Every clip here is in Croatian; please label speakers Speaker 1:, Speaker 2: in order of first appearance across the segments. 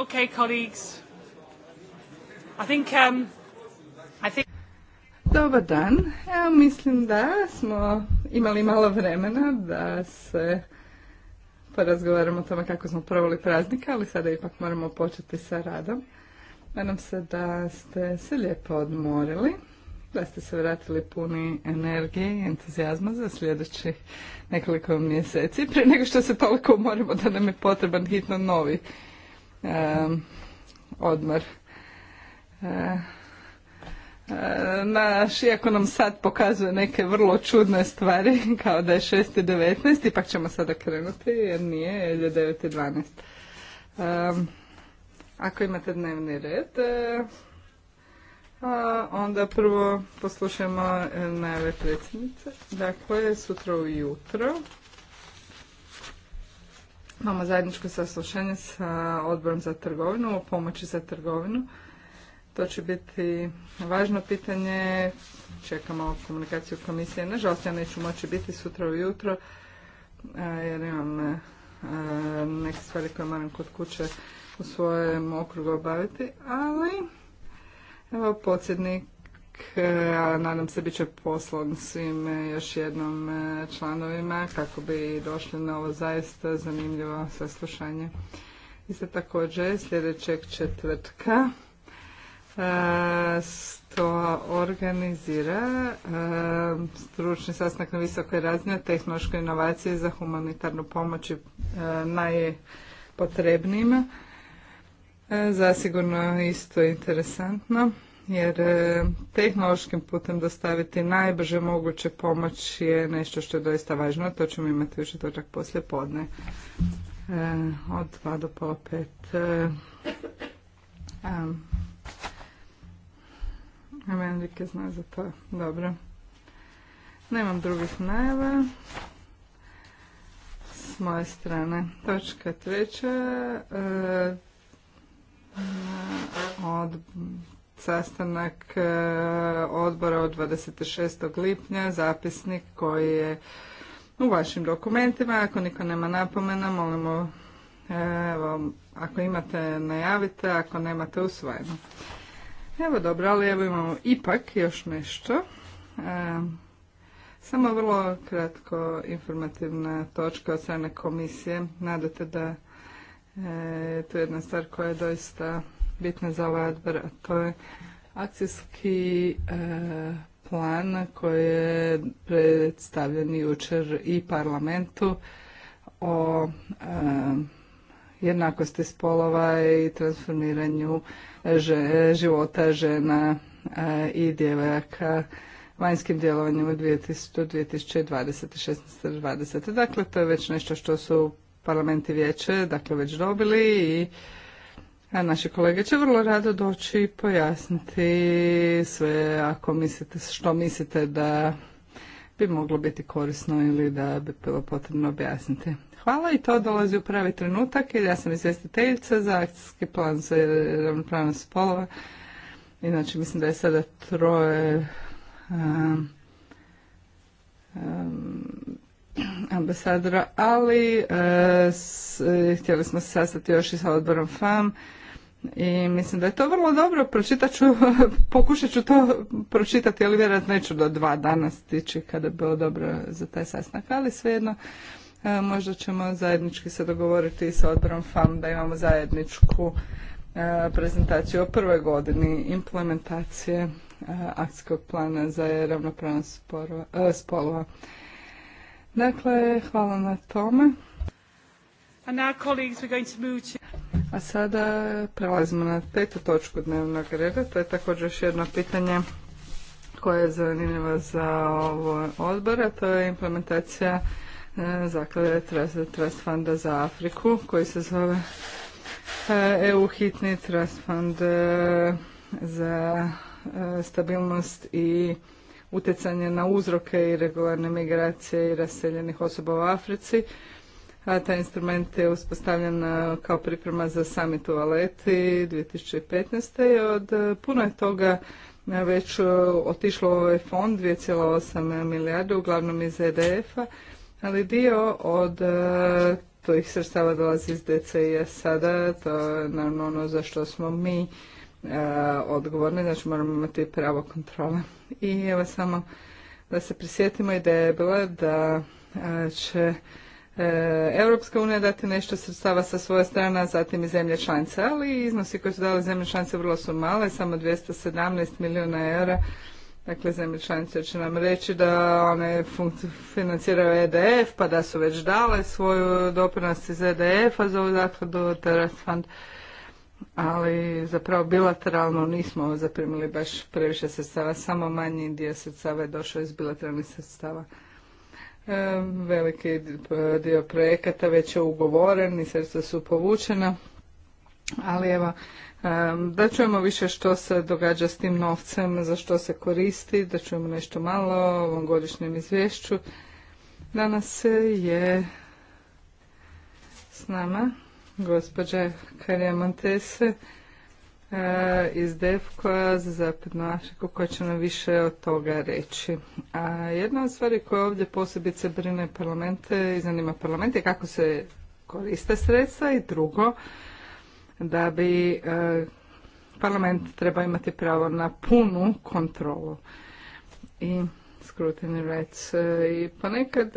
Speaker 1: Okay, colleagues.
Speaker 2: I think, um, I think...
Speaker 1: Dobar dan. Ja mislim da smo imali malo vremena da se porazgovaramo o tome kako smo proveli praznika, ali sada ipak moramo početi sa radom. Nadam se da ste se lijepo odmorili, da ste se vratili puni energije i entuzijazma za sljedećih nekoliko mjeseci, prije nego što se toliko umorimo da nam je potreban hitno novi odmor. Naš, iako nam sad pokazuje neke vrlo čudne stvari, kao da je 6.19, ipak ćemo sada krenuti jer nije, jer je 9.12. ako imate dnevni red, e, onda prvo poslušajmo najave predsjednice. Dakle, sutra ujutro. Imamo zajedničko saslušanje sa odborom za trgovinu o pomoći za trgovinu. To će biti važno pitanje. Čekamo komunikaciju komisije. Nažalost, ja neću moći biti sutra ujutro e, jer imam e, neke stvari koje moram kod kuće u svojem okrugu obaviti, ali evo podsjednik E, a nadam se bit će poslan svim e, još jednom e, članovima kako bi došli na ovo zaista zanimljivo saslušanje. Isto također sljedećeg četvrtka to organizira stručni sastanak na visokoj razini tehnološke inovacije za humanitarnu pomoć najpotrebnijima. Zasigurno isto interesantno jer e, tehnološkim putem dostaviti najbrže moguće pomoć je nešto što je doista važno, to ćemo imati više točak poslije podne e, od dva do pola e, Meni Amerike zna za to. Dobro. Nemam drugih najava. S moje strane. Točka treća. od sastanak e, odbora od 26. lipnja, zapisnik koji je u vašim dokumentima. Ako niko nema napomena, molimo, e, evo, ako imate, najavite, ako nemate, usvojeno. Evo dobro, ali evo imamo ipak još nešto. E, samo vrlo kratko informativna točka od strane komisije. Nadate da e, to jedna stvar koja je doista bitne za ovaj odbor, a to je akcijski e, plan koji je predstavljen jučer i parlamentu o e, jednakosti spolova i transformiranju života žena e, i djevojaka vanjskim djelovanjem u 2020-2020. Dakle, to je već nešto što su parlamenti i vijeće dakle, već dobili i a naši kolege će vrlo rado doći i pojasniti sve ako mislite što mislite da bi moglo biti korisno ili da bi bilo potrebno objasniti. Hvala i to dolazi u pravi trenutak jer ja sam izvjestiteljica za akcijski plan za ravnopravnost spolova. Inače mislim da je sada troje um, um ambasadora, ali uh, htjeli smo se sastati još i sa odborom FAM i mislim da je to vrlo dobro, pročitat ću, pokušat ću to pročitati, ali vjerojatno neću do dva dana stići kada bi bilo dobro za taj sastanak, ali svejedno e, možda ćemo zajednički se dogovoriti sa odborom FAM da imamo zajedničku e, prezentaciju o prvoj godini implementacije e, akcijskog plana za ravnopravnost spolova. Dakle, hvala na tome. A sada prelazimo na petu točku dnevnog reda. To je također još jedno pitanje koje je zanimljivo za ovo odbora. To je implementacija e, zaklade Trust Funda za Afriku koji se zove EU e hitni Trust Fund e, za stabilnost i utjecanje na uzroke i regularne migracije i raseljenih osoba u Africi a taj instrument je uspostavljen e, kao priprema za summit u 2015. i od e, puno je toga e, već otišlo u ovaj fond 2,8 milijarde, uglavnom iz EDF-a, ali dio od tojih sredstava dolazi iz DCI-a sada, to je naravno ono za što smo mi odgovorni, znači moramo imati pravo kontrole. I evo samo da se prisjetimo ideja je bila da će E, Europska unija dati nešto sredstava sa svoje strane, zatim i zemlje članice, ali iznosi koje su dali zemlje članice vrlo su male, samo 217 milijuna eura. Dakle, zemlje članice će nam reći da one financiraju EDF, pa da su već dale svoju doprinost iz EDF-a za ovu ovaj, zakladu Terras Fund, ali zapravo bilateralno nismo zaprimili baš previše sredstava, samo manji dio sredstava je došao iz bilateralnih sredstava. E, veliki dio projekata već je ugovoren i sredstva su povučena, ali evo, e, da čujemo više što se događa s tim novcem, za što se koristi, da čujemo nešto malo o ovom godišnjem izvješću. Danas je s nama gospođa Karija Montese, E, iz DEFKO-a za Zapadnu Afriku koja će nam više od toga reći. A jedna od stvari koja ovdje posebice brine parlamente i zanima je kako se koriste sredstva i drugo da bi e, parlament trebao imati pravo na punu kontrolu i scrutiny rights. E, I ponekad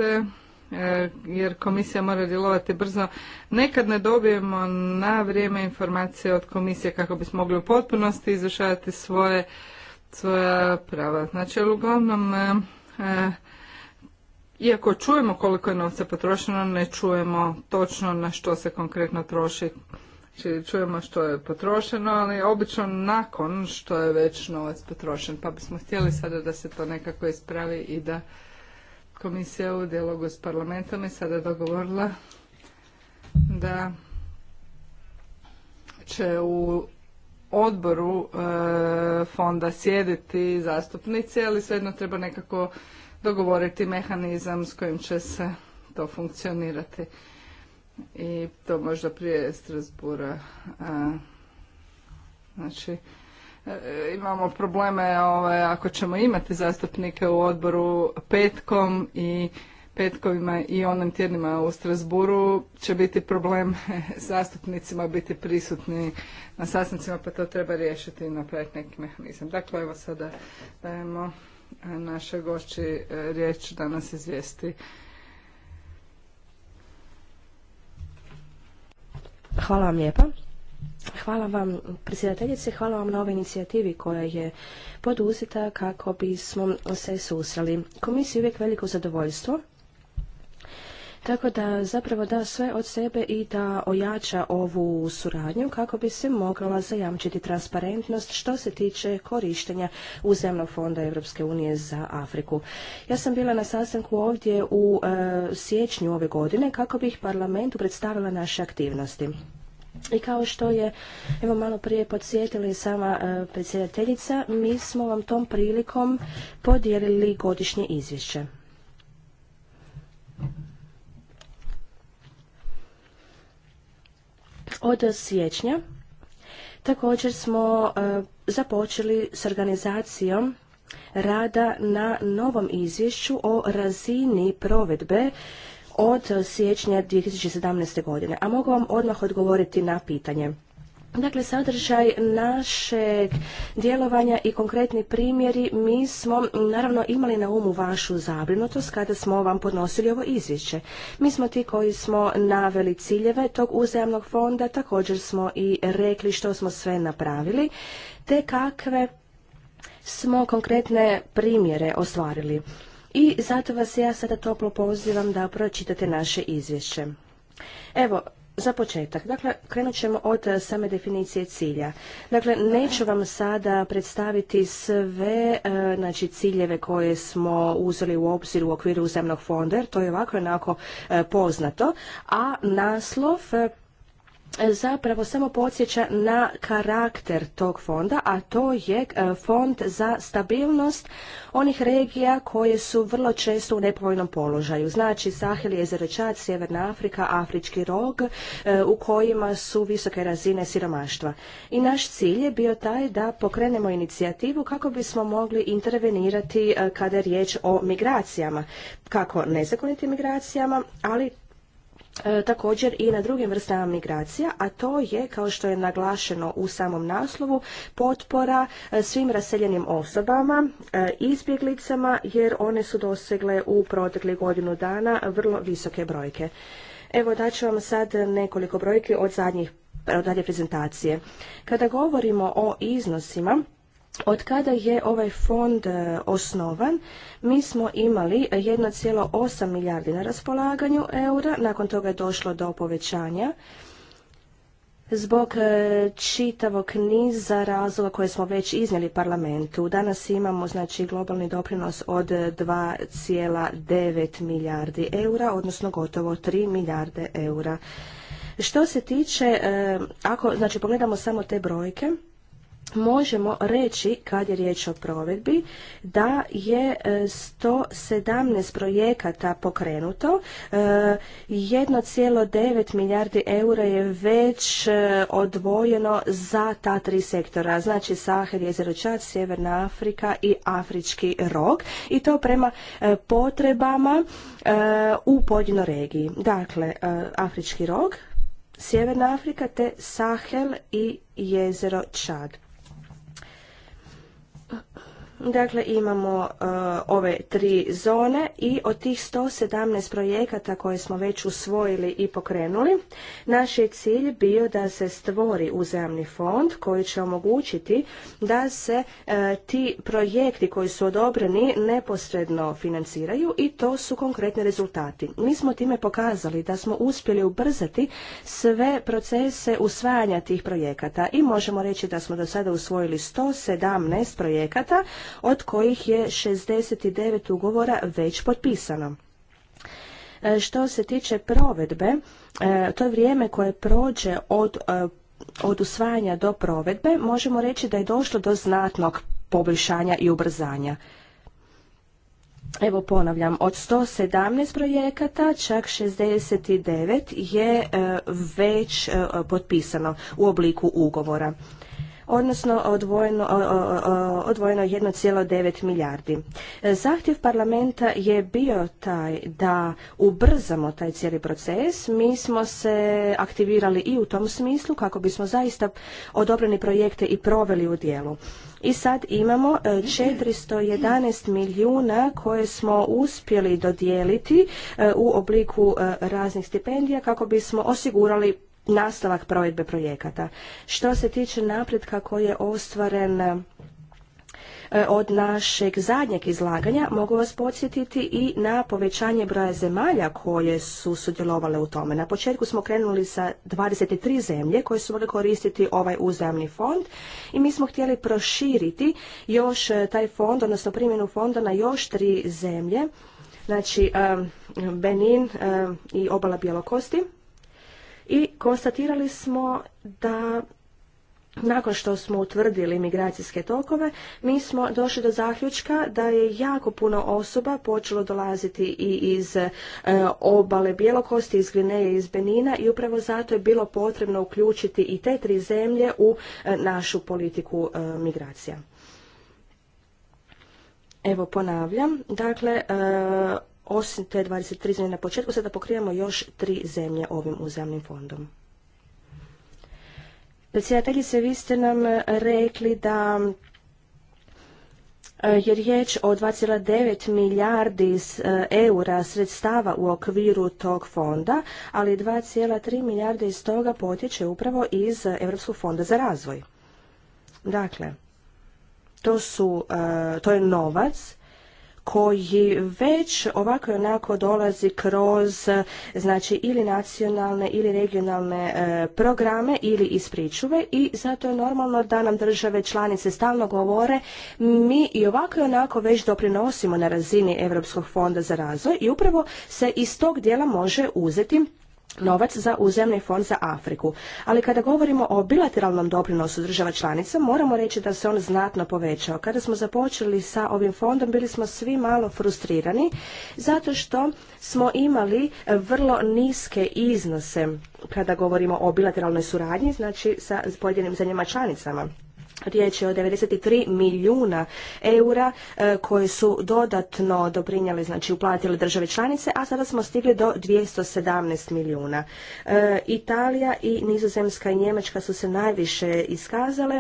Speaker 1: E, jer komisija mora djelovati brzo. Nekad ne dobijemo na vrijeme informacije od komisije kako bismo mogli u potpunosti izvršavati svoje svoja prava. Znači, uglavnom, e, e, iako čujemo koliko je novca potrošeno, ne čujemo točno na što se konkretno troši. Znači, čujemo što je potrošeno, ali obično nakon što je već novac potrošen, pa bismo htjeli sada da se to nekako ispravi i da komisija u dijalogu s parlamentom je sada dogovorila da će u odboru e, fonda sjediti zastupnici, ali svejedno treba nekako dogovoriti mehanizam s kojim će se to funkcionirati. I to možda prije Strasbura. E, znači, E, imamo probleme ove, ovaj, ako ćemo imati zastupnike u odboru petkom i petkovima i onim tjednima u Strasburu će biti problem zastupnicima biti prisutni na sastancima, pa to treba riješiti na neki mehanizam. Dakle, evo sada dajemo e, naše gošći e, riječ da nas izvijesti.
Speaker 3: Hvala vam lijepa. Hvala vam predsjedateljice, hvala vam na ovoj inicijativi koja je poduzeta kako bismo se susreli. Komisiji je uvijek veliko zadovoljstvo tako da zapravo da sve od sebe i da ojača ovu suradnju kako bi se mogla zajamčiti transparentnost što se tiče korištenja uzemnog fonda Europske unije za Afriku. Ja sam bila na sastanku ovdje u e, siječnju ove godine kako bih parlamentu predstavila naše aktivnosti. I kao što je evo malo prije i sama e, predsjedateljica, mi smo vam tom prilikom podijelili godišnje izvješće. Od siječnja također smo e, započeli s organizacijom rada na novom izvješću o razini provedbe od siječnja 2017. godine. A mogu vam odmah odgovoriti na pitanje. Dakle, sadržaj našeg djelovanja i konkretni primjeri, mi smo naravno imali na umu vašu zabrinutost kada smo vam podnosili ovo izvješće. Mi smo ti koji smo naveli ciljeve tog uzajamnog fonda, također smo i rekli što smo sve napravili, te kakve smo konkretne primjere ostvarili i zato vas ja sada toplo pozivam da pročitate naše izvješće. Evo, za početak, dakle, krenut ćemo od same definicije cilja. Dakle, neću vam sada predstaviti sve e, znači, ciljeve koje smo uzeli u obzir u okviru uzemnog fonda, jer to je ovako onako e, poznato, a naslov zapravo samo podsjeća na karakter tog fonda, a to je e, fond za stabilnost onih regija koje su vrlo često u nepovoljnom položaju. Znači Sahel, je Sjeverna Afrika, Afrički rog e, u kojima su visoke razine siromaštva. I naš cilj je bio taj da pokrenemo inicijativu kako bismo mogli intervenirati e, kada je riječ o migracijama, kako nezakonitim migracijama, ali E, također i na drugim vrstama migracija, a to je, kao što je naglašeno u samom naslovu, potpora e, svim raseljenim osobama, e, izbjeglicama, jer one su dosegle u proteklih godinu dana vrlo visoke brojke. Evo daću vam sad nekoliko brojki od zadnje prezentacije. Kada govorimo o iznosima, od kada je ovaj fond e, osnovan, mi smo imali 1,8 milijardi na raspolaganju eura, nakon toga je došlo do povećanja zbog e, čitavog niza razloga koje smo već iznijeli parlamentu. Danas imamo znači globalni doprinos od 2,9 milijardi eura, odnosno gotovo 3 milijarde eura. Što se tiče, e, ako znači pogledamo samo te brojke, možemo reći kad je riječ o provedbi da je 117 e, projekata pokrenuto, 1,9 e, milijardi eura je već e, odvojeno za ta tri sektora, znači Sahel, jezero Čad, Sjeverna Afrika i Afrički rog i to prema potrebama u pojedinoj regiji. Dakle, Afrički rog, Sjeverna Afrika te Sahel i jezero Čad. Dakle, imamo e, ove tri zone i od tih 117 projekata koje smo već usvojili i pokrenuli, naš je cilj bio da se stvori uzajamni fond koji će omogućiti da se e, ti projekti koji su odobreni neposredno financiraju i to su konkretni rezultati. Mi smo time pokazali da smo uspjeli ubrzati sve procese usvajanja tih projekata i možemo reći da smo do sada usvojili 117 projekata od kojih je 69 ugovora već potpisano. E, što se tiče provedbe, e, to vrijeme koje prođe od e, od usvajanja do provedbe možemo reći da je došlo do znatnog poboljšanja i ubrzanja. Evo ponavljam, od 117 projekata čak 69 je već potpisano u obliku ugovora odnosno odvojeno, 1,9 milijardi. E, zahtjev parlamenta je bio taj da ubrzamo taj cijeli proces. Mi smo se aktivirali i u tom smislu kako bismo zaista odobreni projekte i proveli u dijelu. I sad imamo 411 e, milijuna koje smo uspjeli dodijeliti e, u obliku raznih stipendija kako bismo osigurali nastavak provedbe projekata. Što se tiče napretka koji je ostvaren e, od našeg zadnjeg izlaganja mogu vas podsjetiti i na povećanje broja zemalja koje su sudjelovale u tome. Na početku smo krenuli sa 23 zemlje koje su mogli koristiti ovaj uzajamni fond i mi smo htjeli proširiti još e, taj fond, odnosno primjenu fonda na još tri zemlje, znači e, Benin i obala Bjelokosti i konstatirali smo da nakon što smo utvrdili migracijske tokove, mi smo došli do zaključka da je jako puno osoba počelo dolaziti i iz e, obale Bjelokosti, iz Gvineje, iz Benina i upravo zato je bilo potrebno uključiti i te tri zemlje u e, našu politiku e, migracija. Evo ponavljam, dakle osim te 23 zemlje na početku, sada pokrivamo još tri zemlje ovim uzemnim fondom. se vi ste nam rekli da e, je riječ o 2,9 milijardi e, eura sredstava u okviru tog fonda, ali 2,3 milijarde iz toga potječe upravo iz Europskog fonda za razvoj. Dakle, to, su, e, to je novac koji već ovako i onako dolazi kroz znači ili nacionalne ili regionalne e, programe ili iz pričuve i zato je normalno da nam države članice stalno govore mi i ovako i onako već doprinosimo na razini Europskog fonda za razvoj i upravo se iz tog dijela može uzeti novac za uzemni fond za Afriku. Ali kada govorimo o bilateralnom doprinosu država članica, moramo reći da se on znatno povećao. Kada smo započeli sa ovim fondom, bili smo svi malo frustrirani, zato što smo imali e, vrlo niske iznose kada govorimo o bilateralnoj suradnji, znači sa pojedinim zemljama članicama. Riječ je o 93 milijuna eura e, koje su dodatno doprinjale, znači uplatile države članice, a sada smo stigli do 217 milijuna. E, Italija i Nizozemska i Njemačka su se najviše iskazale,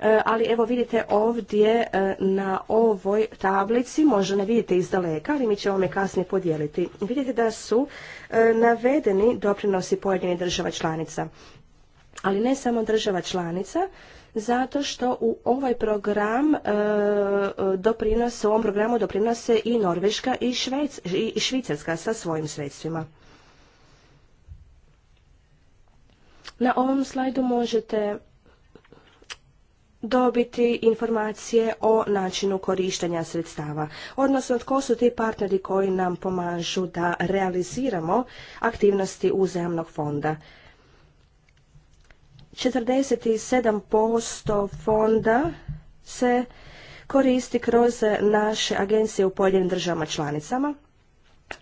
Speaker 3: e, ali evo vidite ovdje na ovoj tablici, možda ne vidite iz daleka, ali mi ćemo me kasnije podijeliti. Vidite da su navedeni doprinosi pojedinih država članica. Ali ne samo država članica, zato što u ovaj program e, doprinose, u ovom programu doprinose i Norveška i, i Švicarska sa svojim sredstvima. Na ovom slajdu možete dobiti informacije o načinu korištenja sredstava, odnosno tko su ti partneri koji nam pomažu da realiziramo aktivnosti uzajamnog fonda. 47% fonda se koristi kroz naše agencije u pojedinim državama članicama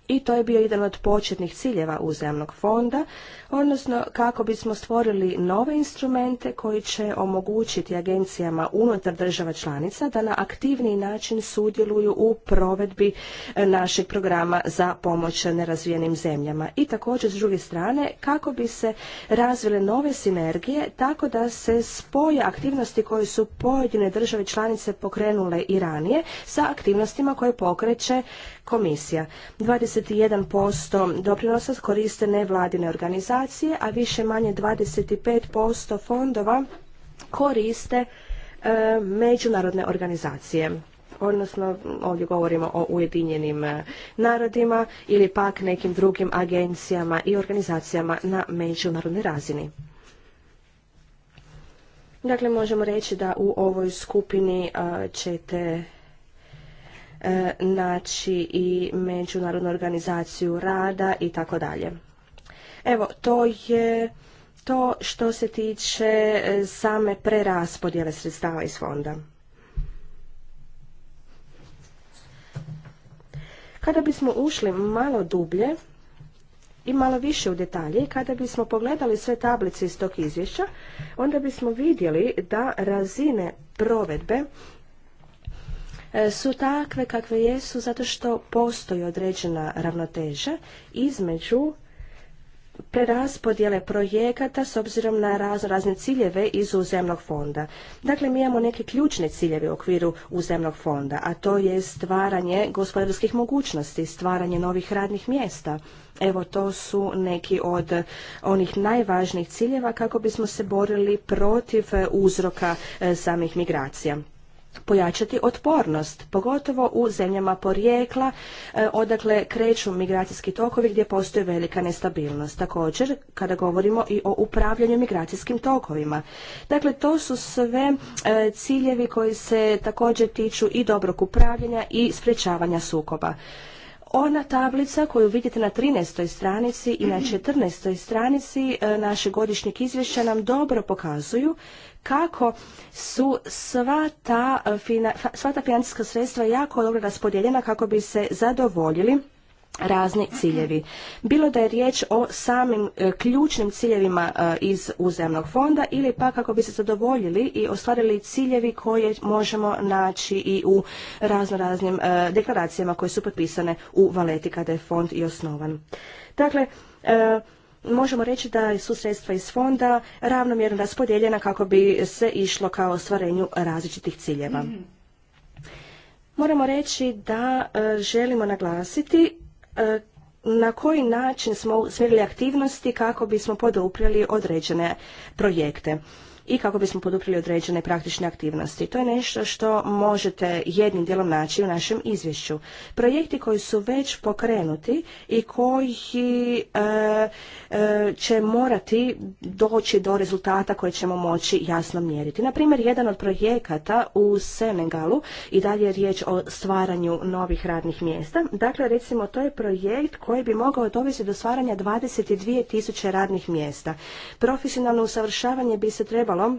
Speaker 3: i to je bio jedan od početnih ciljeva uzajamnog fonda, odnosno kako bismo stvorili nove instrumente koji će omogućiti agencijama unutar država članica da na aktivniji način sudjeluju u provedbi e, našeg programa za pomoć nerazvijenim zemljama. I također s druge strane kako bi se razvile nove sinergije tako da se spoje aktivnosti koje su pojedine države članice pokrenule i ranije sa aktivnostima koje pokreće komisija. 21% doprinosa koriste nevladine organizacije, a više manje 25% fondova koriste e, međunarodne organizacije odnosno ovdje govorimo o Ujedinjenim e, narodima ili pak nekim drugim agencijama i organizacijama na međunarodnoj razini. Dakle, možemo reći da u ovoj skupini e, ćete E, naći i Međunarodnu organizaciju rada i tako dalje. Evo, to je to što se tiče e, same preraspodjele sredstava iz fonda. Kada bismo ušli malo dublje i malo više u detalje, kada bismo pogledali sve tablice iz tog izvješća, onda bismo vidjeli da razine provedbe E, su takve kakve jesu zato što postoji određena ravnoteža između preraspodjele projekata s obzirom na razno razne ciljeve iz uzemnog fonda. Dakle, mi imamo neke ključne ciljeve u okviru uzemnog fonda, a to je stvaranje gospodarskih mogućnosti, stvaranje novih radnih mjesta. Evo, to su neki od onih najvažnijih ciljeva kako bismo se borili protiv uzroka e, samih migracija pojačati otpornost, pogotovo u zemljama porijekla, e, odakle kreću migracijski tokovi gdje postoji velika nestabilnost. Također, kada govorimo i o upravljanju migracijskim tokovima. Dakle, to su sve e, ciljevi koji se također tiču i dobrog upravljanja i sprječavanja sukoba. Ona tablica koju vidite na 13. stranici i na 14. stranici e, našeg godišnjeg izvješća nam dobro pokazuju kako su sva ta, e, sva ta financijska sredstva jako dobro raspodijeljena kako bi se zadovoljili razni ciljevi. Bilo da je riječ o samim e, ključnim ciljevima e, iz uzemnog fonda ili pa kako bi se zadovoljili i ostvarili ciljevi koje možemo naći i u razno raznim deklaracijama koje su potpisane u Valeti kada je fond i osnovan. Dakle, možemo reći da su sredstva iz fonda ravnomjerno raspodijeljena kako bi se išlo kao ostvarenju različitih ciljeva. Mhm. Moramo reći da e, želimo naglasiti e, na koji način smo usmjerili aktivnosti kako bismo poduprijeli određene projekte i kako bismo poduprili određene praktične aktivnosti. To je nešto što možete jednim dijelom naći u našem izvješću. Projekti koji su već pokrenuti i koji e, e, će morati doći do rezultata koje ćemo moći jasno mjeriti. Na primjer, jedan od projekata u Senegalu i dalje je riječ o stvaranju novih radnih mjesta. Dakle, recimo, to je projekt koji bi mogao dovesti do stvaranja 22.000 radnih mjesta. Profesionalno usavršavanje bi se trebalo trebalo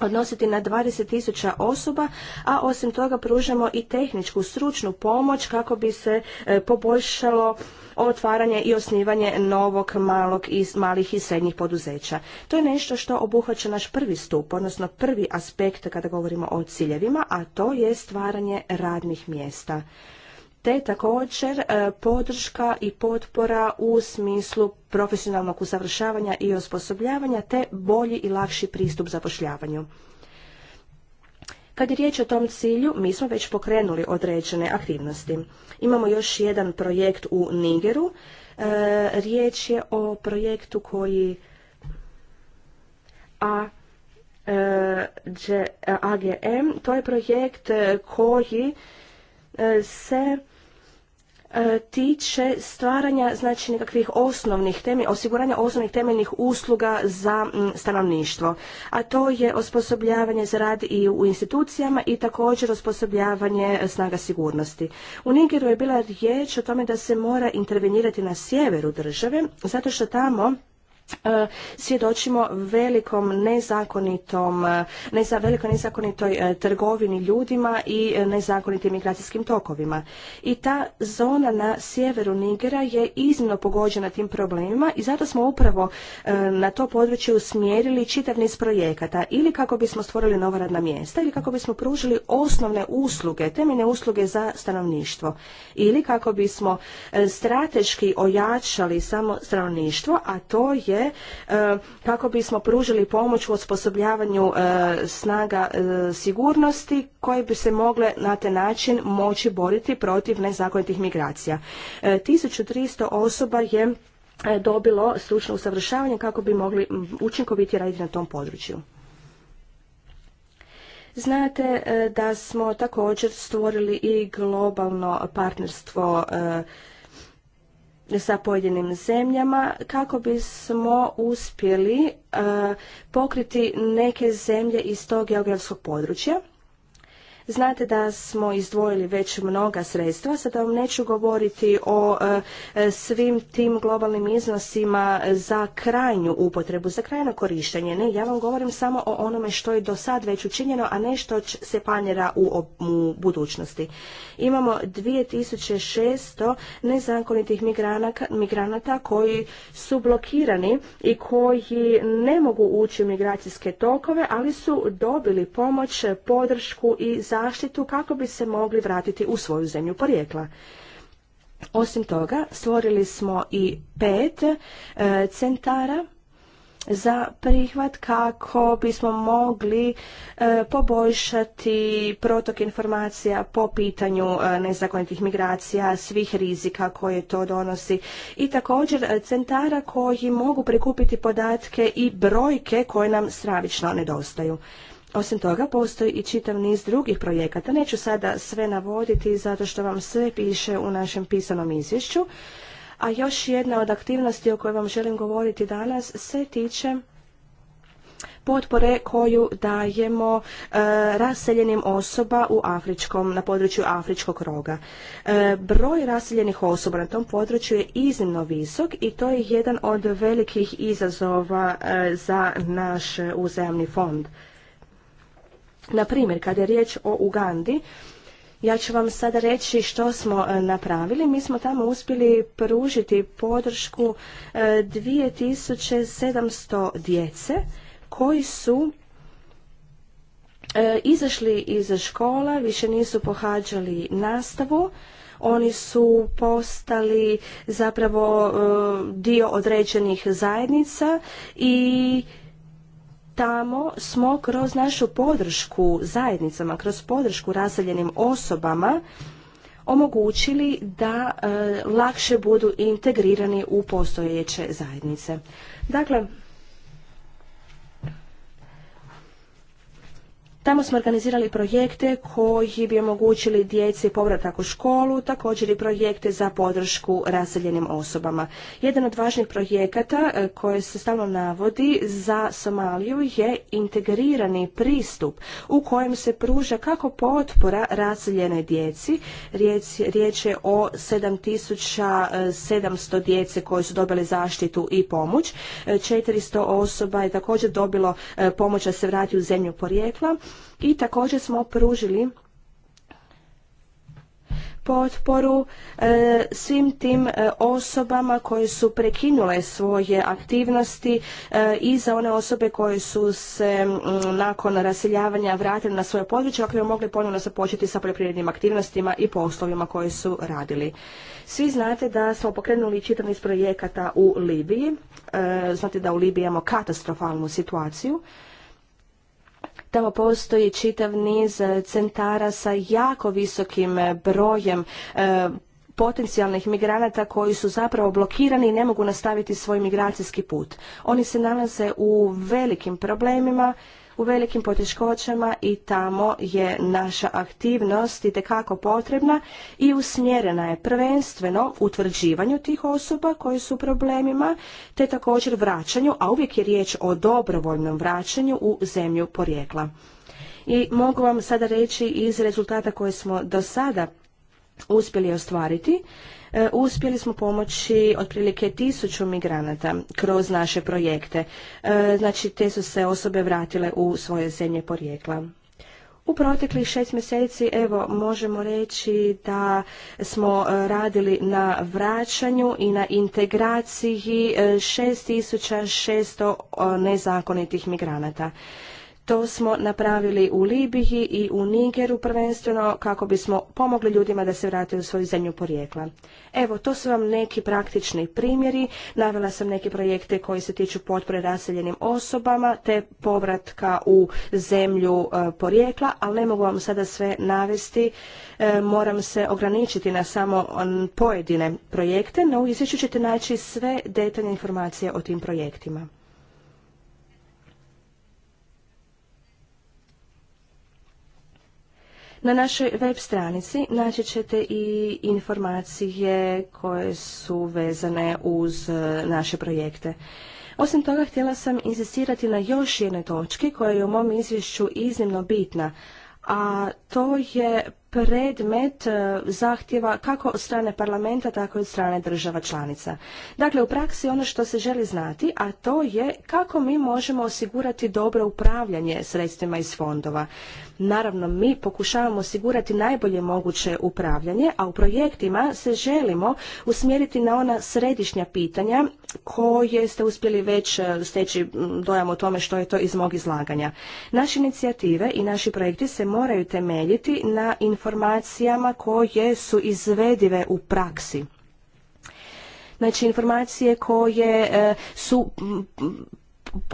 Speaker 3: odnositi na 20.000 osoba, a osim toga pružamo i tehničku stručnu pomoć kako bi se e, poboljšalo otvaranje i osnivanje novog malog i malih i srednjih poduzeća. To je nešto što obuhvaća naš prvi stup, odnosno prvi aspekt kada govorimo o ciljevima, a to je stvaranje radnih mjesta te također e, podrška i potpora u smislu profesionalnog usavršavanja i osposobljavanja te bolji i lakši pristup zapošljavanju. Kad je riječ o tom cilju, mi smo već pokrenuli određene aktivnosti. Imamo još jedan projekt u Nigeru. E, riječ je o projektu koji a e, AGM, to je projekt koji se E, tiče stvaranja znači nekakvih osnovnih temelj, osiguranja osnovnih temeljnih usluga za stanovništvo, a to je osposobljavanje za rad i u institucijama i također osposobljavanje snaga sigurnosti. U Nigeru je bila riječ o tome da se mora intervenirati na sjeveru države zato što tamo E, svjedočimo velikom nezakonitom, e, nezakonitoj e, trgovini ljudima i nezakonitim migracijskim tokovima. I ta zona na sjeveru Nigera je iznimno pogođena tim problemima i zato smo upravo na to područje usmjerili čitav niz projekata ili kako bismo stvorili nova radna mjesta ili kako bismo pružili osnovne usluge, temeljne usluge za stanovništvo ili kako bismo strateški ojačali samo stanovništvo, a to je E, kako bismo pružili pomoć u osposobljavanju e, snaga e, sigurnosti koje bi se mogle na taj način moći boriti protiv nezakonitih migracija. 1300 osoba je dobilo stručno usavršavanje kako bi mogli učinkovitije raditi na tom području. Znate da smo također stvorili i globalno partnerstvo sa pojedinim zemljama kako bismo uspjeli e, pokriti neke zemlje iz tog geografskog područja Znate da smo izdvojili već mnoga sredstva, sada vam neću govoriti o e, e, svim tim globalnim iznosima za krajnju upotrebu, za krajno korištenje. Ne, ja vam govorim samo o onome što je do sad već učinjeno, a ne što se planira u, budućnosti. Imamo 2600 nezakonitih migranata koji su blokirani i koji ne mogu ući u migracijske tokove, ali su dobili pomoć, podršku i zaštitu kako bi se mogli vratiti u svoju zemlju porijekla. Osim toga, stvorili smo i pet e, centara za prihvat kako bismo mogli e, poboljšati protok informacija po pitanju e, nezakonitih migracija, svih rizika koje to donosi i također e, centara koji mogu prikupiti podatke i brojke koje nam stravično nedostaju. Osim toga, postoji i čitav niz drugih projekata. Neću sada sve navoditi zato što vam sve piše u našem pisanom izvješću. A još jedna od aktivnosti o kojoj vam želim govoriti danas se tiče potpore koju dajemo e, raseljenim osoba u afričkom, na području afričkog roga. E, broj raseljenih osoba na tom području je iznimno visok i to je jedan od velikih izazova e, za naš uzajamni fond. Na primjer, kada je riječ o Ugandi, ja ću vam sada reći što smo e, napravili. Mi smo tamo uspjeli pružiti podršku 2700 e, djece koji su e, izašli iz škola, više nisu pohađali nastavu, oni su postali zapravo dio određenih zajednica i tamo smo kroz našu podršku zajednicama, kroz podršku raseljenim osobama omogućili da e, lakše budu integrirani u postojeće zajednice. Dakle, Tamo smo organizirali projekte koji bi omogućili djeci povratak u školu, također i projekte za podršku raseljenim osobama. Jedan od važnih projekata e, koje se stalno navodi za Somaliju je integrirani pristup u kojem se pruža kako potpora raseljenoj djeci, riječ je o 7700 djece koje su dobile zaštitu i pomoć, 400 e, osoba je također dobilo e, pomoć da se vrati u zemlju porijekla, i također smo pružili potporu e, svim tim e, osobama koje su prekinule svoje aktivnosti e, i za one osobe koje su se nakon raseljavanja vratile na svoje područje ako bi mogli ponovno započeti sa poljoprivrednim aktivnostima i poslovima koje su radili. Svi znate da smo pokrenuli čitav iz projekata u Libiji. Znate da u Libiji imamo katastrofalnu situaciju Tamo postoji čitav niz e, centara sa jako visokim e, brojem e, potencijalnih migranata koji su zapravo blokirani i ne mogu nastaviti svoj migracijski put. Oni se nalaze u velikim problemima u velikim poteškoćama i tamo je naša aktivnost itekako potrebna i usmjerena je prvenstveno utvrđivanju tih osoba koji su u problemima te također vraćanju, a uvijek je riječ o dobrovoljnom vraćanju u zemlju porijekla. I mogu vam sada reći iz rezultata koje smo do sada uspjeli ostvariti E, uspjeli smo pomoći otprilike tisuću migranata kroz naše projekte. E, znači, te su se osobe vratile u svoje zemlje porijekla. U proteklih šest mjeseci, evo, možemo reći da smo e, radili na vraćanju i na integraciji 6600 nezakonitih migranata. To smo napravili u Libiji i u Nigeru prvenstveno kako bismo pomogli ljudima da se vrate u svoju zemlju porijekla. Evo, to su vam neki praktični primjeri. Navela sam neke projekte koji se tiču potpore raseljenim osobama te povratka u zemlju e, porijekla, ali ne mogu vam sada sve navesti. E, moram se ograničiti na samo pojedine projekte, no u izvješću ćete naći sve detaljne informacije o tim projektima. Na našoj web stranici naći ćete i informacije koje su vezane uz e, naše projekte. Osim toga, htjela sam insistirati na još jednoj točki koja je u mom izvješću iznimno bitna, a to je predmet e, zahtjeva kako od strane parlamenta, tako i od strane država članica. Dakle, u praksi ono što se želi znati, a to je kako mi možemo osigurati dobro upravljanje sredstvima iz fondova. Naravno, mi pokušavamo osigurati najbolje moguće upravljanje, a u projektima se želimo usmjeriti na ona središnja pitanja koje ste uspjeli već e, steći dojam o tome što je to iz mog izlaganja. Naše inicijative i naši projekti se moraju temeljiti na informaciju informacijama koje su izvedive u praksi. Znači informacije koje e, su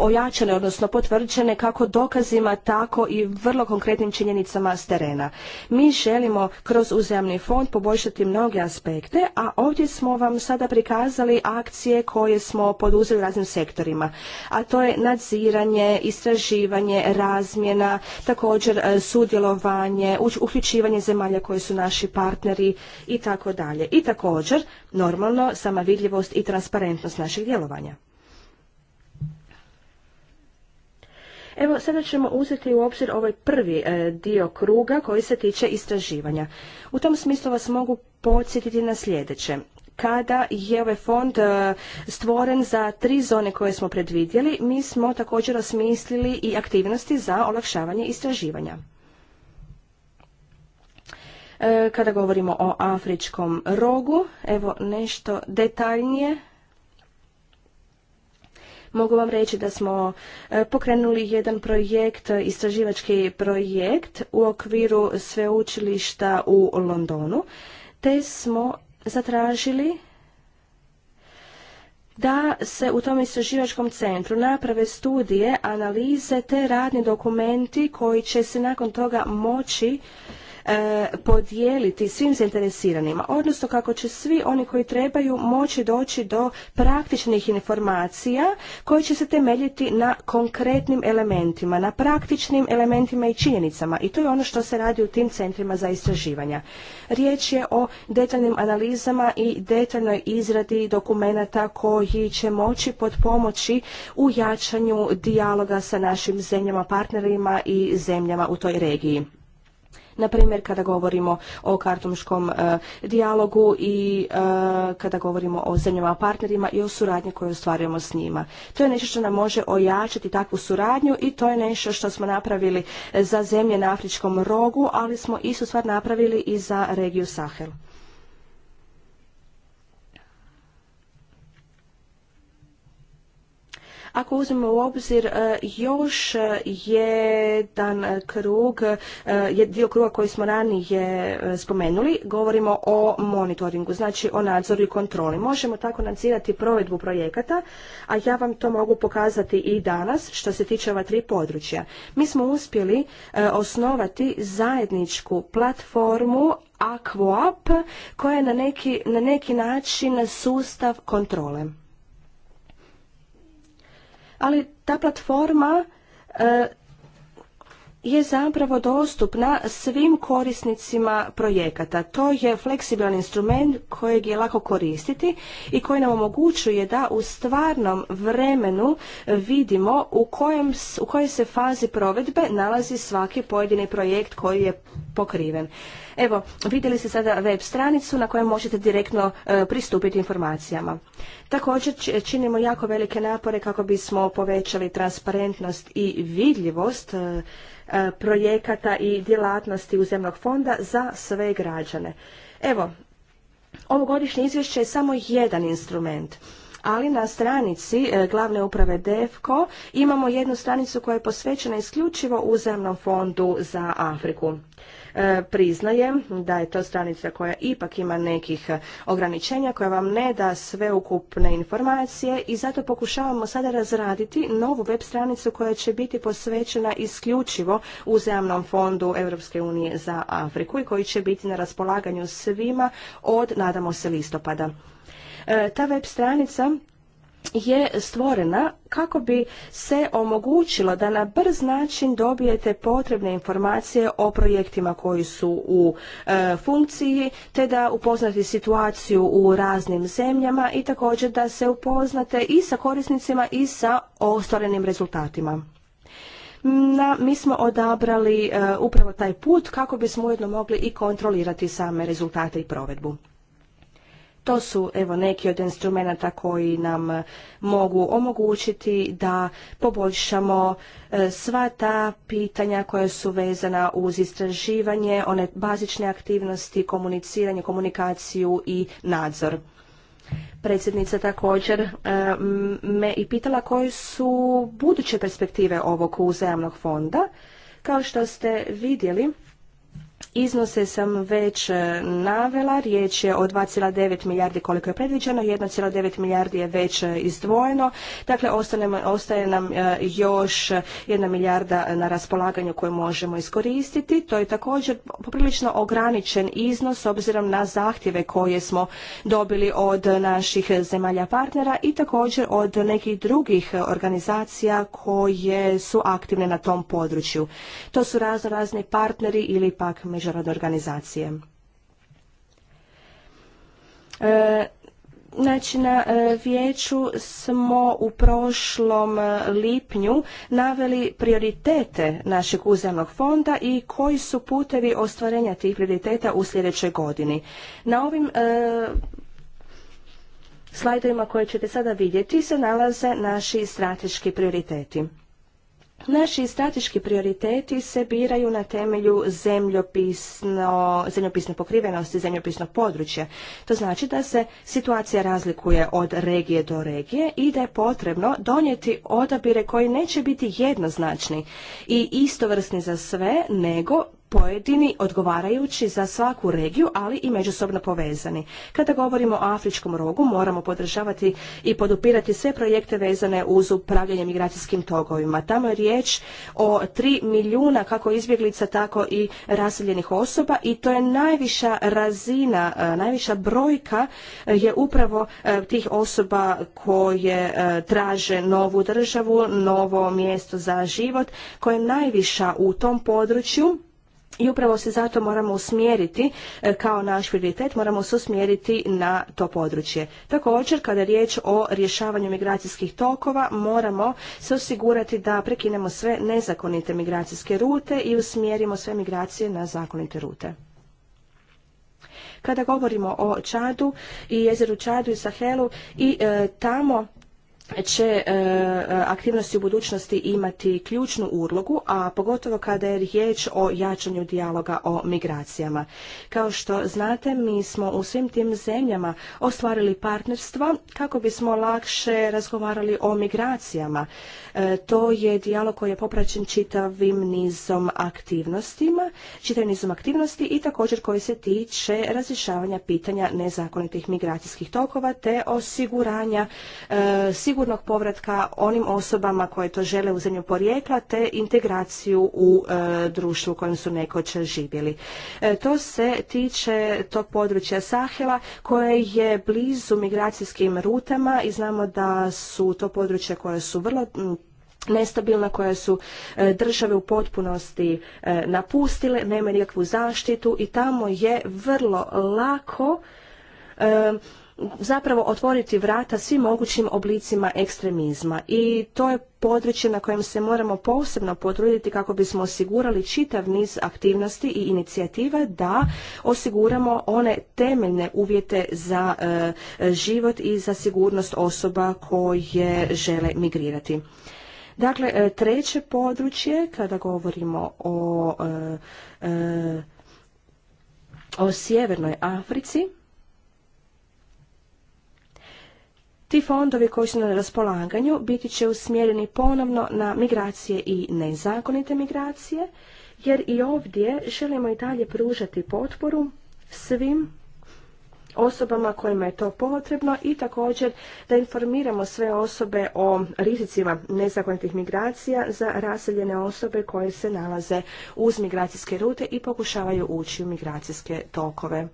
Speaker 3: ojačene, odnosno potvrđene kako dokazima, tako i vrlo konkretnim činjenicama s terena. Mi želimo kroz uzemni fond poboljšati mnoge aspekte, a ovdje smo vam sada prikazali akcije koje smo poduzeli u raznim sektorima, a to je nadziranje, istraživanje, razmjena, također e, sudjelovanje, uključivanje zemalja koji su naši partneri i tako dalje. I također, normalno, sama vidljivost i transparentnost našeg djelovanja. Evo, sada ćemo uzeti u obzir ovaj prvi e, dio kruga koji se tiče istraživanja. U tom smislu vas mogu podsjetiti na sljedeće kada je ovaj fond e, stvoren za tri zone koje smo predvidjeli, mi smo također osmislili i aktivnosti za olakšavanje istraživanja. E, kada govorimo o afričkom rogu, evo nešto detaljnije Mogu vam reći da smo e, pokrenuli jedan projekt, e, istraživački projekt u okviru sveučilišta u Londonu, te smo zatražili da se u tom istraživačkom centru naprave studije, analize te radni dokumenti koji će se nakon toga moći E, podijeliti svim zainteresiranima, odnosno kako će svi oni koji trebaju moći doći do praktičnih informacija koje će se temeljiti na konkretnim elementima, na praktičnim elementima i činjenicama i to je ono što se radi u tim centrima za istraživanja. Riječ je o detaljnim analizama i detaljnoj izradi dokumenata koji će moći pomoći u jačanju dijaloga sa našim zemljama, partnerima i zemljama u toj regiji na primjer kada govorimo o kartumškom e, dijalogu i e, kada govorimo o zemljama partnerima i o suradnji koju ostvarujemo s njima. To je nešto što nam može ojačati takvu suradnju i to je nešto što smo napravili za zemlje na afričkom rogu, ali smo istu stvar napravili i za regiju Sahel. Ako uzmemo u obzir e, još jedan krug, e, dio kruga koji smo ranije e, spomenuli, govorimo o monitoringu, znači o nadzoru i kontroli. Možemo tako nadzirati provedbu projekata, a ja vam to mogu pokazati i danas što se tiče ova tri područja. Mi smo uspjeli osnovati zajedničku platformu Aquap koja je na neki, na neki način sustav kontrole ali ta platforma eh, je zapravo dostupna svim korisnicima projekata. To je fleksibilan instrument kojeg je lako koristiti i koji nam omogućuje da u stvarnom vremenu vidimo u, kojem, u kojoj se fazi provedbe nalazi svaki pojedini projekt koji je pokriven. Evo, vidjeli ste sada web stranicu na kojoj možete direktno e, pristupiti informacijama. Također činimo jako velike napore kako bismo povećali transparentnost i vidljivost e, e, projekata i djelatnosti uzemnog fonda za sve građane. Evo, ovogodišnje izvješće je samo jedan instrument ali na stranici glavne uprave DEFCO imamo jednu stranicu koja je posvećena isključivo uzemnom fondu za Afriku. E, priznaje da je to stranica koja ipak ima nekih ograničenja koja vam ne da sveukupne informacije i zato pokušavamo sada razraditi novu web stranicu koja će biti posvećena isključivo uzajamnom fondu Europske unije za Afriku i koji će biti na raspolaganju svima od nadamo se listopada. E, ta web stranica je stvorena kako bi se omogućilo da na brz način dobijete potrebne informacije o projektima koji su u e, funkciji, te da upoznate situaciju u raznim zemljama i također da se upoznate i sa korisnicima i sa ostvarenim rezultatima. Na, mi smo odabrali e, upravo taj put kako bismo ujedno mogli i kontrolirati same rezultate i provedbu. To su evo neki od instrumenta koji nam e, mogu omogućiti da poboljšamo e, sva ta pitanja koja su vezana uz istraživanje, one bazične aktivnosti, komuniciranje, komunikaciju i nadzor predsjednica također e, me i pitala koje su buduće perspektive ovog uzajamnog fonda. Kao što ste vidjeli, Iznose sam već e, navela, riječ je o 2,9 milijardi koliko je predviđeno, 1,9 milijardi je već e, izdvojeno, dakle ostaje nam e, još jedna milijarda na raspolaganju koju možemo iskoristiti. To je također poprilično ograničen iznos obzirom na zahtjeve koje smo dobili od naših zemalja partnera i također od nekih drugih organizacija koje su aktivne na tom području. To su razno razni partneri ili pak međunarodne organizacije. E, znači, na e, vijeću smo u prošlom e, lipnju naveli prioritete našeg uzemnog fonda i koji su putevi ostvarenja tih prioriteta u sljedećoj godini. Na ovim e, slajdovima koje ćete sada vidjeti se nalaze naši strateški prioriteti. Naši strateški prioriteti se biraju na temelju zemljopisno, zemljopisne pokrivenosti zemljopisnog područja. To znači da se situacija razlikuje od regije do regije i da je potrebno donijeti odabire koji neće biti jednoznačni i istovrsni za sve, nego pojedini odgovarajući za svaku regiju, ali i međusobno povezani. Kada govorimo o afričkom rogu, moramo podržavati i podupirati sve projekte vezane uz upravljanje migracijskim togovima. Tamo je riječ o tri milijuna kako izbjeglica, tako i raseljenih osoba i to je najviša razina, e, najviša brojka e, je upravo e, tih osoba koje traže novu državu, novo mjesto za život, koja je najviša u tom području i upravo se zato moramo usmjeriti e, kao naš prioritet, moramo se usmjeriti na to područje. Također, kada je riječ o rješavanju migracijskih tokova, moramo se osigurati da prekinemo sve nezakonite migracijske rute i usmjerimo sve migracije na zakonite rute. Kada govorimo o Čadu i jezeru Čadu i Sahelu i e, tamo će e, aktivnosti u budućnosti imati ključnu ulogu, a pogotovo kada je riječ o jačanju dijaloga o migracijama. Kao što znate, mi smo u svim tim zemljama ostvarili partnerstva kako bismo lakše razgovarali o migracijama. E, to je dijalog koji je popraćen čitavim nizom aktivnostima, čitavim nizom aktivnosti i također koji se tiče razrješavanja pitanja nezakonitih migracijskih tokova te osiguranja e, sigurnog povratka onim osobama koje to žele u zemlju porijekla te integraciju u e, društvu u kojem su nekoć živjeli. E, to se tiče tog područja Sahela koje je blizu migracijskim rutama i znamo da su to područje koje su vrlo nestabilna koja su e, države u potpunosti napustile, nema nikakvu zaštitu i tamo je vrlo lako zapravo otvoriti vrata svim mogućim oblicima ekstremizma i to je područje na kojem se moramo posebno potruditi kako bismo osigurali čitav niz aktivnosti i inicijativa da osiguramo one temeljne uvjete za e, život i za sigurnost osoba koje žele migrirati. Dakle, e, treće područje kada govorimo o, e, o sjevernoj Africi Ti fondovi koji su na raspolaganju biti će usmjereni ponovno na migracije i nezakonite migracije, jer i ovdje želimo i dalje pružati potporu svim osobama kojima je to potrebno i također da informiramo sve osobe o rizicima nezakonitih migracija za raseljene osobe koje se nalaze uz migracijske rute i pokušavaju ući u migracijske tokove.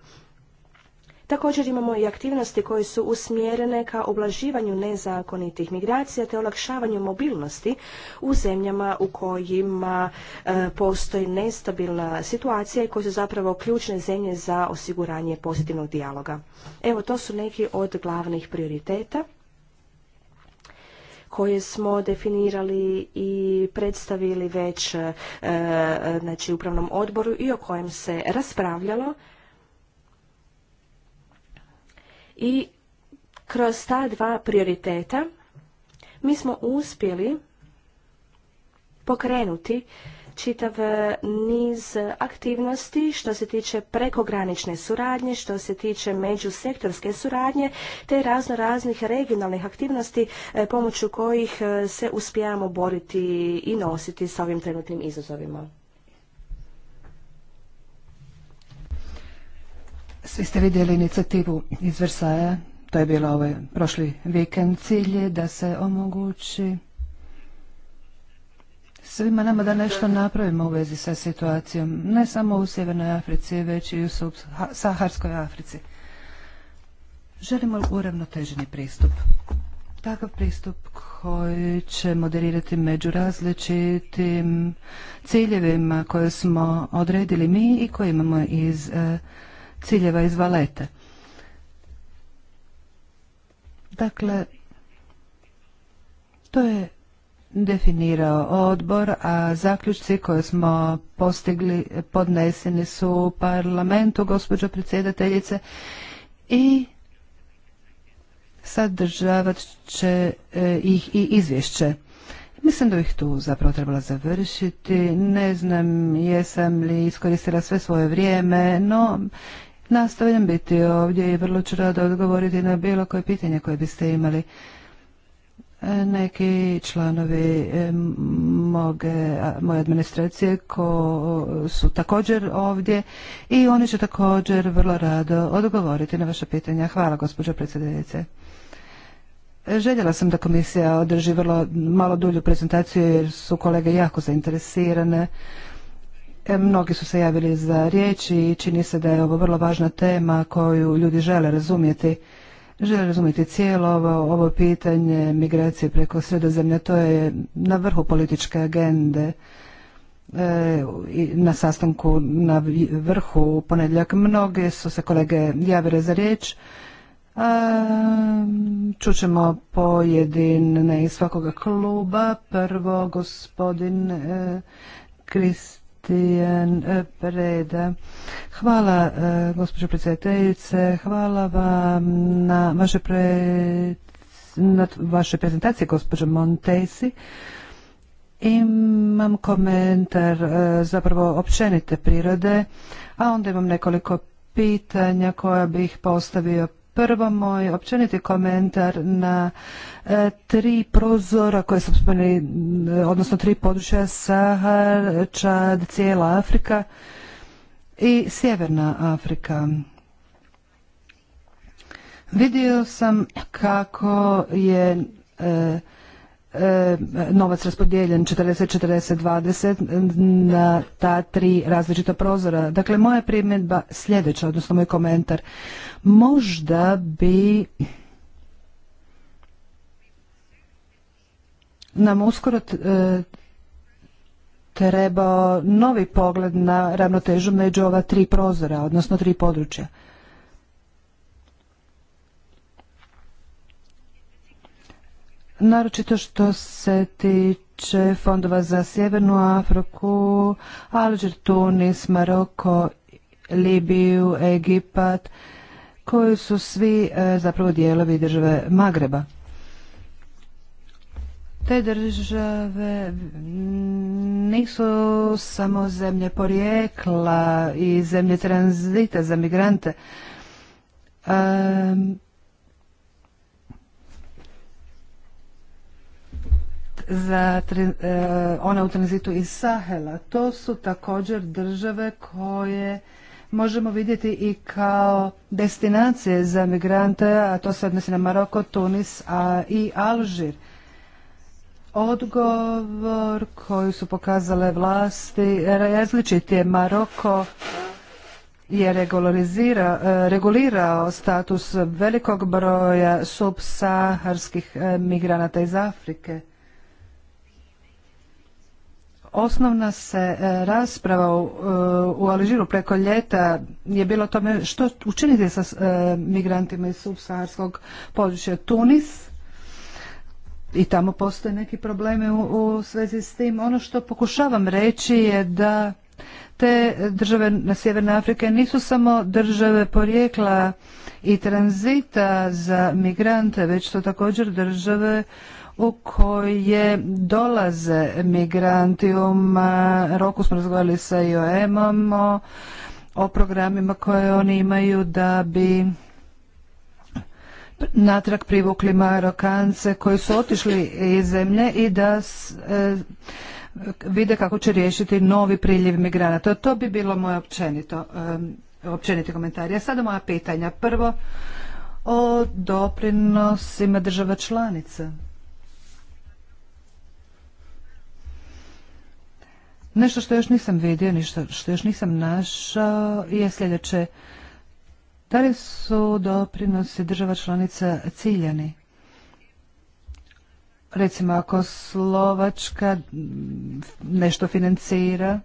Speaker 3: Također imamo i aktivnosti koje su usmjerene ka oblaživanju nezakonitih migracija te olakšavanju mobilnosti u zemljama u kojima e, postoji nestabilna situacija i koje su zapravo ključne zemlje za osiguranje pozitivnog dijaloga. Evo, to su neki od glavnih prioriteta koje smo definirali i predstavili već e, e, znači, upravnom odboru i o kojem se raspravljalo I kroz ta dva prioriteta mi smo uspjeli pokrenuti čitav niz aktivnosti što se tiče prekogranične suradnje, što se tiče međusektorske suradnje, te razno raznih regionalnih aktivnosti e, pomoću kojih e, se uspijamo boriti i nositi s ovim trenutnim izazovima.
Speaker 2: Svi ste vidjeli inicijativu iz Versaja, to je bilo ovaj prošli vikend. Cilj je da se omogući svima nama da nešto napravimo u vezi sa situacijom, ne samo u Sjevernoj Africi, već i u Saharskoj Africi. Želimo uravnoteženi pristup. Takav pristup koji će moderirati među različitim ciljevima koje smo odredili mi i koje imamo iz eh, ciljeva iz valete. Dakle, to je definirao odbor, a zaključci koje smo postigli podneseni su u parlamentu, gospođo predsjedateljice, i sadržavat će e, ih i izvješće. Mislim da bih tu zapravo trebala završiti. Ne znam jesam li iskoristila sve svoje vrijeme, no Nastavljam biti ovdje i vrlo ću rado odgovoriti na bilo koje pitanje koje biste imali. E, neki članovi e, moje administracije ko su također ovdje i oni će također vrlo rado odgovoriti na vaše pitanja. Hvala gospođo predsjednice. Željela sam da komisija održi vrlo malo dulju prezentaciju jer su kolege jako zainteresirane E, mnogi su se javili za riječ i čini se da je ovo vrlo važna tema koju ljudi žele razumjeti. Žele razumjeti cijelo ovo, pitanje migracije preko sredozemlja. To je na vrhu političke agende e, i na sastanku na vrhu u ponedjeljak. mnoge su se kolege javile za riječ. A, čućemo pojedine iz svakoga kluba. Prvo gospodin e, E, Preda. Hvala, e, gospođo predsjedateljice, hvala vam na vaše, prezentaciji, na vaše prezentacije, gospođo Montesi. Imam komentar e, zapravo općenite prirode, a onda imam nekoliko pitanja koja bih postavio Prvo moj općeniti komentar na e, tri prozora koje su spomenuli, e, odnosno tri područja Sahar, Čad, cijela Afrika i Sjeverna Afrika. Vidio sam kako je e, E, novac raspodijeljen 40-40-20 na ta tri različita prozora. Dakle, moja primjedba sljedeća, odnosno moj komentar. Možda bi nam uskoro e, trebao novi pogled na ravnotežu među ova tri prozora, odnosno tri područja. naročito što se tiče fondova za Sjevernu Afriku, Alger, Tunis, Maroko, Libiju, Egipat, koji su svi e, zapravo dijelovi države Magreba. Te države nisu samo zemlje porijekla i zemlje tranzita za migrante. za e, one u tranzitu iz Sahela. To su također države koje možemo vidjeti i kao destinacije za migrante, a to se odnosi na Maroko, Tunis a i Alžir. Odgovor koji su pokazale vlasti različit je Maroko je e, regulirao status velikog broja subsaharskih e, migranata iz Afrike. Osnovna se e, rasprava e, u Aližiru preko ljeta je bilo tome što učiniti sa e, migrantima iz subsaharskog područja Tunis i tamo postoje neki problemi u, u svezi s tim. Ono što pokušavam reći je da te države na Sjeverne Afrike nisu samo države porijekla i tranzita za migrante, već su također države u koje dolaze migranti. U Roku smo razgovarali sa IOM-om o, o programima koje oni imaju da bi natrag privukli Marokance koji su otišli iz zemlje i da e, vide kako će riješiti novi priljev migranata. To, bi bilo moje općenito, e, općeniti komentar. sada moja pitanja. Prvo o doprinosima država članica. Nešto što još nisam vidio, ništa što još nisam našao je sljedeće. Da li su doprinosi država članica ciljani? Recimo ako Slovačka nešto financira,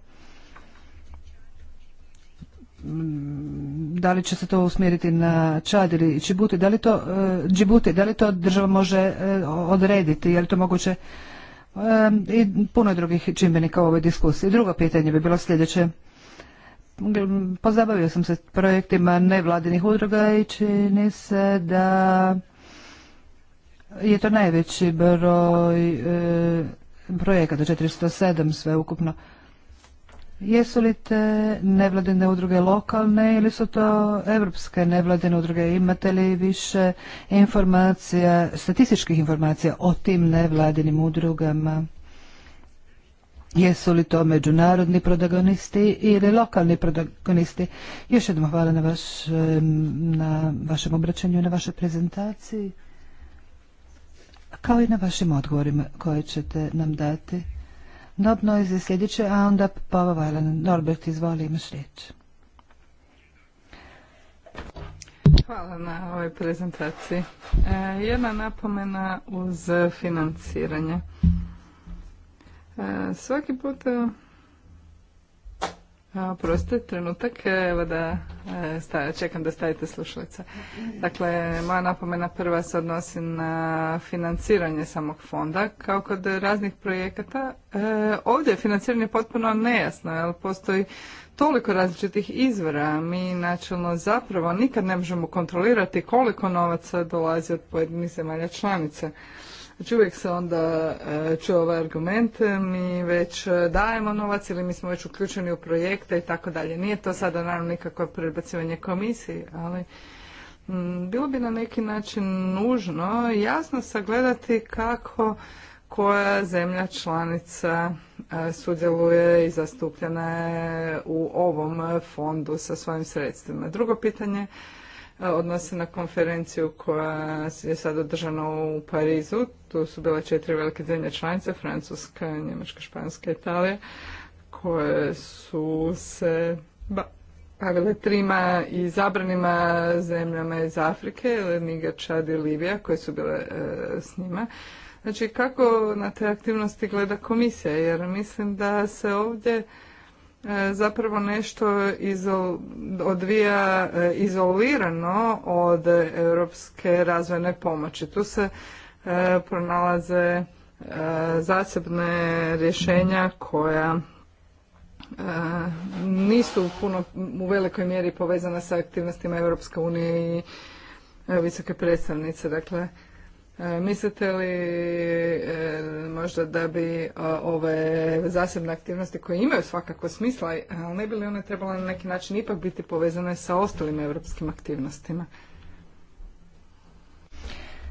Speaker 2: mm, da li će se to usmjeriti na Čad ili Džibuti, da li to, e, Džibuti, da li to država može e, odrediti, je li to moguće i puno drugih čimbenika u ovoj diskusiji. Drugo pitanje bi bilo sljedeće. Pozabavio sam se projektima nevladinih udruga i čini se da je to najveći broj e, projekata, 407 sve ukupno. Jesu li te nevladine udruge lokalne ili su to evropske nevladine udruge? Imate li više informacija, statističkih informacija o tim nevladinim udrugama? Jesu li to međunarodni protagonisti ili lokalni protagonisti? Još jednom hvala na, na vašem obraćanju i na vašoj prezentaciji, kao i na vašim odgovorima koje ćete nam dati. Dobno je sljedeće, a onda Pava Vajlan. Norbert, izvoli, imaš riječ.
Speaker 1: Hvala na ovoj prezentaciji. E, jedna napomena uz financiranje. E, svaki put Proste, trenutak, evo da e, staja, čekam da stavite slušalice. Dakle, moja napomena prva se odnosi na financiranje samog fonda. Kao kod raznih projekata, e, ovdje je financiranje potpuno nejasno, jer postoji toliko različitih izvora. Mi načelno zapravo nikad ne možemo kontrolirati koliko novaca dolazi od pojedinih zemalja članice. Znači uvijek se onda e, čuje ovaj argument, e, mi već e, dajemo novac ili mi smo već uključeni u projekte i tako dalje. Nije to sada naravno nikakvo prebacivanje komisiji, ali bilo bi na neki način nužno jasno sagledati kako koja zemlja članica sudjeluje i zastupljena je u ovom fondu sa svojim sredstvima. Drugo pitanje odnose na konferenciju koja je sad održana u Parizu. Tu su bila četiri velike zemlje članice, Francuska, Njemačka, Španska, Italija, koje su se bavile trima i zabranima zemljama iz Afrike, Niger, Čad i Libija, koje su bile e, s njima. Znači, kako na te aktivnosti gleda komisija? Jer mislim da se ovdje E, zapravo nešto odvija e, izolirano od europske razvojne pomoći. Tu se e, pronalaze zasebne rješenja koja nisu puno u velikoj mjeri povezana sa aktivnostima Europske unije i visoke predstavnice. Dakle, E, mislite li e, možda da bi e, ove zasebne aktivnosti koje imaju svakako smisla, ali ne bi li one trebale na neki način ipak biti povezane sa ostalim europskim aktivnostima?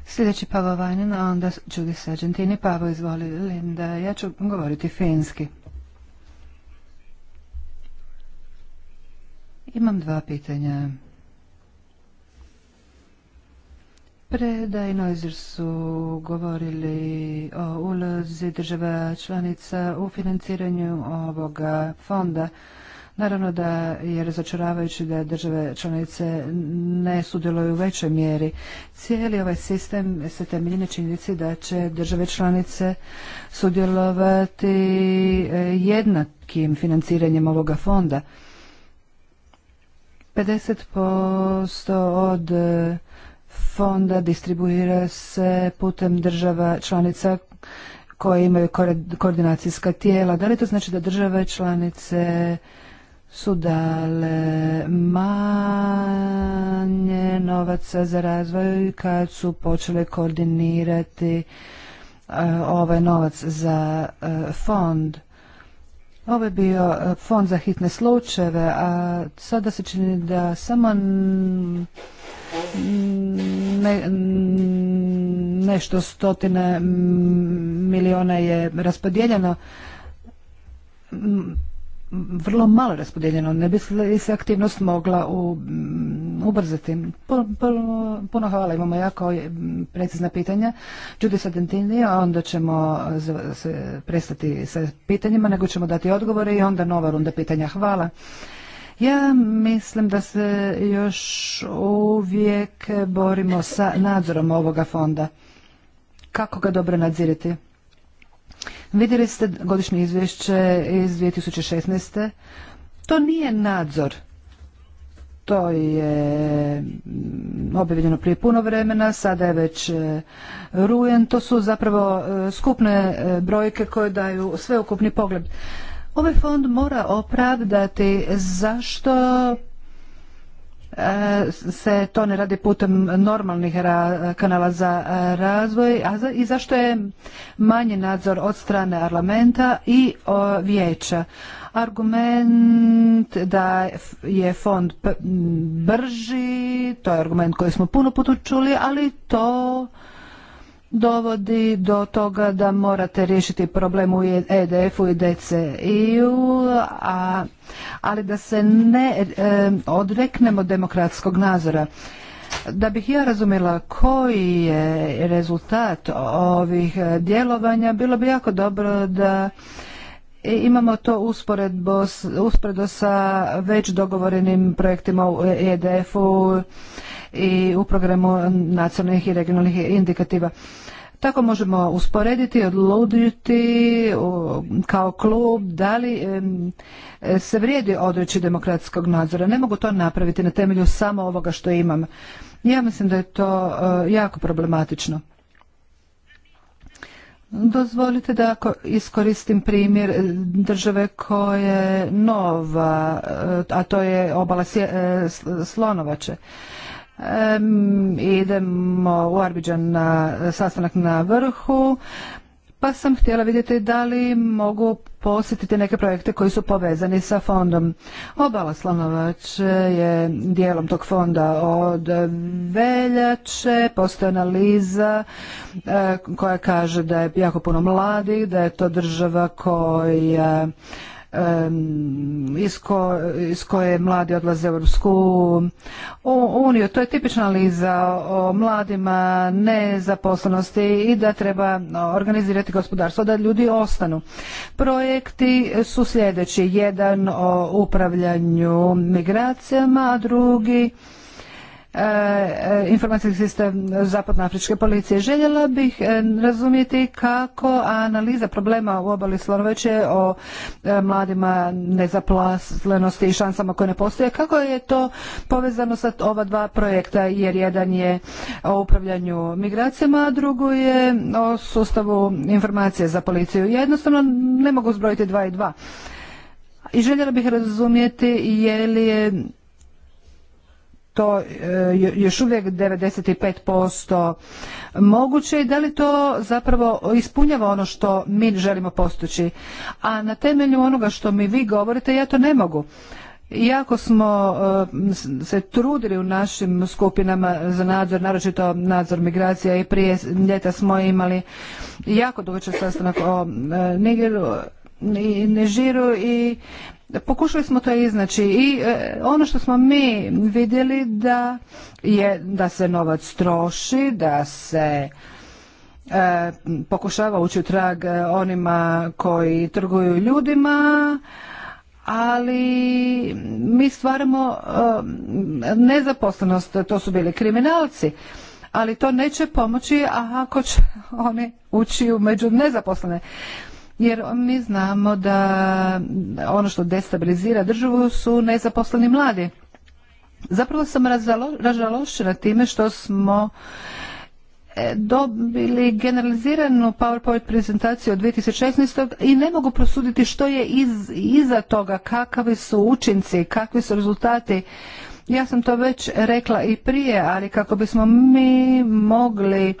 Speaker 2: Sljedeći Pavo Vajnin, a onda Judy Sargentini. Pavo, izvoli Linda, ja ću govoriti finski. Imam dva pitanja. Preda i su govorili o ulozi država članica u financiranju ovoga fonda. Naravno da je razočaravajući da države članice ne sudjeluju u većoj mjeri. Cijeli ovaj sistem se temelji na činjenici da će države članice sudjelovati e, jednakim financiranjem ovoga fonda. 50% od fonda distribuira se putem država članica koje imaju koordinacijska tijela. Da li to znači da države članice su dale manje novaca za razvoj kad su počele koordinirati e, ovaj novac za e, fond. Ovo je bio e, fond za hitne slučajeve, a sada se čini da samo ne, nešto stotine miliona je raspodijeljeno vrlo malo raspodijeljeno ne bi se aktivnost mogla ubrzati puno, hvala imamo jako precizna pitanja Čudi Dentini, a onda ćemo se prestati sa pitanjima nego ćemo dati odgovore i onda nova runda pitanja hvala ja mislim da se još uvijek borimo sa nadzorom ovoga fonda. Kako ga dobro nadzirati? Vidjeli ste godišnje izvješće iz 2016. To nije nadzor. To je mm, objavljeno prije puno vremena, sada je već e, rujen. To su zapravo e, skupne e, brojke koje daju sveukupni pogled. Ovaj fond mora opravdati zašto e, se to ne radi putem normalnih kanala za razvoj i zašto je manji nadzor od strane parlamenta i vijeća. Argument da je fond brži, to je argument koji smo puno puta čuli, ali to dovodi do toga da morate riješiti problem u EDF-u i DCI-u, ali da se ne odreknemo demokratskog nazora. Da bih ja razumjela koji je rezultat ovih djelovanja, bilo bi jako dobro da imamo to usporedbo, usporedo sa već dogovorenim projektima u EDF-u i u programu nacionalnih i regionalnih indikativa. Tako možemo usporediti, odluditi kao klub da li se vrijedi odreći demokratskog nadzora. Ne mogu to napraviti na temelju samo ovoga što imam. Ja mislim da je to e, jako problematično. Dozvolite da iskoristim primjer e, države koja je nova, e, a to je obala Slonovače idemo u Arbiđan na sastanak na vrhu, pa sam htjela vidjeti da li mogu posjetiti neke projekte koji su povezani sa fondom. Obala Slanovač je dijelom tog fonda od veljače, postoje analiza e, koja kaže da je jako puno mladih, da je to država koja iz, koje mladi odlaze u Europsku uniju. To je tipična liza o mladima, nezaposlenosti i da treba organizirati gospodarstvo, da ljudi ostanu. Projekti su sljedeći. Jedan o upravljanju migracijama, a drugi E, e, informacijski sistem zapadnoafričke policije. Željela bih e, razumjeti kako analiza problema u obali Slonoveće o mladima nezaposlenosti i šansama koje ne postoje, kako je to povezano sa ova dva projekta, jer jedan je o upravljanju migracijama, a drugo je o sustavu informacije za policiju. Jednostavno ne mogu zbrojiti dva i dva. I željela bih razumjeti je li je to e, još uvijek 95% moguće i da li to zapravo ispunjava ono što mi želimo postići. A na temelju onoga što mi vi govorite ja to ne mogu. Iako smo e, se trudili u našim skupinama za nadzor, naročito nadzor migracija i prije ljeta smo imali jako dugačak sastanak o e, Nigeru i Nežiru i Pokušali smo to iznaći i e, ono što smo mi vidjeli da je da se novac troši, da se e, pokušava ući u trag e, onima koji trguju ljudima, ali mi stvaramo nezaposlenost, to su bili kriminalci ali to neće pomoći ako će oni ući među nezaposlene jer mi znamo da ono što destabilizira državu su nezaposleni mladi. Zapravo sam ražalošena time što smo e, dobili generaliziranu PowerPoint prezentaciju od 2016. i ne mogu prosuditi što je iza toga, kakvi su učinci, kakvi su rezultati. Ja sam to već rekla i prije, ali kako bismo mi mogli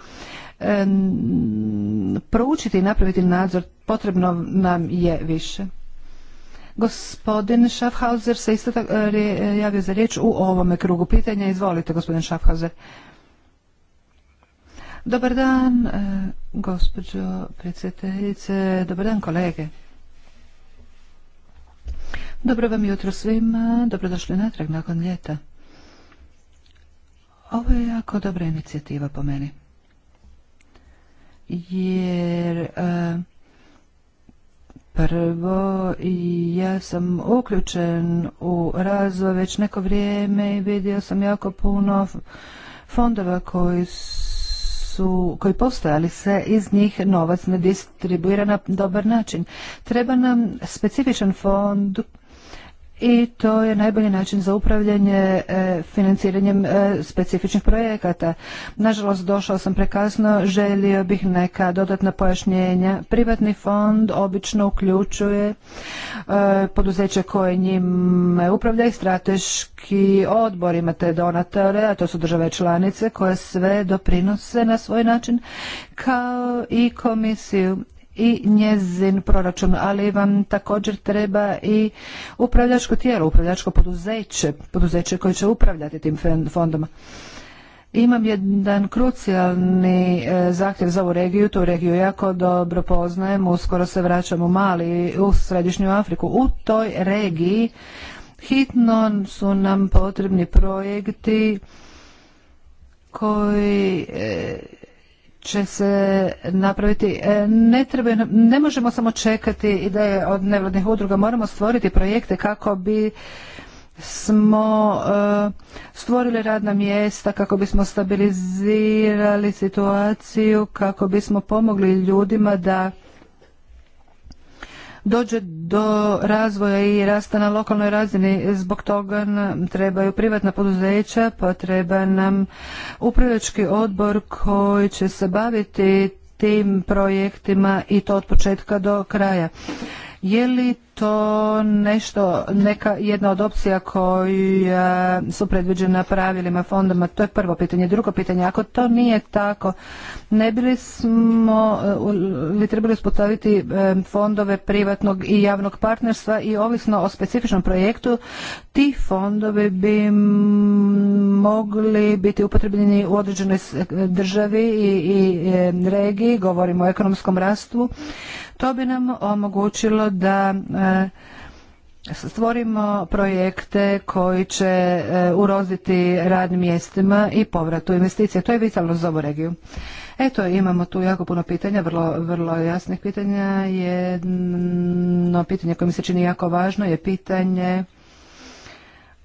Speaker 2: proučiti i napraviti nadzor, potrebno nam je više. Gospodin Schaffhauser se isto tako eh, eh, javio za riječ u ovome krugu pitanja. Izvolite, gospodin Schaffhauser. Dobar dan, eh, gospođo predsjedateljice, dobar dan kolege. Dobro vam jutro svima, dobrodošli natrag nakon ljeta. Ovo je jako dobra inicijativa po meni jer e, prvo ja sam uključen u razvoj već neko vrijeme i vidio sam jako puno fondova koji su koji postojali se iz njih novac ne distribuira na dobar način. Treba nam specifičan fond i to je najbolji način za upravljanje e, financiranjem e, specifičnih projekata. Nažalost, došao sam prekasno, želio bih neka dodatna pojašnjenja. Privatni fond obično uključuje e, poduzeće koje njim upravlja i strateški odbor. Imate donatore, a to su države članice koje sve doprinose na svoj način, kao i komisiju i njezin proračun, ali vam također treba i upravljačko tijelo, upravljačko poduzeće, poduzeće koje će upravljati tim fondom. Imam jedan krucijalni e, zahtjev za ovu regiju, tu regiju jako dobro poznajem, uskoro se vraćam u Mali, u Središnju Afriku. U toj regiji hitno su nam potrebni projekti koji e, će se napraviti. E, ne, možemo samo čekati ideje od nevladnih udruga, moramo stvoriti projekte kako bi smo e, stvorili radna mjesta kako bismo stabilizirali situaciju, kako bismo pomogli ljudima da dođe do razvoja i rasta na lokalnoj razini. Zbog toga nam trebaju privatna poduzeća, pa treba nam upravljački odbor koji će se baviti tim projektima i to od početka do kraja. Je li to nešto, neka jedna od opcija koja e, su predviđena pravilima fondama? To je prvo pitanje. Drugo pitanje, ako to nije tako, ne bi li smo e, li trebali uspostaviti e, fondove privatnog i javnog partnerstva i ovisno o specifičnom projektu, ti fondovi bi mogli biti upotrebljeni u određenoj državi i, i regiji, govorimo o ekonomskom rastu, to bi nam omogućilo da e, stvorimo projekte koji će e, uroziti radnim mjestima i povratu investicija. To je vitalno za ovu regiju. Eto, imamo tu jako puno pitanja, vrlo, vrlo jasnih pitanja. Jedno pitanje koje mi se čini jako važno je pitanje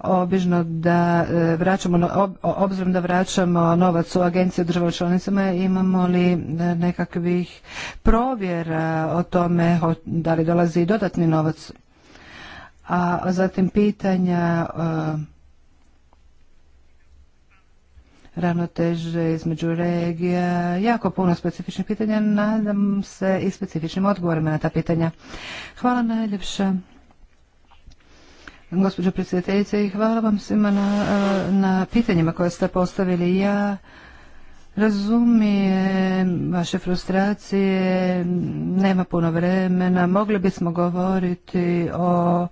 Speaker 2: obično da e, vraćamo, obzirom da vraćamo novac u agenciju država članicama, imamo li e, nekakvih provjera o tome da li dolazi i dodatni novac? A zatim pitanja e, ravnoteže između regija, jako puno specifičnih pitanja, nadam se i specifičnim odgovorima na ta pitanja. Hvala najljepša gospođo predsjedateljice i hvala vam svima na, pitanjima koje ste postavili. Ja razumijem vaše frustracije, nema puno vremena, mogli bismo govoriti o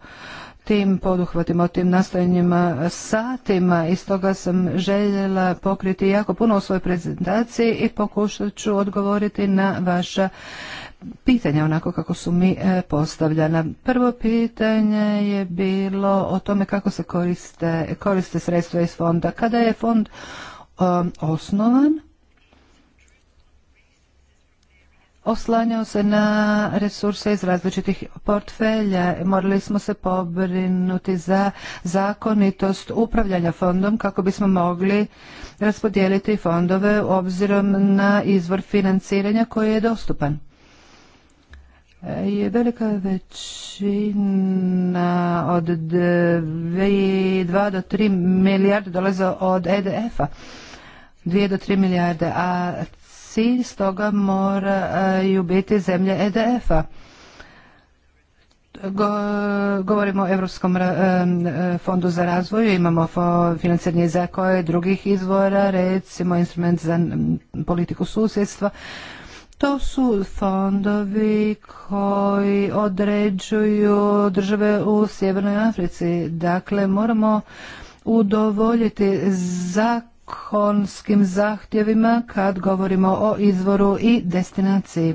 Speaker 2: tim poduhvatima, o tim nastojanjima satima i stoga sam željela pokriti jako puno u svojoj prezentaciji i pokušat ću odgovoriti na vaša pitanja onako kako su mi e, postavljena. Prvo pitanje je bilo o tome kako se koriste, koriste sredstva iz fonda. Kada je fond e, osnovan, oslanjao se na resurse iz različitih portfelja. Morali smo se pobrinuti za zakonitost upravljanja fondom kako bismo mogli raspodijeliti fondove obzirom na izvor financiranja koji je dostupan je velika većina od 2 do 3 milijarde dolaze od EDF-a. 2 do 3 milijarde, a cilj stoga moraju biti zemlje EDF-a. govorimo o Europskom eh, fondu za razvoj, imamo financiranje za koje drugih izvora, recimo instrument za politiku susjedstva, to su fondovi koji određuju države u Sjevernoj Africi. Dakle, moramo udovoljiti zakonskim zahtjevima kad govorimo o izvoru i destinaciji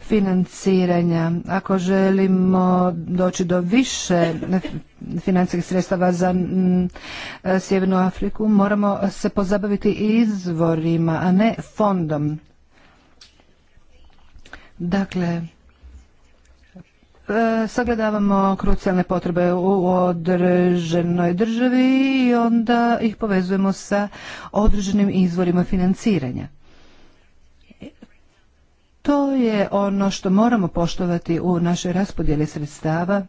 Speaker 2: financiranja. Ako želimo doći do više financijskih sredstava za mm, Sjevernu Afriku, moramo se pozabaviti izvorima, a ne fondom. Dakle, e, sagledavamo krucijalne potrebe u određenoj državi i onda ih povezujemo sa određenim izvorima financiranja. To je ono što moramo poštovati u našoj raspodjeli sredstava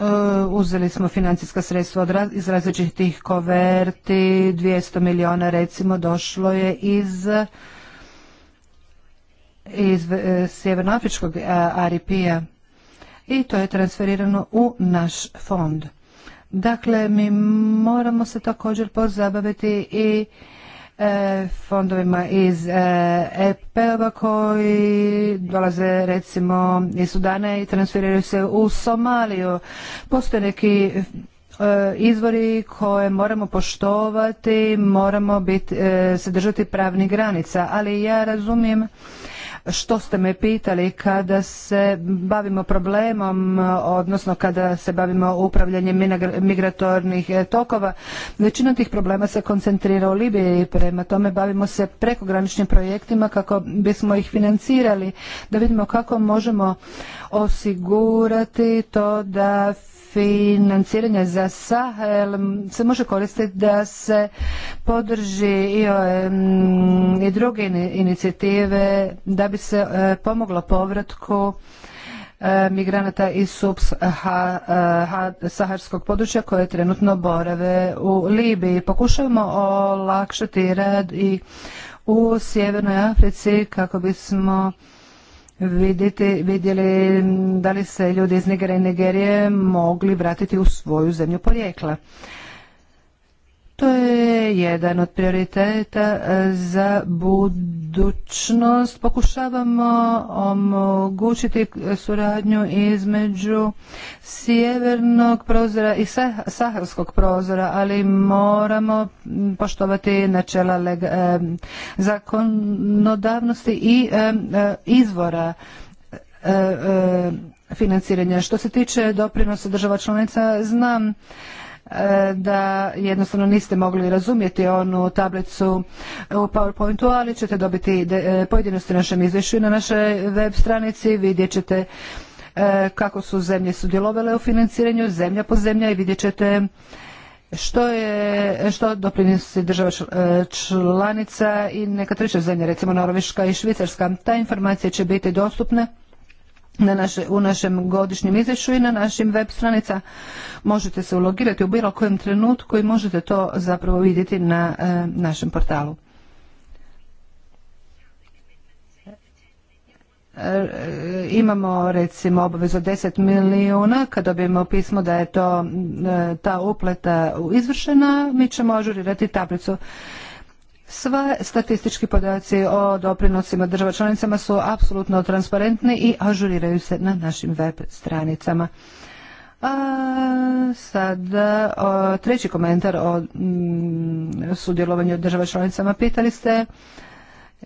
Speaker 2: Eh, uzeli smo financijska sredstva iz različitih koverti, 200 milijuna recimo došlo je iz iz eh, Sjevernoafričkog arip eh, a i to je transferirano u naš fond. Dakle, mi moramo se također pozabaviti i E, fondovima iz EPP-ova koji dolaze recimo iz Sudana i transferiraju se u Somaliju. Postoje neki e, izvori koje moramo poštovati, moramo biti, e, se držati pravnih granica, ali ja razumijem što ste me pitali kada se bavimo problemom, odnosno kada se bavimo upravljanjem migratornih e, tokova. Većina tih problema se koncentrira u Libiji, prema tome bavimo se prekograničnim projektima kako bismo ih financirali, da vidimo kako možemo osigurati to da financiranja za Sahel se može koristiti da se podrži i, i druge inicijative da bi se e, pomoglo povratku e, migranata iz subsaharskog područja koje trenutno borave u Libiji. Pokušavamo olakšati rad i u Sjevernoj Africi kako bismo Vidite, vidjeli da li se ljudi iz i Nigerije mogli vratiti u svoju zemlju porijekla. To je jedan od prioriteta e, za budućnost. Pokušavamo omogućiti suradnju između sjevernog prozora i saharskog prozora, ali moramo poštovati načela e, zakonodavnosti i e, izvora financiranja. Što se tiče doprinosa država članica, znam E, da jednostavno niste mogli razumjeti onu tablicu u PowerPointu, ali ćete dobiti e, pojedinosti u našem izvješću i na našoj web stranici vidjet ćete e, kako su zemlje sudjelovale u financiranju, zemlja po zemlja i vidjet ćete što je što doprinosi država članica i neka treća zemlja, recimo Norveška i Švicarska. Ta informacija će biti dostupna na naše, u našem godišnjem izvješću i na našim web stranica možete se ulogirati u bilo kojem trenutku i možete to zapravo vidjeti na e, našem portalu. E, e, imamo recimo obavezu 10 milijuna, kad dobijemo pismo da je to ta upleta izvršena, mi ćemo ažurirati tablicu. Sve statistički podaci o doprinosima država članicama su apsolutno transparentni i ažuriraju se na našim web stranicama. A sada treći komentar o mm, sudjelovanju država članicama. Pitali ste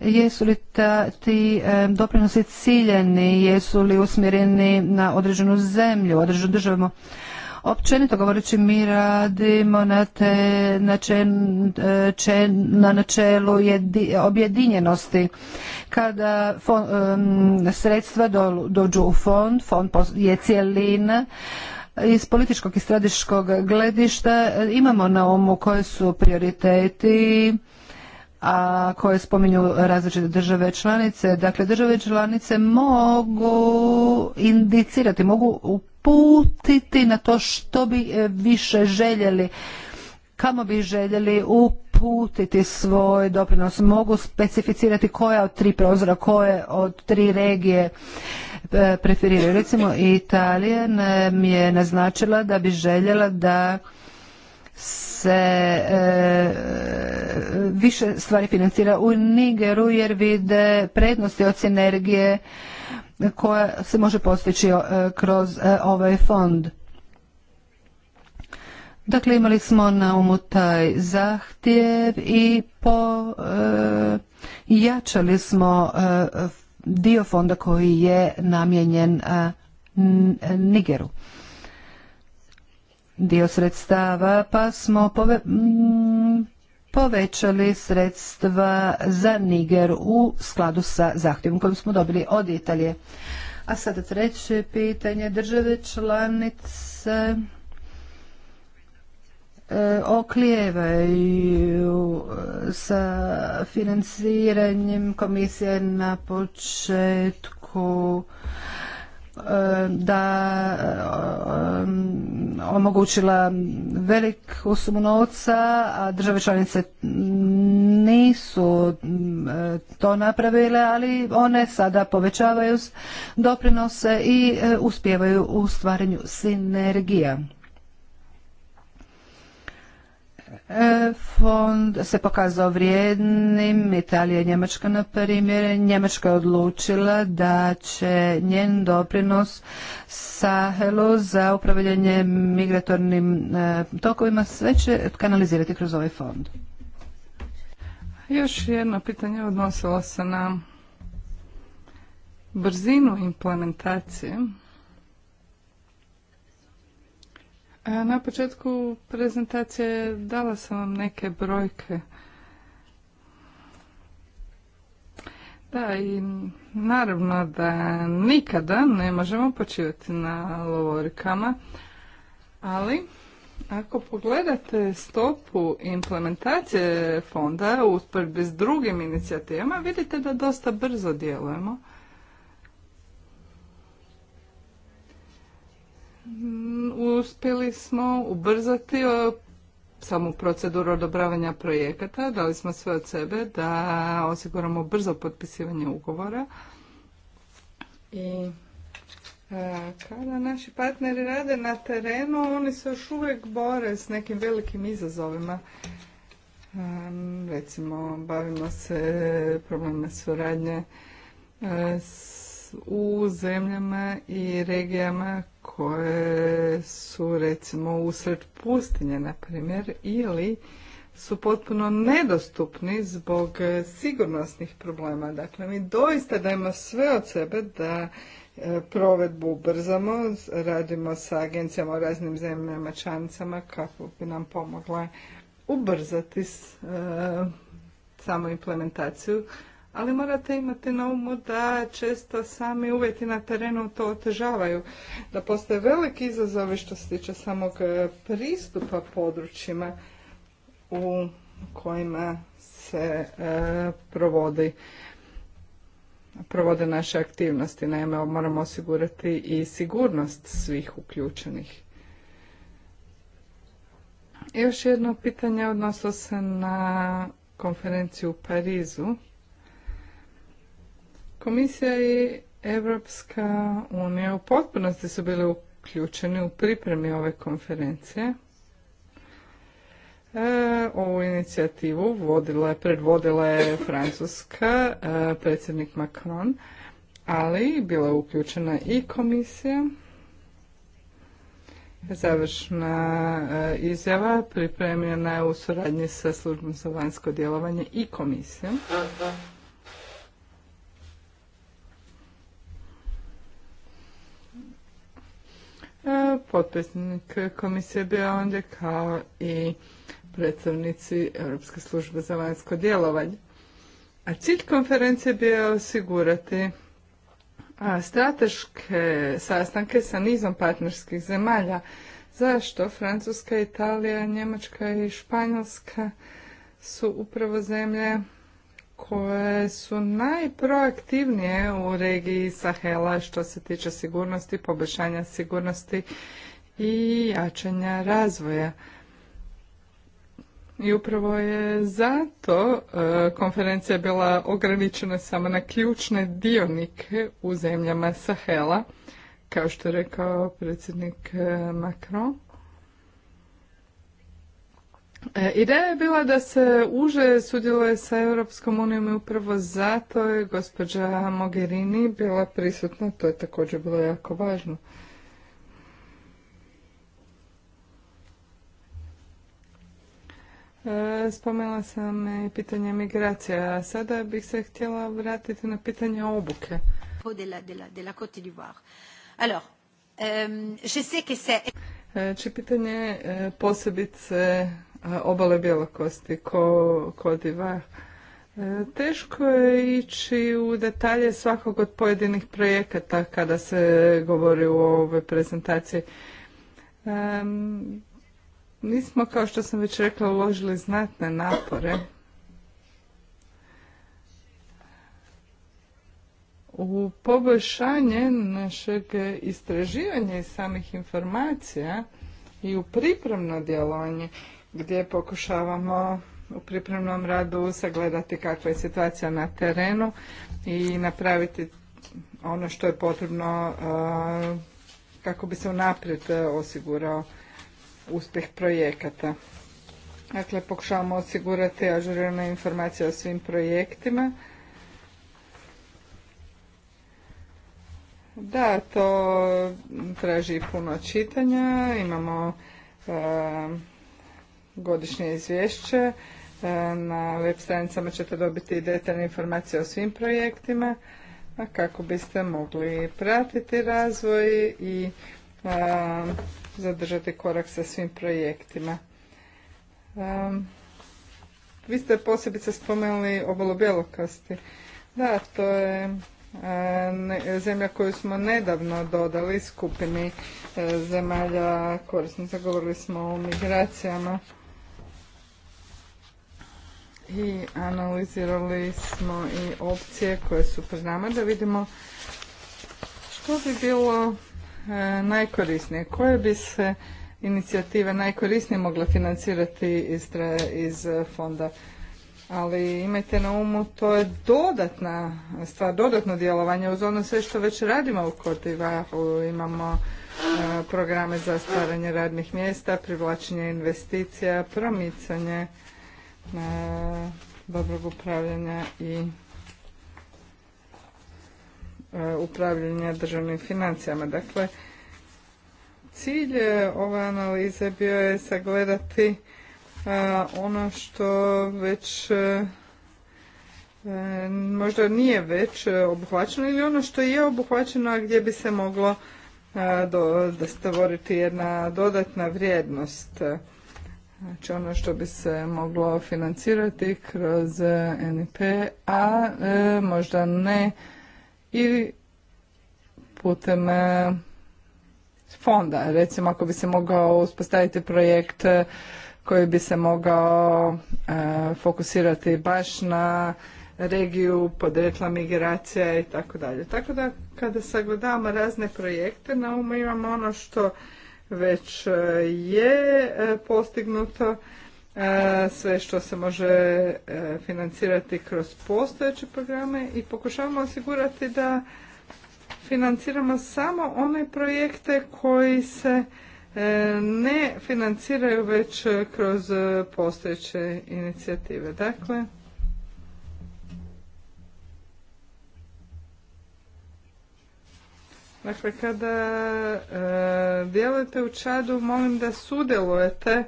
Speaker 2: jesu li ta, ti e, doprinosi ciljeni, jesu li usmjereni na određenu zemlju, određenu državu. Općenito govoreći mi radimo na, te, na, e, na načelu objedinjenosti. Kada sredstva dođu u fond, fond je cijelina, iz političkog i strateškog gledišta e, imamo na umu koji su prioriteti a koje spominju različite države članice. Dakle, države članice mogu indicirati, mogu uputiti na to što bi e, više željeli, kamo bi željeli uputiti svoj doprinos, mogu specificirati koja od tri prozora, koje od tri regije e, preferiraju. Recimo, Italija mi je naznačila da bi željela da se e, više stvari financira u Nigeru jer vide prednosti od sinergije koja se može postići e, kroz e, ovaj fond. Dakle, imali smo na umu taj zahtjev i po, e, jačali smo dio fonda koji je namijenjen Nigeru dio sredstava, pa smo mm, povećali sredstva za Niger u skladu sa zahtjevom kojim smo dobili od Italije. A sada treće pitanje, države članice e, oklijevaju e, sa financiranjem komisije na početku E, da e, omogućila velik usum novca, a države članice nisu e, to napravile, ali one sada povećavaju doprinose i uspijevaju u stvaranju sinergija. E, fond se pokazao vrijednim, Italija i Njemačka na primjer. Njemačka je odlučila da će njen doprinos Sahelu za upravljanje migratornim e, tokovima sve će kanalizirati kroz ovaj fond.
Speaker 1: Još jedno pitanje odnosilo se na brzinu implementacije E, na početku prezentacije dala sam vam neke brojke. Da, i naravno da nikada ne možemo počivati na lovorikama, ali ako pogledate stopu implementacije fonda u usporedbi s drugim inicijativama, vidite da dosta brzo djelujemo. Mm, uspjeli smo ubrzati e, samu proceduru odobravanja projekata, dali smo sve od sebe da osiguramo brzo potpisivanje ugovora. I e, kada naši partneri rade na terenu, oni se još uvijek bore s nekim velikim izazovima. E, recimo, bavimo se problemima suradnje s u zemljama i regijama koje su recimo usred pustinje na primjer ili su potpuno nedostupni zbog sigurnosnih problema. Dakle, mi doista dajemo sve od sebe da e, provedbu ubrzamo, radimo sa agencijama u raznim zemljama članicama kako bi nam pomogla ubrzati samo e, samu implementaciju ali morate imati na umu da često sami uvjeti na terenu to otežavaju, da postoje veliki izazovi što se tiče samog e, pristupa područjima u kojima se e, provode naše aktivnosti. Naime, moramo osigurati i sigurnost svih uključenih. Još jedno pitanje odnosilo se na konferenciju u Parizu Komisija i Evropska unija u potpunosti su bili uključeni u pripremi ove konferencije. E, ovu inicijativu vodila je, predvodila je Francuska, e, predsjednik Macron, ali bila je uključena i komisija. Završna e, izjava pripremljena je u suradnji sa službom za vanjsko djelovanje i komisijom. E, potpredsjednik komisije bio ondje kao i predstavnici Europske službe za vanjsko djelovanje. A cilj konferencije bio je osigurati strateške sastanke sa nizom partnerskih zemalja. Zašto? Francuska, Italija, Njemačka i Španjolska su upravo zemlje koje su najproaktivnije u regiji Sahela što se tiče sigurnosti, poboljšanja sigurnosti i jačanja razvoja. I upravo je zato e, konferencija bila ograničena samo na ključne dionike u zemljama Sahela, kao što je rekao predsjednik e, Macron E, ideja je bila da se uže sudjeluje sa Europskom unijom i upravo zato je gospođa Mogherini bila prisutna, to je također bilo jako važno. E, spomenula sam i pitanje migracija, a sada bih se htjela vratiti na pitanje obuke.
Speaker 2: Euh,
Speaker 1: e, Či pitanje posebice obale bjelokosti ko, kodiva. E, teško je ići u detalje svakog od pojedinih projekata kada se govori u ovoj prezentaciji. mi smo, kao što sam već rekla, uložili znatne napore u poboljšanje našeg istraživanja i samih informacija i u pripremno djelovanje gdje pokušavamo u pripremnom radu sagledati kakva je situacija na terenu i napraviti ono što je potrebno kako bi se unaprijed osigurao uspjeh projekata. Dakle, pokušavamo osigurati ažurirane informacije o svim projektima. Da, to traži puno čitanja. Imamo godišnje izvješće. E, na web stranicama ćete dobiti detaljne informacije o svim projektima kako biste mogli pratiti razvoj i e, zadržati korak sa svim projektima. E, vi ste posebice spomenuli obalo bjelokasti. Da, to je zemlja koju smo nedavno dodali skupini zemalja korisnica. Govorili smo o migracijama i analizirali smo i opcije koje su pred nama da vidimo što bi bilo e, najkorisnije, koje bi se inicijative najkorisnije mogle financirati iz, iz e, fonda. Ali imajte na umu, to je dodatna stvar, dodatno djelovanje uz ono sve što već radimo u Kodiva. Imamo e, programe za stvaranje radnih mjesta, privlačenje investicija, promicanje dobrog upravljanja i e, upravljanja državnim financijama. Dakle, cilj e, ove analize bio je sagledati e, ono što već možda nije već obuhvaćeno ili ono što je obuhvaćeno, a gdje bi se moglo da stvoriti jedna dodatna vrijednost znači ono što bi se moglo financirati kroz e, NIP, a e, možda ne i putem e, fonda. Recimo ako bi se mogao uspostaviti projekt koji bi se mogao fokusirati baš na regiju, podretla migracija i tako dalje. Tako da kada sagledamo razne projekte, na umu imamo ono što već e, je e, postignuto e, sve što se može financirati kroz postojeće programe i pokušavamo osigurati da financiramo samo one projekte koji se ne financiraju već kroz postojeće inicijative. Dakle, Dakle, kada e, djelujete u Čadu, molim da sudjelujete e,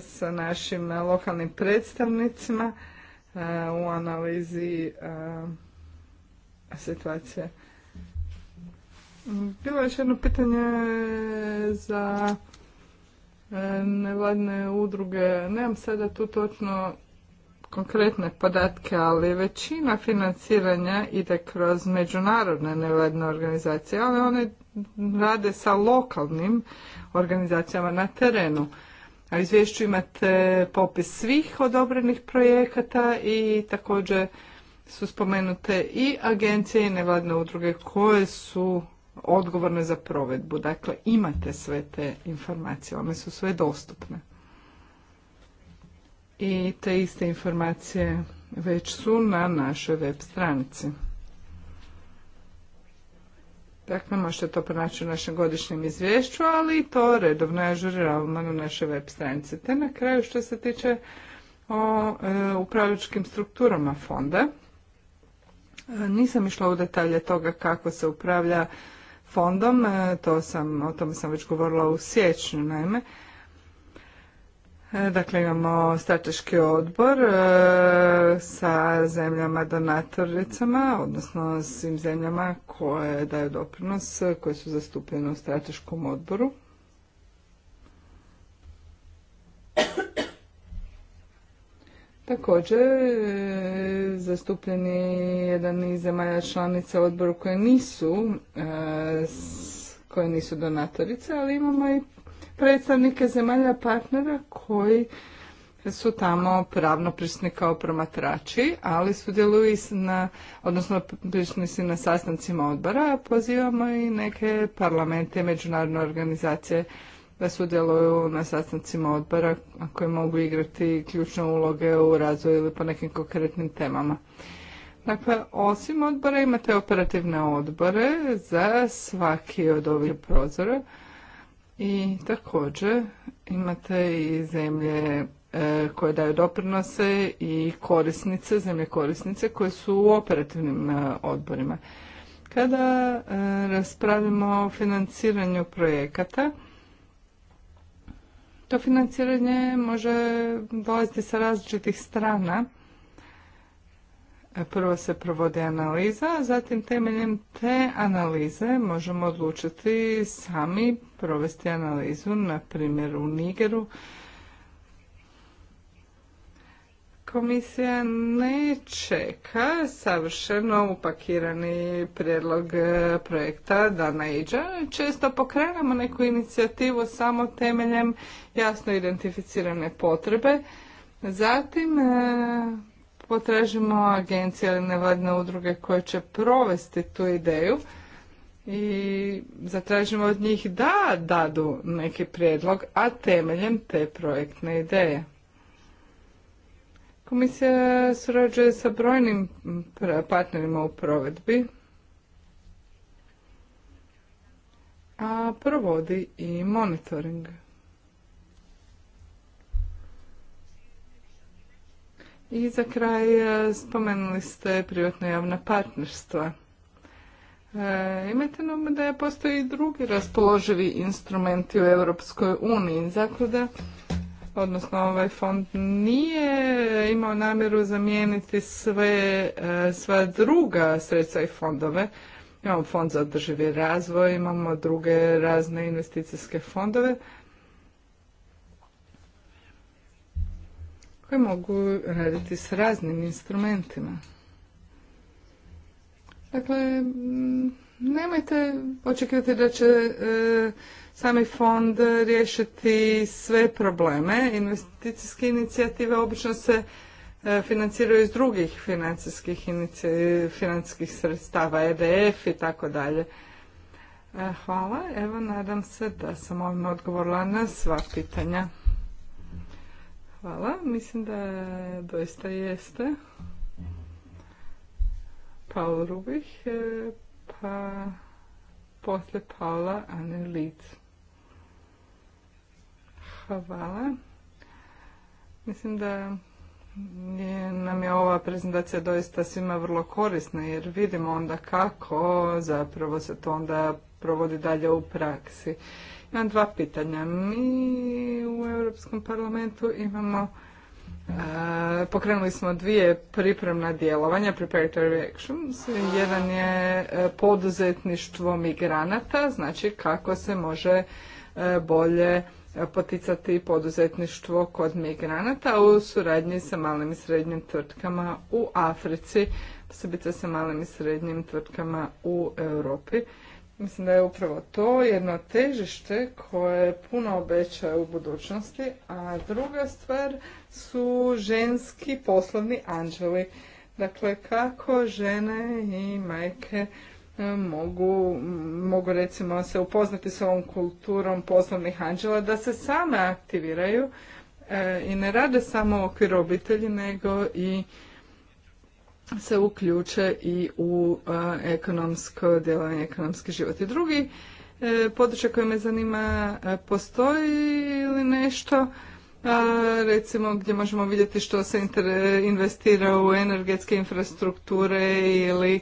Speaker 1: sa našim lokalnim predstavnicima e, u analizi e, situacije. Bilo je još jedno pitanje za e, nevladne udruge. Nemam sada tu točno konkretne podatke, ali većina financiranja ide kroz međunarodne nevladne organizacije, ali one rade sa lokalnim organizacijama na terenu. A izvješću imate popis svih odobrenih projekata i također su spomenute i agencije i nevladne udruge koje su odgovorne za provedbu. Dakle, imate sve te informacije, one su sve dostupne i te iste informacije već su na našoj web stranici. Dakle, možete to pronaći u našem godišnjem izvješću, ali to redovno ažuriralno na našoj web stranici. Te na kraju što se tiče o e, upravljačkim strukturama fonda. E, nisam išla u detalje toga kako se upravlja fondom, e, to sam, o tome sam već govorila u siječnju naime, E, dakle, imamo strateški odbor e, sa zemljama donatoricama, odnosno svim zemljama koje daju doprinos, koje su zastupljene u strateškom odboru. Također, e, zastupljen je jedan iz zemalja članica odboru koje nisu, koje nisu donatorice, ali imamo i predstavnike zemalja partnera koji su tamo pravno prisni kao promatrači, ali sudjeluju na, odnosno si na sastancima odbora, a pozivamo i neke parlamente, međunarodne organizacije da sudjeluju na sastancima odbora koji mogu igrati ključne uloge u razvoju ili po nekim konkretnim temama. Dakle, osim odbora imate operativne odbore za svaki od ovih prozora i također imate i zemlje e, koje daju doprinose i korisnice, zemlje korisnice koje su u operativnim e, odborima. Kada e, raspravimo o financiranju projekata, to financiranje može dolaziti sa različitih strana Prvo se provodi analiza, a zatim temeljem te analize možemo odlučiti sami provesti analizu, na primjer u Nigeru. Komisija ne čeka savršeno upakirani prijedlog e, projekta da Često pokrenemo neku inicijativu samo temeljem jasno identificirane potrebe. Zatim e, potražimo agencije ili nevladine udruge koje će provesti tu ideju i zatražimo od njih da dadu neki prijedlog, a temeljem te projektne ideje. Komisija surađuje sa brojnim partnerima u provedbi, a provodi i monitoring. I za kraj e, spomenuli ste privatno javna partnerstva. E, imajte nam da postoji i drugi raspoloživi instrumenti u Europskoj uniji, zato odnosno ovaj fond nije imao namjeru zamijeniti sve, e, sva druga sredstva i fondove. Imamo fond za održivi razvoj, imamo druge razne investicijske fondove. Dakle, mogu raditi s raznim instrumentima. Dakle, nemojte očekivati da će e, sami fond riješiti sve probleme. Investicijske inicijative obično se e, financiraju iz drugih financijskih, financijskih sredstava, EDF i tako dalje. E, hvala. Evo, nadam se da sam ovim odgovorila na sva pitanja. Hvala. Mislim da doista jeste. Paul Rubih, e, pa poslije Paula Anne Lid. Hvala. Mislim da nam je ova prezentacija doista svima vrlo korisna jer vidimo onda kako zapravo se to onda provodi dalje u praksi na dva pitanja. Mi u Europskom parlamentu imamo e, pokrenuli smo dvije pripremna djelovanja, preparatory actions. Jedan je e, poduzetništvo migranata, znači kako se može e, bolje poticati poduzetništvo kod migranata u suradnji sa malim i srednjim tvrtkama u Africi, posebice sa malim i srednjim tvrtkama u Europi. Mislim da je upravo to jedno težište koje puno obećaje u budućnosti, a druga stvar su ženski poslovni anđeli. Dakle, kako žene i majke e, mogu, mogu recimo se upoznati s ovom kulturom poslovnih anđela, da se same aktiviraju e, i ne rade samo u okviru obitelji, nego i se uključe i u ekonomsko djelovanje, ekonomski život. I drugi e, područje koje me zanima e, postoji ili nešto recimo gdje možemo vidjeti što se investira u energetske infrastrukture ili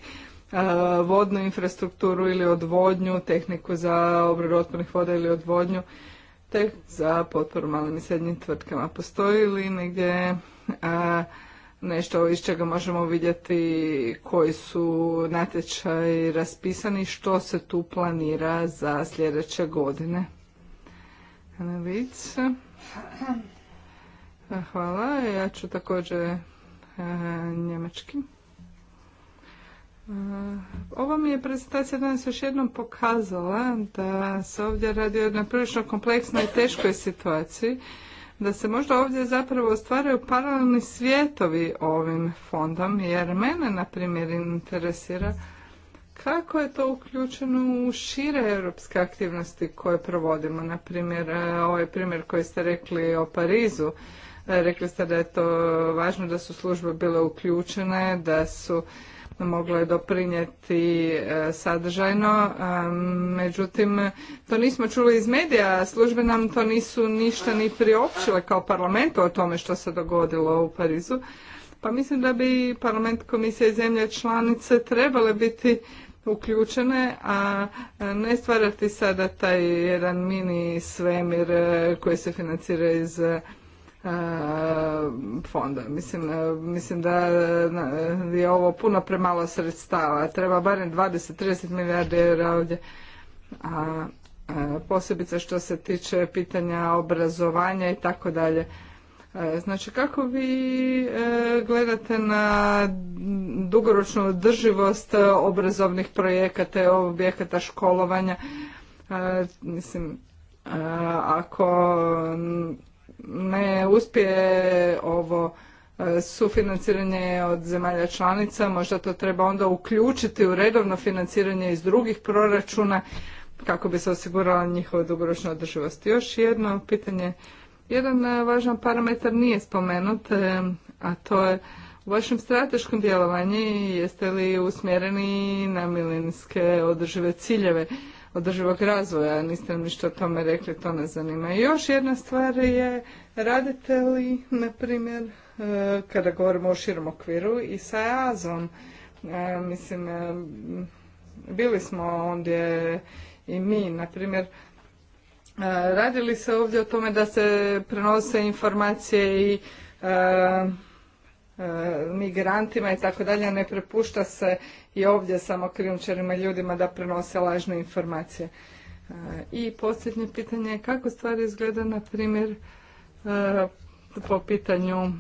Speaker 1: vodnu infrastrukturu ili odvodnju, tehniku za obradu otpornih voda ili odvodnju, te za potporu malim i srednjim tvrtkama. Postoji li negdje nešto iz čega možemo vidjeti koji su natječaji raspisani, što se tu planira za sljedeće godine. Hvala. Ja ću također e, njemački. E, Ova mi je prezentacija danas još jednom pokazala da se ovdje radi o jednoj prilično kompleksnoj i teškoj situaciji da se možda ovdje zapravo ostvaraju paralelni svijetovi ovim fondom, jer mene, na primjer, interesira kako je to uključeno u šire europske aktivnosti koje provodimo. Na primjer, e, ovaj primjer koji ste rekli o Parizu, e, rekli ste da je to važno da su službe bile uključene, da su moglo je doprinijeti e, sadržajno. Međutim, to nismo čuli iz medija, službe nam to nisu ništa ni priopćile kao parlamentu o tome što se dogodilo u Parizu. Pa mislim da bi parlament, komisija i zemlje članice trebale biti uključene, a ne stvarati sada taj jedan mini svemir e, koji se financira iz E, fonda. Mislim, e, mislim da je ovo puno premalo sredstava. Treba barem 20-30 milijardi eura ovdje. A, e, posebice što se tiče pitanja obrazovanja i tako dalje. Znači, kako vi gledate na dugoročnu održivost obrazovnih projekata i objekata školovanja? mislim, ako ne uspije ovo e, sufinanciranje od zemalja članica, možda to treba onda uključiti u redovno financiranje iz drugih proračuna kako bi se osigurala njihova dugoročna održivost. Još jedno pitanje. Jedan e, važan parametar nije spomenut, e, a to je u vašem strateškom djelovanju jeste li usmjereni na milenijske održive ciljeve održivog razvoja. Niste mi ništa o tome rekli, to ne zanima. još jedna stvar je, radite li, na primjer, e, kada govorimo o širom okviru i sa Azom, e, mislim, e, bili smo ondje i mi, na primjer, radili se ovdje o tome da se prenose informacije i E, migrantima i tako dalje, ne prepušta se i ovdje samo krijumčarima ljudima da prenose lažne informacije. E, I posljednje pitanje je kako stvari izgleda, na primjer, e, po pitanju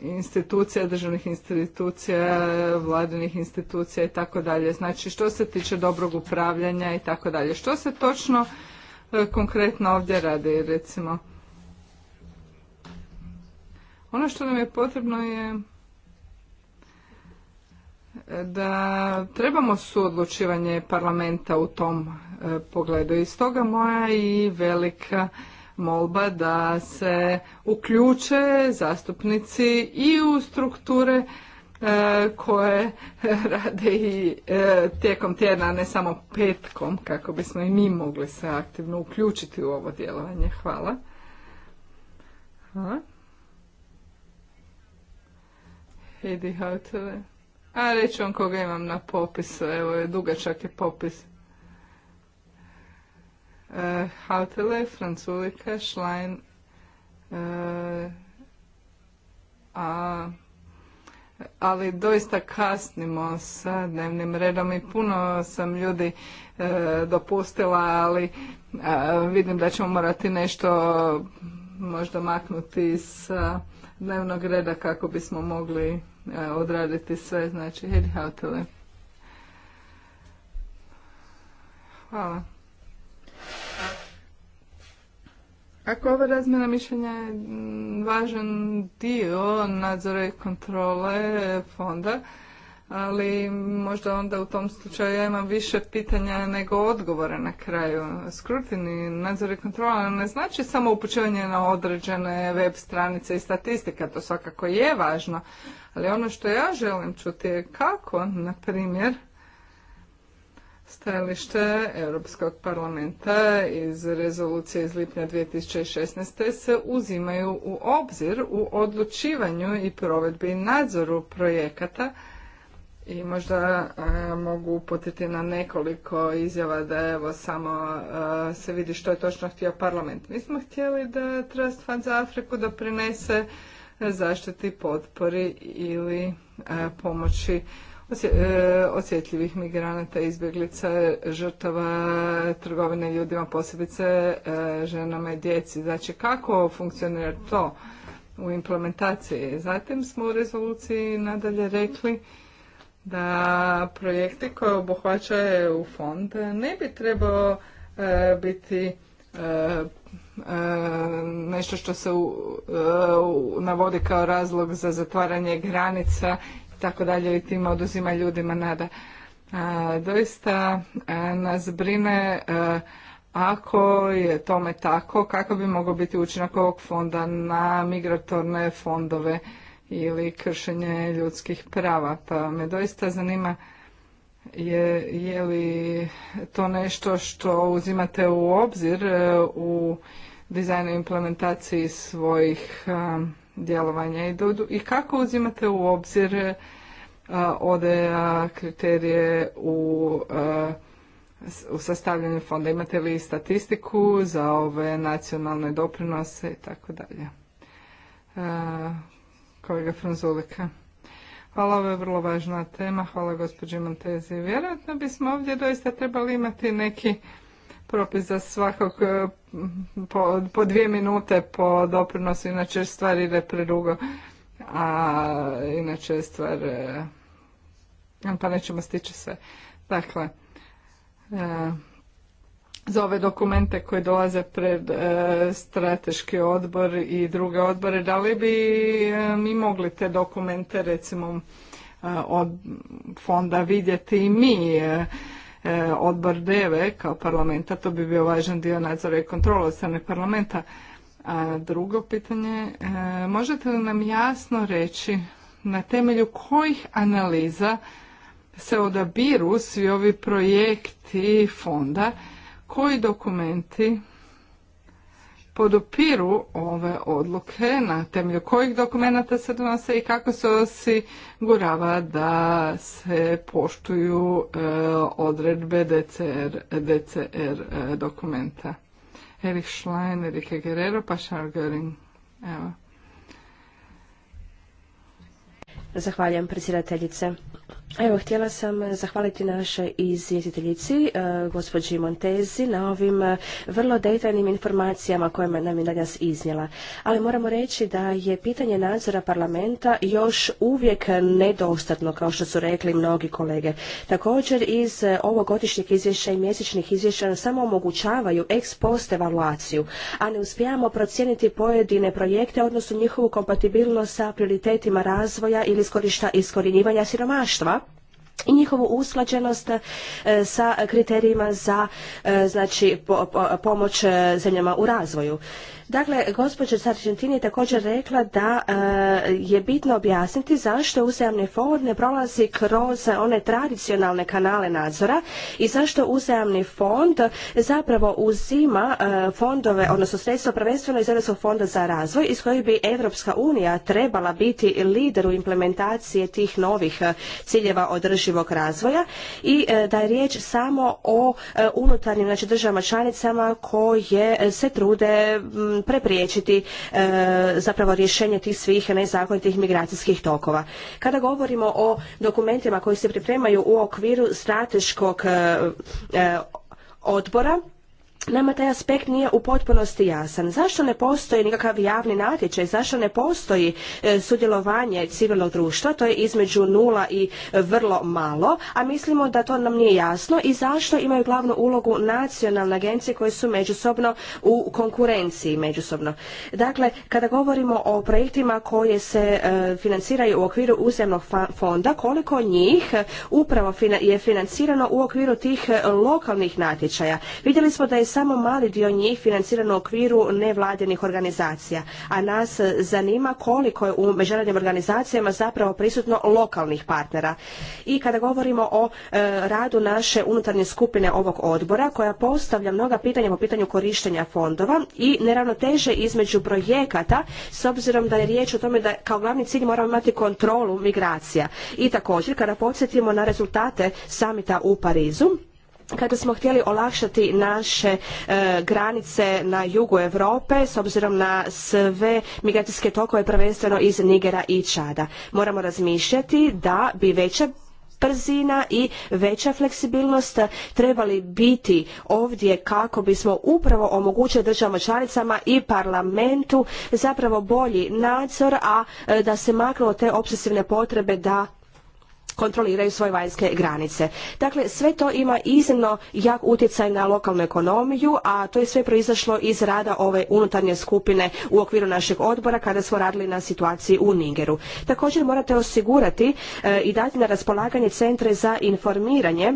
Speaker 1: institucija, državnih institucija, vladinih institucija i tako dalje. Znači što se tiče dobrog upravljanja i tako dalje. Što se točno konkretno ovdje radi recimo? Ono što nam je potrebno je e, da trebamo suodlučivanje parlamenta u tom e, pogledu. I stoga moja i velika molba da se uključe zastupnici i u strukture e, koje rade i tijekom tjedna, ne samo petkom, kako bismo i mi mogli se aktivno uključiti u ovo djelovanje. Hvala. Hvala. A reći vam koga imam na popisu, evo je dugačak je popis. E, Hautele, Franculika, Schlein, e, a, ali doista kasnimo sa dnevnim redom i puno sam ljudi e, dopustila, ali e, vidim da ćemo morati nešto možda maknuti sa dnevnog reda kako bismo mogli E, odraditi sve, znači Hvala. Ako ova razmjena mišljenja je važan dio nadzora i kontrole fonda, ali možda onda u tom slučaju ja imam više pitanja nego odgovora na kraju. Skrutini, nadzor i kontrola ne znači samo upućivanje na određene web stranice i statistika, to svakako je važno, ali ono što ja želim čuti je kako, na primjer, stajalište Europskog parlamenta iz rezolucije iz lipnja 2016. se uzimaju u obzir u odlučivanju i provedbi nadzoru projekata, i možda e, mogu uputiti na nekoliko izjava da evo samo e, se vidi što je točno htio parlament. Mi smo htjeli da Trust Fund za Afriku doprinese zaštiti potpori ili e, pomoći osjetljivih migranata, izbjeglica, žrtava trgovine ljudima, posebice ženama i djeci. Znači kako funkcionira to u implementaciji? Zatim smo u rezoluciji nadalje rekli da projekti koje obuhvaća EU fond ne bi trebao e, biti e, e, nešto što se navodi kao razlog za zatvaranje granica i tako dalje i tim oduzima ljudima nada. doista nas brine ako je tome tako, kako bi mogao biti učinak ovog fonda na migratorne fondove ili kršenje ljudskih prava. Pa me doista zanima je, je li to nešto što uzimate u obzir e, u dizajnu implementaciji svojih e, djelovanja i, i kako uzimate u obzir e, ode kriterije u, u sastavljanju fonda? Imate li statistiku za ove nacionalne doprinose i tako dalje? kolega Franzulika. Hvala, ovo je vrlo važna tema. Hvala gospođi Montezi. Vjerojatno bismo ovdje doista trebali imati neki propis za svakog eh, po, po dvije minute po doprinosu, inače stvar ide predugo, a inače stvar eh, pa nećemo stići sve. Dakle, eh, za ove dokumente koji dolaze pred e, strateški odbor i druge odbore, da li bi e, mi mogli te dokumente recimo e, od fonda vidjeti i mi odbor DEVE kao parlamenta, to bi bio važan dio nadzora i kontrola od strane parlamenta. A drugo pitanje, možete li nam jasno reći na temelju kojih analiza se odabiru svi ovi projekti fonda koji dokumenti podupiru ove odluke, na temelju kojih dokumenta se donose i kako se osigurava da se poštuju e, odredbe DCR, DCR e, dokumenta. Erich Schlein, Erike
Speaker 3: Guerrero, pa Göring. Evo. Zahvaljujem predsjedateljice. Evo, htjela sam zahvaliti našoj izvjetiteljici, e, gospođi Montezi, na ovim e, vrlo detaljnim informacijama koje nam je danas iznijela. Ali moramo reći da je pitanje nadzora parlamenta još uvijek nedostatno, kao što su rekli mnogi kolege. Također, iz e, ovog godišnjeg izvješća i mjesečnih izvješća nam samo omogućavaju ex post evaluaciju, a ne uspijamo procijeniti pojedine projekte, odnosno njihovu kompatibilnost sa prioritetima razvoja ili iskorjenjivanja siromaštva i njihovu usklađenost e, sa kriterijima za e, znači, pomoć e, zemljama u razvoju. Dakle, gospođa Sargentini je također rekla da e, je bitno objasniti zašto uzajamni fond ne prolazi kroz one tradicionalne kanale nadzora i zašto uzajamni fond zapravo uzima e, fondove, odnosno sredstva prvenstveno iz Europskog fonda za razvoj iz kojih bi Europska unija trebala biti lider u implementacije tih novih e, ciljeva održivog razvoja i da je riječ samo o unutarnjim znači državama članicama koje se trude prepriječiti e, zapravo rješenje tih svih nezakonitih migracijskih tokova. Kada govorimo o dokumentima koji se pripremaju u okviru strateškog e, e, odbora Nama taj aspekt nije u potpunosti jasan. Zašto ne postoji nikakav javni natječaj, zašto ne postoji e, sudjelovanje civilnog društva, to je između nula i vrlo malo, a mislimo da to nam nije jasno i zašto imaju glavnu ulogu nacionalne agencije koje su međusobno u konkurenciji međusobno. Dakle, kada govorimo o projektima koje se e, financiraju u okviru uzemnog fonda, koliko njih e, upravo je financirano u okviru tih lokalnih natječaja. Vidjeli smo da je samo mali dio njih financiran u okviru nevladinih organizacija, a nas zanima koliko je u međunarodnim organizacijama zapravo prisutno lokalnih partnera. I kada govorimo o e, radu naše unutarnje skupine ovog odbora koja postavlja mnoga pitanja po pitanju korištenja fondova i neravnoteže između projekata s obzirom da je riječ o tome da kao glavni cilj moramo imati kontrolu migracija. I također kada podsjetimo na rezultate samita u Parizu kada smo htjeli olakšati naše e, granice na jugu Europe s obzirom na sve migracijske tokove prvenstveno iz Nigera i Čada. Moramo razmišljati da bi veća brzina i veća fleksibilnost trebali biti ovdje kako bismo upravo omogućili državama članicama i parlamentu zapravo bolji nadzor, a e, da se maknulo te obsesivne potrebe da kontroliraju svoje vanjske granice. Dakle, sve to ima iznimno jak utjecaj na lokalnu ekonomiju, a to je sve proizašlo iz rada ove unutarnje skupine u okviru našeg odbora kada smo radili na situaciji u Nigeru. Također morate osigurati e, i dati na raspolaganje centre za informiranje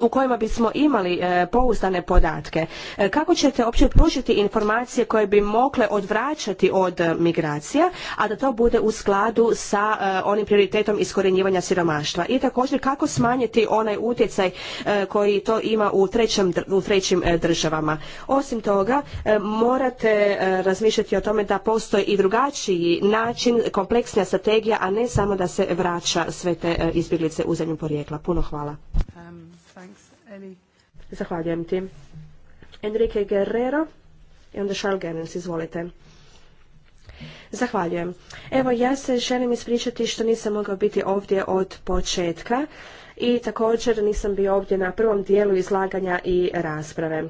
Speaker 3: u kojima bismo imali e, pouzdane podatke. E, kako ćete uopće pružiti informacije koje bi mogle odvraćati od e, migracija, a da to bude u skladu sa onim prioritetom iskorjenjivanja siromaštva? I također kako smanjiti onaj utjecaj koji to ima u, u trećim državama? Osim toga, morate razmišljati o tome da postoji i drugačiji način, kompleksnija strategija, a ne samo da se vraća sve te izbjeglice u zemlju porijekla. Puno hvala. Um, Zahvaljujem ti. Enrique Guerrero i onda Charles izvolite. Zahvaljujem. Evo, ja se želim ispričati što nisam mogao biti ovdje od početka i također nisam bio ovdje na prvom dijelu izlaganja i rasprave.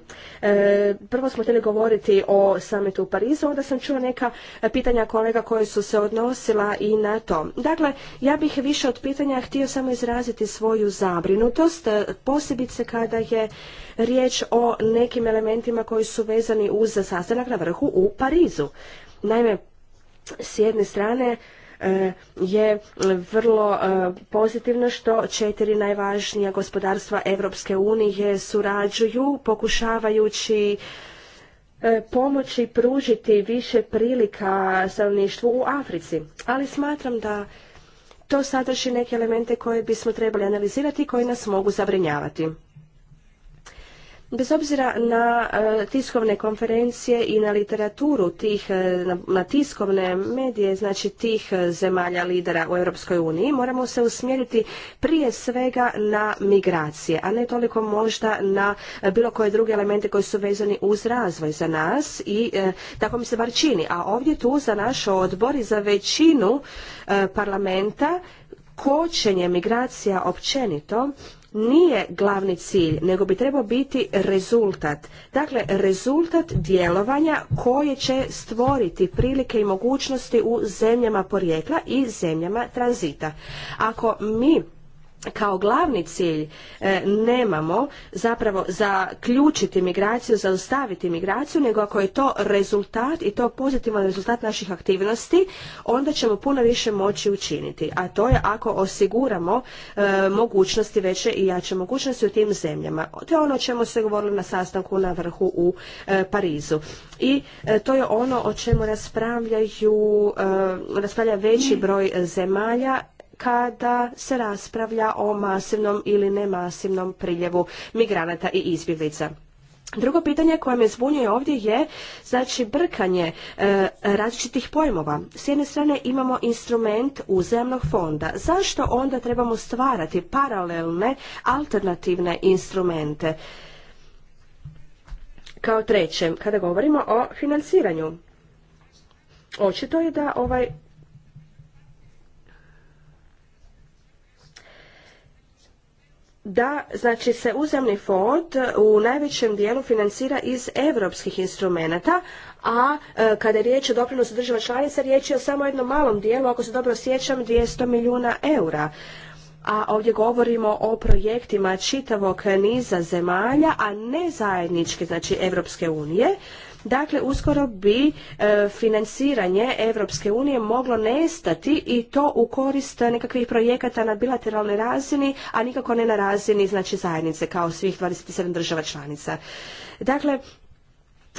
Speaker 3: E, prvo smo htjeli govoriti o samitu u Parizu, onda sam čula neka pitanja kolega koje su se odnosila i na to. Dakle, ja bih više od pitanja htio samo izraziti svoju zabrinutost, e, posebice kada je riječ o nekim elementima koji su vezani uz sastanak na vrhu u Parizu. Naime, s jedne strane E, je vrlo e, pozitivno što četiri najvažnija gospodarstva Europske unije surađuju pokušavajući e, pomoći pružiti više prilika stanovništvu u Africi. Ali smatram da to sadrži neke elemente koje bismo trebali analizirati i koji nas mogu zabrinjavati. Bez obzira na e, tiskovne konferencije i na literaturu tih, e, na tiskovne medije, znači tih e, zemalja lidera u Europskoj uniji, moramo se usmjeriti prije svega na migracije, a ne toliko možda na bilo koje druge elemente koji su vezani uz razvoj za nas i tako mi se bar čini. A ovdje tu za naš odbor i za većinu parlamenta kočenje migracija općenito nije glavni cilj, nego bi trebao biti rezultat. Dakle, rezultat djelovanja koje će stvoriti prilike i mogućnosti u zemljama porijekla i zemljama tranzita. Ako mi kao glavni cilj e, nemamo zapravo zaključiti migraciju, zaustaviti migraciju, nego ako je to rezultat i to pozitivan rezultat naših aktivnosti, onda ćemo puno više moći učiniti. A to je ako osiguramo e, mogućnosti veće i jače mogućnosti u tim zemljama. To je ono o čemu se govorilo na sastanku na vrhu u e, Parizu. I to je ono o čemu raspravljaju, raspravlja veći broj zemalja kada se raspravlja o masivnom ili nemasivnom priljevu migranata i izbjeglica. Drugo pitanje koje me zbunjuje ovdje je znači brkanje e, različitih pojmova. S jedne strane imamo instrument uzajamnog fonda. Zašto onda trebamo stvarati paralelne alternativne instrumente? Kao treće, kada govorimo o financiranju, očito je da ovaj da znači se uzemni fond e, u najvećem dijelu financira iz europskih instrumenata, a e, kada je riječ o doprinosu država članica, riječ je o samo jednom malom dijelu, ako se dobro sjećam, 200 milijuna eura. A ovdje govorimo o projektima čitavog niza zemalja, a ne zajedničke, znači Europske unije. Dakle, uskoro bi e, financiranje Europske unije moglo nestati i to u korist nekakvih projekata na bilateralnoj razini, a nikako ne na razini znači zajednice kao svih 27 država članica. Dakle,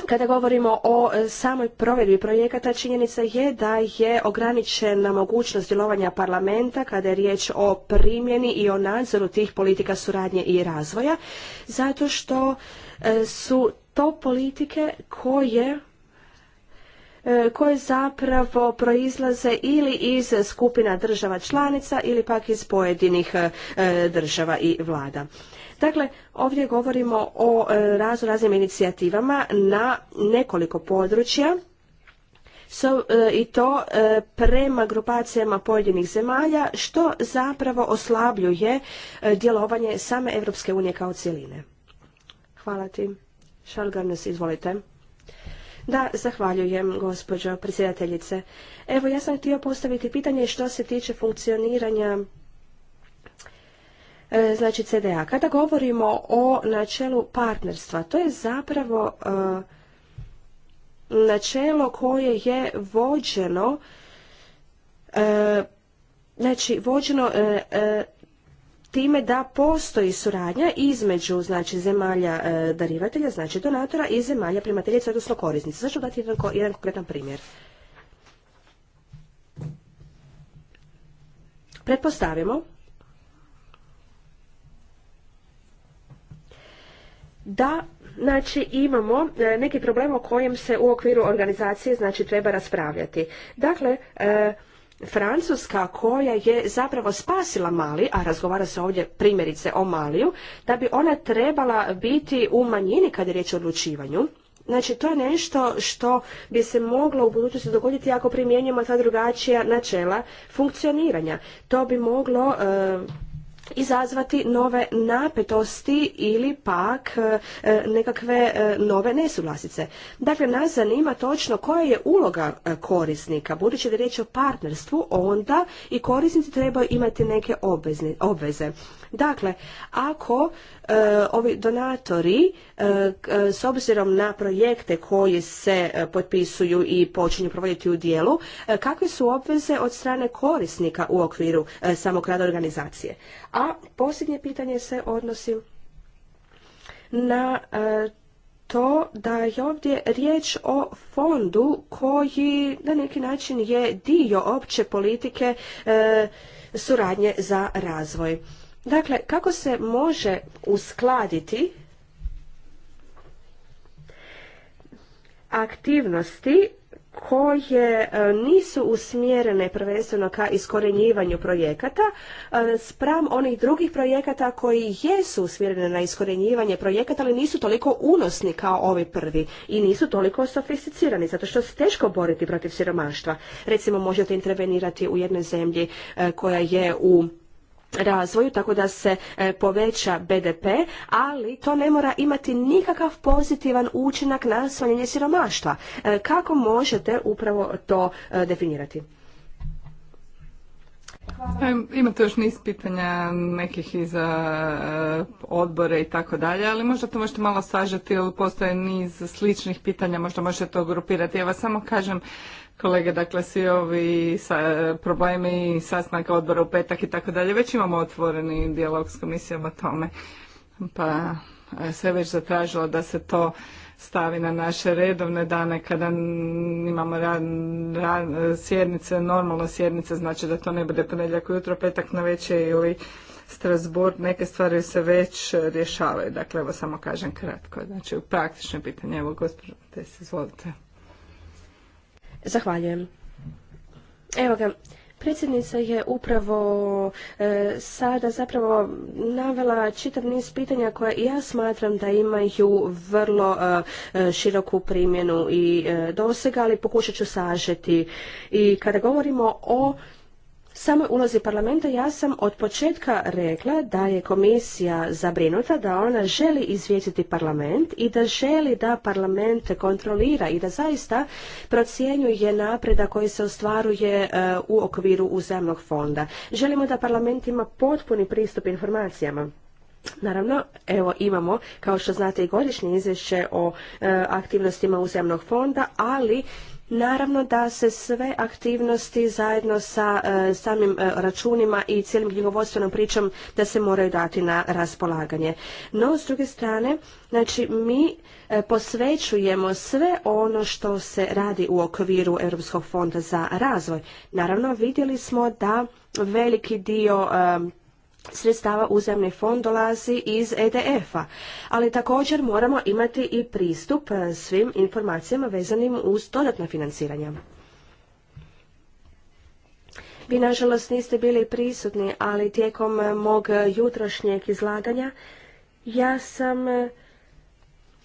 Speaker 3: kada govorimo o e, samoj provedbi projekata, činjenica je da je ograničena mogućnost djelovanja parlamenta kada je riječ o primjeni i o nadzoru tih politika suradnje i razvoja, zato što e, su to politike koje e, koje zapravo proizlaze ili iz skupina država članica ili pak iz pojedinih e, država i vlada. Dakle, ovdje govorimo o e, razno raznim inicijativama na nekoliko područja i to prema grupacijama pojedinih zemalja što zapravo oslabljuje djelovanje same Europske unije kao cjeline. Hvala ti. Šalgarnes, izvolite. Da, zahvaljujem, gospođo predsjedateljice. Evo, ja sam htio postaviti pitanje što se tiče funkcioniranja e, znači CDA. Kada govorimo o načelu partnerstva, to je zapravo e, načelo koje je vođeno e, znači vođeno time da postoji suradnja između znači zemalja e, darivatelja, znači donatora i zemalja primateljica, odnosno korisnica. Zašto dati jedan, konkretan primjer? Pretpostavimo da znači imamo e, neki problem o kojem se u okviru organizacije znači treba raspravljati. Dakle, e, Francuska koja je zapravo spasila Mali, a razgovara se ovdje primjerice o Maliju, da bi ona trebala biti u manjini kada je riječ o odlučivanju. Znači, to je nešto što bi se moglo u budućnosti dogoditi ako primjenjujemo ta drugačija načela funkcioniranja. To bi moglo e, izazvati nove napetosti ili pak e, e, nekakve e, nove nesuglasice. Dakle, nas zanima točno koja je uloga korisnika. Budući da je riječ o partnerstvu, onda i korisnici trebaju imati neke obveze. Dakle, ako e, ovi donatori e, e, s obzirom na projekte koji se potpisuju i počinju provoditi u dijelu, kakve su obveze od strane korisnika u okviru samog rada organizacije? A posljednje pitanje se odnosi na to da je ovdje riječ o fondu koji na neki način je dio opće politike suradnje za razvoj. Dakle, kako se može uskladiti aktivnosti koje e, nisu usmjerene prvenstveno ka iskorenjivanju projekata e, spram onih drugih projekata koji jesu usmjerene na iskorenjivanje projekata, ali nisu toliko unosni kao ovi prvi i nisu toliko sofisticirani, zato što se teško boriti protiv siromaštva. Recimo možete intervenirati u jednoj zemlji e, koja je u razvoju tako da se e, poveća BDP, ali to ne mora imati nikakav pozitivan učinak na smanjenje siromaštva. E, kako možete upravo to e, definirati?
Speaker 1: Imate još niz pitanja nekih za odbore i tako dalje, ali možda to možete malo sažeti ili postoje niz sličnih pitanja, možda možete to grupirati. Ja vas samo kažem kolege, dakle svi ovi sa, problemi sastanka odbora u petak i tako dalje, već imamo otvoreni dijalog s komisijom o tome. Pa se već zatražilo da se to stavi na naše redovne dane kada imamo sjednice, normalno sjednice, znači da to ne bude ponedjeljak ujutro, petak na veće ili Strasbourg, neke stvari se već rješavaju. Dakle, evo samo kažem kratko. Znači, praktično pitanje, evo gospođo, te se izvolite.
Speaker 3: Zahvaljujem. Evo ga, predsjednica je upravo e, sada zapravo navela čitav niz pitanja koje ja smatram da imaju vrlo e, e, široku primjenu i dosega, ali pokušat ću sažeti. I kada govorimo o samoj ulozi parlamenta ja sam od početka rekla da je komisija zabrinuta, da ona želi izvijestiti parlament i da želi da parlament kontrolira i da zaista procjenjuje napreda koji se ostvaruje e, u okviru uzemnog fonda. Želimo da parlament ima potpuni pristup informacijama. Naravno, evo imamo, kao što znate, i godišnje izvješće o e, aktivnostima uzemnog fonda, ali Naravno da se sve aktivnosti zajedno sa e, samim e, računima i cijelim knjigovodstvenom pričom da se moraju dati na raspolaganje. No, s druge strane, znači mi e, posvećujemo sve ono što se radi u okviru Europskog fonda za razvoj. Naravno, vidjeli smo da veliki dio sredstava uzemni fond dolazi iz EDF-a, ali također moramo imati i pristup e, svim informacijama vezanim uz dodatna financiranja. Vi nažalost niste bili prisutni, ali tijekom e, mog jutrošnjeg izlaganja ja sam e,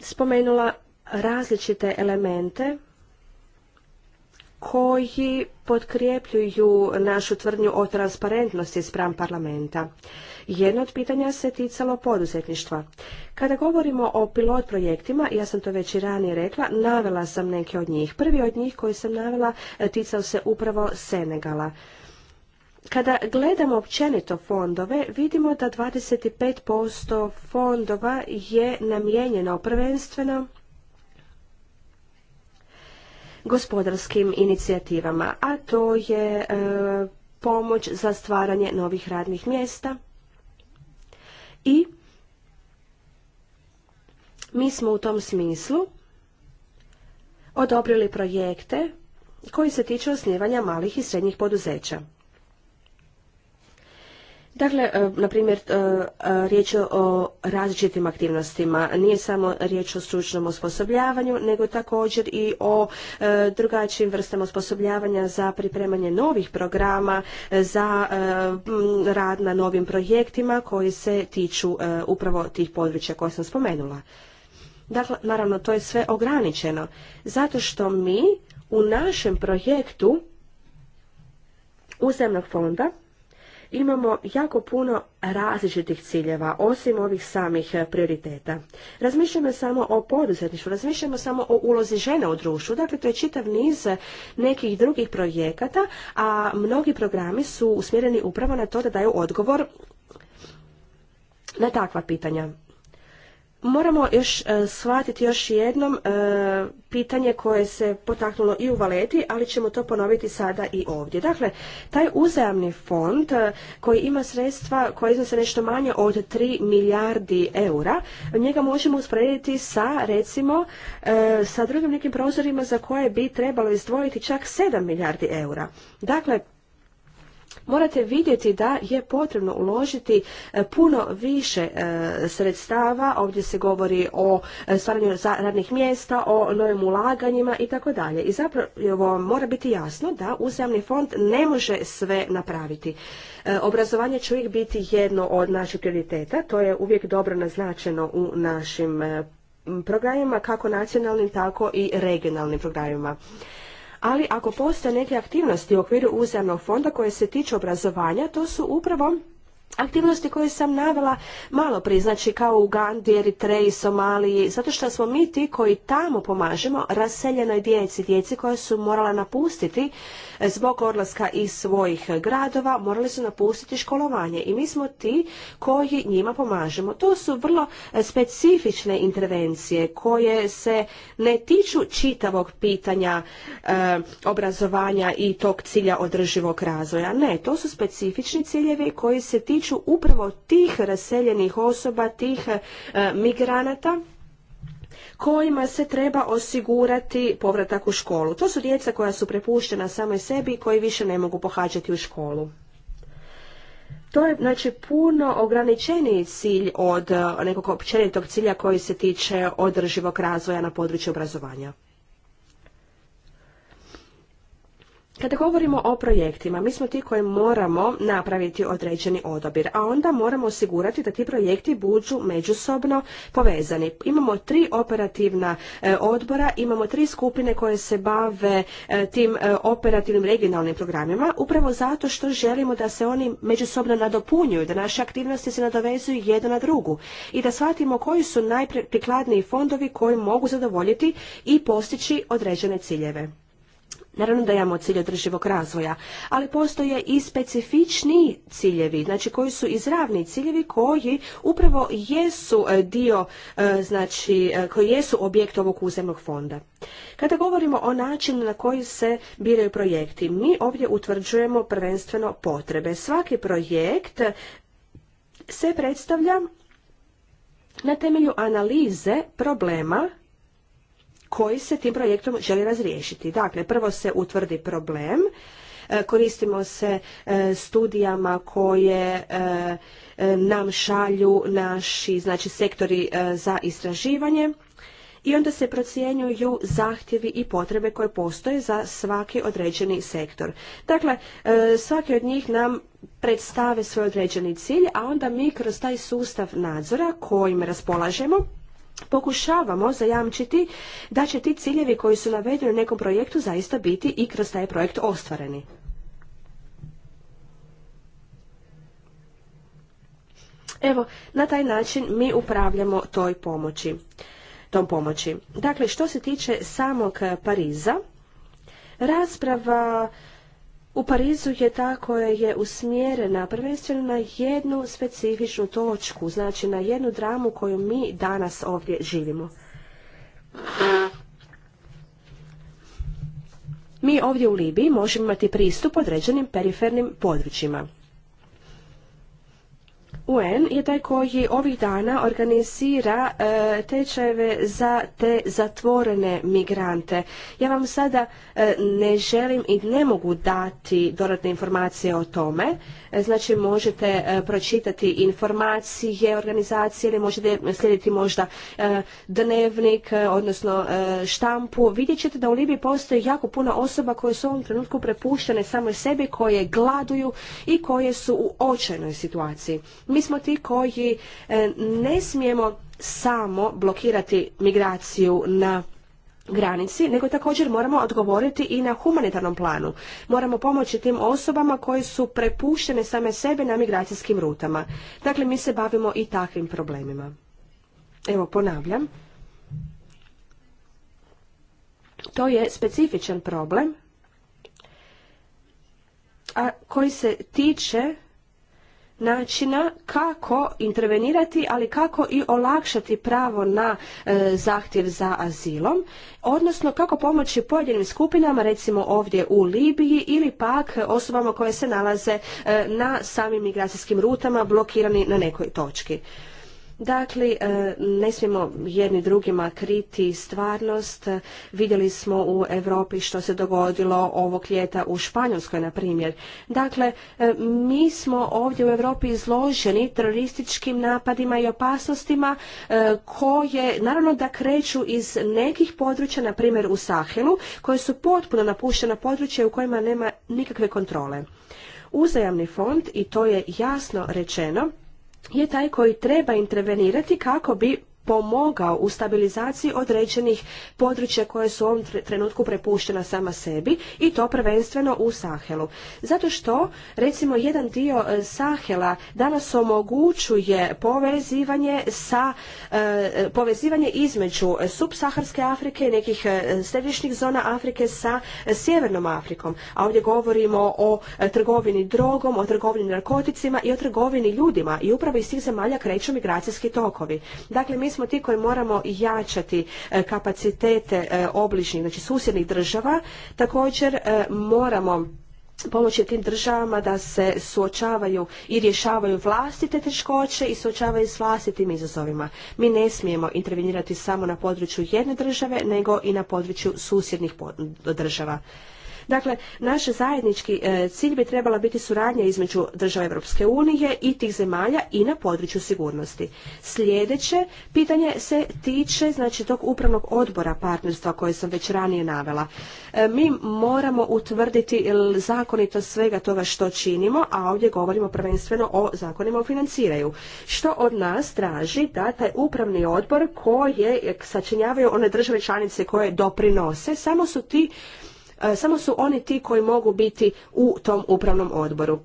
Speaker 3: spomenula različite elemente koji potkrijepljuju našu tvrdnju o transparentnosti spram parlamenta. Jedno od pitanja se ticalo poduzetništva. Kada govorimo o pilot projektima, ja sam to već i ranije rekla, navela sam neke od njih. Prvi od njih koji sam navela e, ticao se upravo Senegala. Kada gledamo općenito fondove, vidimo da 25% fondova je namijenjeno prvenstveno gospodarskim inicijativama, a to je e, pomoć za stvaranje novih radnih mjesta i mi smo u tom smislu odobrili projekte koji se tiču osnivanja malih i srednjih poduzeća. Dakle, e, na primjer, e, e, riječ je o različitim aktivnostima. Nije samo riječ o stručnom osposobljavanju, nego također i o drugačijim vrstama osposobljavanja za pripremanje novih programa, za rad na novim projektima koji se tiču upravo tih područja koje sam spomenula. Dakle, naravno, to je sve ograničeno. Zato što mi u našem projektu uzemnog fonda imamo jako puno različitih ciljeva, osim ovih samih e, prioriteta. Razmišljamo samo o poduzetništvu, razmišljamo samo o ulozi žena u društvu, dakle to je čitav niz nekih drugih projekata, a mnogi programi su usmjereni upravo na to da daju odgovor na takva pitanja. Moramo još e, shvatiti još jednom e, pitanje koje se potaknulo i u Valeti, ali ćemo to ponoviti sada i ovdje. Dakle, taj uzajamni fond e, koji ima sredstva koja iznose nešto manje od 3 milijardi eura, njega možemo usporediti sa recimo sa drugim nekim prozorima za koje bi trebalo izdvojiti čak 7 milijardi eura. Dakle, morate vidjeti da je potrebno uložiti e, puno više e, sredstava, ovdje se govori o e, stvaranju radnih mjesta, o novim ulaganjima i tako dalje. I zapravo mora biti jasno da uzemni fond ne može sve napraviti. Obrazovanje će uvijek biti jedno od naših prioriteta, to je uvijek dobro naznačeno u našim programima, kako nacionalnim, tako i regionalnim programima ali ako postoje neke aktivnosti u okviru uzemnog fonda koje se tiču obrazovanja, to su upravo aktivnosti koje sam navela malo prije, znači kao u Gandiji, Eritreji, Somaliji, zato što smo mi ti koji tamo pomažemo raseljenoj djeci, djeci koja su morala napustiti zbog odlaska iz svojih gradova morali su napustiti školovanje i mi smo ti koji njima pomažemo. To su vrlo e, specifične intervencije koje se ne tiču čitavog pitanja e, obrazovanja i tog cilja održivog razvoja. Ne, to su specifični ciljevi koji se tiču upravo tih raseljenih osoba, tih e, migranata kojima se treba osigurati povratak u školu. To su djeca koja su prepuštena samoj sebi i koji više ne mogu pohađati u školu. To je znači puno ograničeniji cilj od nekog općenitog cilja koji se tiče održivog razvoja na području obrazovanja. Kada govorimo o projektima, mi smo ti koji moramo napraviti određeni odabir, a onda moramo osigurati da ti projekti budu međusobno povezani. Imamo tri operativna e, odbora, imamo tri skupine koje se bave e, tim e, operativnim regionalnim programima, upravo zato što želimo da se oni međusobno nadopunjuju, da naše aktivnosti se nadovezuju jedna na drugu i da shvatimo koji su najprikladniji fondovi koji mogu zadovoljiti i postići određene ciljeve. Naravno da imamo cilje održivog razvoja, ali postoje i specifični ciljevi, znači koji su izravni ciljevi koji upravo jesu e, dio, e, znači e, koji jesu objekt ovog uzemnog fonda. Kada govorimo o načinu na koji se biraju projekti, mi ovdje utvrđujemo prvenstveno potrebe. Svaki projekt se predstavlja na temelju analize problema koji se tim projektom želi razriješiti. Dakle, prvo se utvrdi problem, e, koristimo se e, studijama koje e, nam šalju naši znači, sektori za istraživanje i onda se procjenjuju zahtjevi i potrebe koje postoje za svaki određeni sektor. Dakle, svaki od njih nam predstave svoj određeni cilj, a onda mi kroz taj sustav nadzora kojim raspolažemo pokušavamo zajamčiti da će ti ciljevi koji su navedeni u nekom projektu zaista biti i kroz taj projekt ostvareni. Evo, na taj način mi upravljamo toj pomoći, tom pomoći. Dakle, što se tiče samog Pariza, rasprava u Parizu je ta koja je usmjerena prvenstveno na jednu specifičnu točku, znači na jednu dramu koju mi danas ovdje živimo. Mi ovdje u Libiji možemo imati pristup određenim perifernim područjima. UN je taj koji ovih dana organizira e, tečajeve za te zatvorene migrante. Ja vam sada e, ne želim i ne mogu dati dodatne informacije o tome. E, znači možete pročitati informacije organizacije ili možete slijediti možda dnevnik, odnosno štampu. Vidjet ćete da u Libiji postoji jako puno osoba koje su u ovom trenutku prepuštene samo sebi, koje gladuju i koje su u očajnoj situaciji. Mi mi smo ti koji e, ne smijemo samo blokirati migraciju na granici, nego također moramo odgovoriti i na humanitarnom planu. Moramo pomoći tim osobama koji su prepuštene same sebe na migracijskim rutama. Dakle, mi se bavimo i takvim problemima. Evo, ponavljam. To je specifičan problem a koji se tiče načina kako intervenirati, ali kako i olakšati pravo na e, zahtjev za azilom, odnosno kako pomoći pojedinim skupinama, recimo ovdje u Libiji ili pak osobama koje se nalaze e, na samim migracijskim rutama blokirani na nekoj točki. Dakle, e, ne smijemo jedni drugima kriti stvarnost. Vidjeli smo u Europi što se dogodilo ovog ljeta u Španjolskoj, na primjer. Dakle, e, mi smo ovdje u Europi izloženi terorističkim napadima i opasnostima e, koje, naravno da kreću iz nekih područja, na primjer u Sahelu, koje su potpuno napuštena područja u kojima nema nikakve kontrole. Uzajamni fond, i to je jasno rečeno, je taj koji treba intervenirati kako bi pomogao u stabilizaciji određenih područja koje su u ovom trenutku prepuštena sama sebi i to prvenstveno u Sahelu. Zato što recimo jedan dio e, Sahela danas omogućuje povezivanje sa e, e, povezivanje između subsaharske Afrike i nekih središnjih zona Afrike sa sjevernom Afrikom. A ovdje govorimo o trgovini drogom, o trgovini narkoticima i o trgovini ljudima i upravo iz tih zemalja kreću migracijski tokovi. Dakle mi smo ti koji moramo jačati e, kapacitete e, obližnjih, znači susjednih država. Također e, moramo pomoći tim državama da se suočavaju i rješavaju vlastite teškoće i suočavaju s vlastitim izazovima. Mi ne smijemo intervenirati samo na području jedne države, nego i na području susjednih država. Dakle, naš zajednički e, cilj bi trebala biti suradnja između država Europske unije i tih zemalja i na području sigurnosti. Sljedeće pitanje se tiče znači tog upravnog odbora partnerstva koje sam već ranije navela. E, mi moramo utvrditi zakonito svega toga što činimo, a ovdje govorimo prvenstveno o zakonima o financiraju. Što od nas traži da taj upravni odbor koje sačinjavaju one države članice koje doprinose, samo su ti E, samo su oni ti koji mogu biti u tom upravnom odboru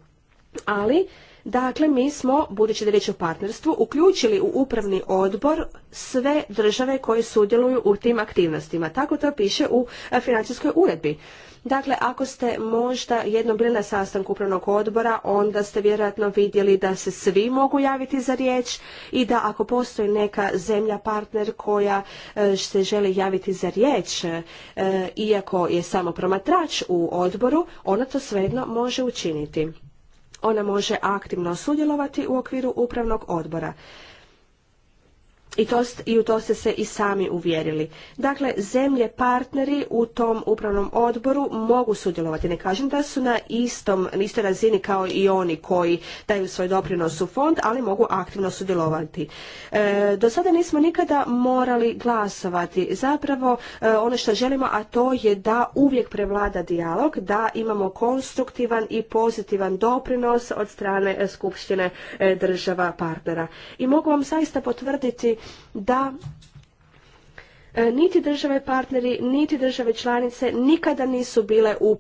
Speaker 3: ali Dakle, mi smo, budući da je riječ o partnerstvu, uključili u upravni odbor sve države koje sudjeluju u tim aktivnostima. Tako to piše u e, financijskoj uredbi. Dakle, ako ste možda jednom bili na sastanku upravnog odbora, onda ste vjerojatno vidjeli da se svi mogu javiti za riječ i da ako postoji neka zemlja partner koja e, se želi javiti za riječ, e, iako je samo promatrač u odboru, ona to svejedno može učiniti. Ona može aktivno sudjelovati u okviru upravnog odbora. I, to, I u to ste se i sami uvjerili. Dakle, zemlje partneri u tom upravnom odboru mogu sudjelovati. Ne kažem da su na istom, istoj razini kao i oni koji daju svoj doprinos u fond, ali mogu aktivno sudjelovati. E, do sada nismo nikada morali glasovati. Zapravo, e, ono što želimo, a to je da uvijek prevlada dijalog, da imamo konstruktivan i pozitivan doprinos od strane Skupštine e, država partnera. I mogu vam zaista potvrditi da e, niti države partneri, niti države članice nikada nisu bile u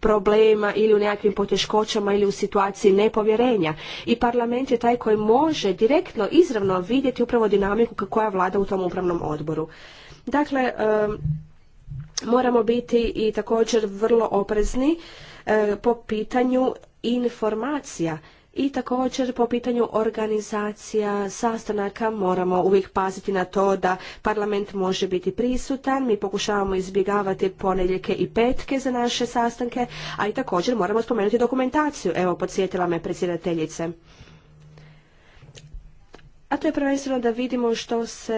Speaker 3: problema ili u nekakvim poteškoćama ili u situaciji nepovjerenja. I parlament je taj koji može direktno, izravno vidjeti upravo dinamiku koja vlada u tom upravnom odboru. Dakle, e, moramo biti i također vrlo oprezni e, po pitanju informacija i također po pitanju organizacija sastanaka moramo uvijek paziti na to da parlament može biti prisutan. Mi pokušavamo izbjegavati ponedjeljke i petke za naše sastanke, a i također moramo spomenuti dokumentaciju. Evo, podsjetila me predsjedateljice a to je prvenstveno da vidimo što se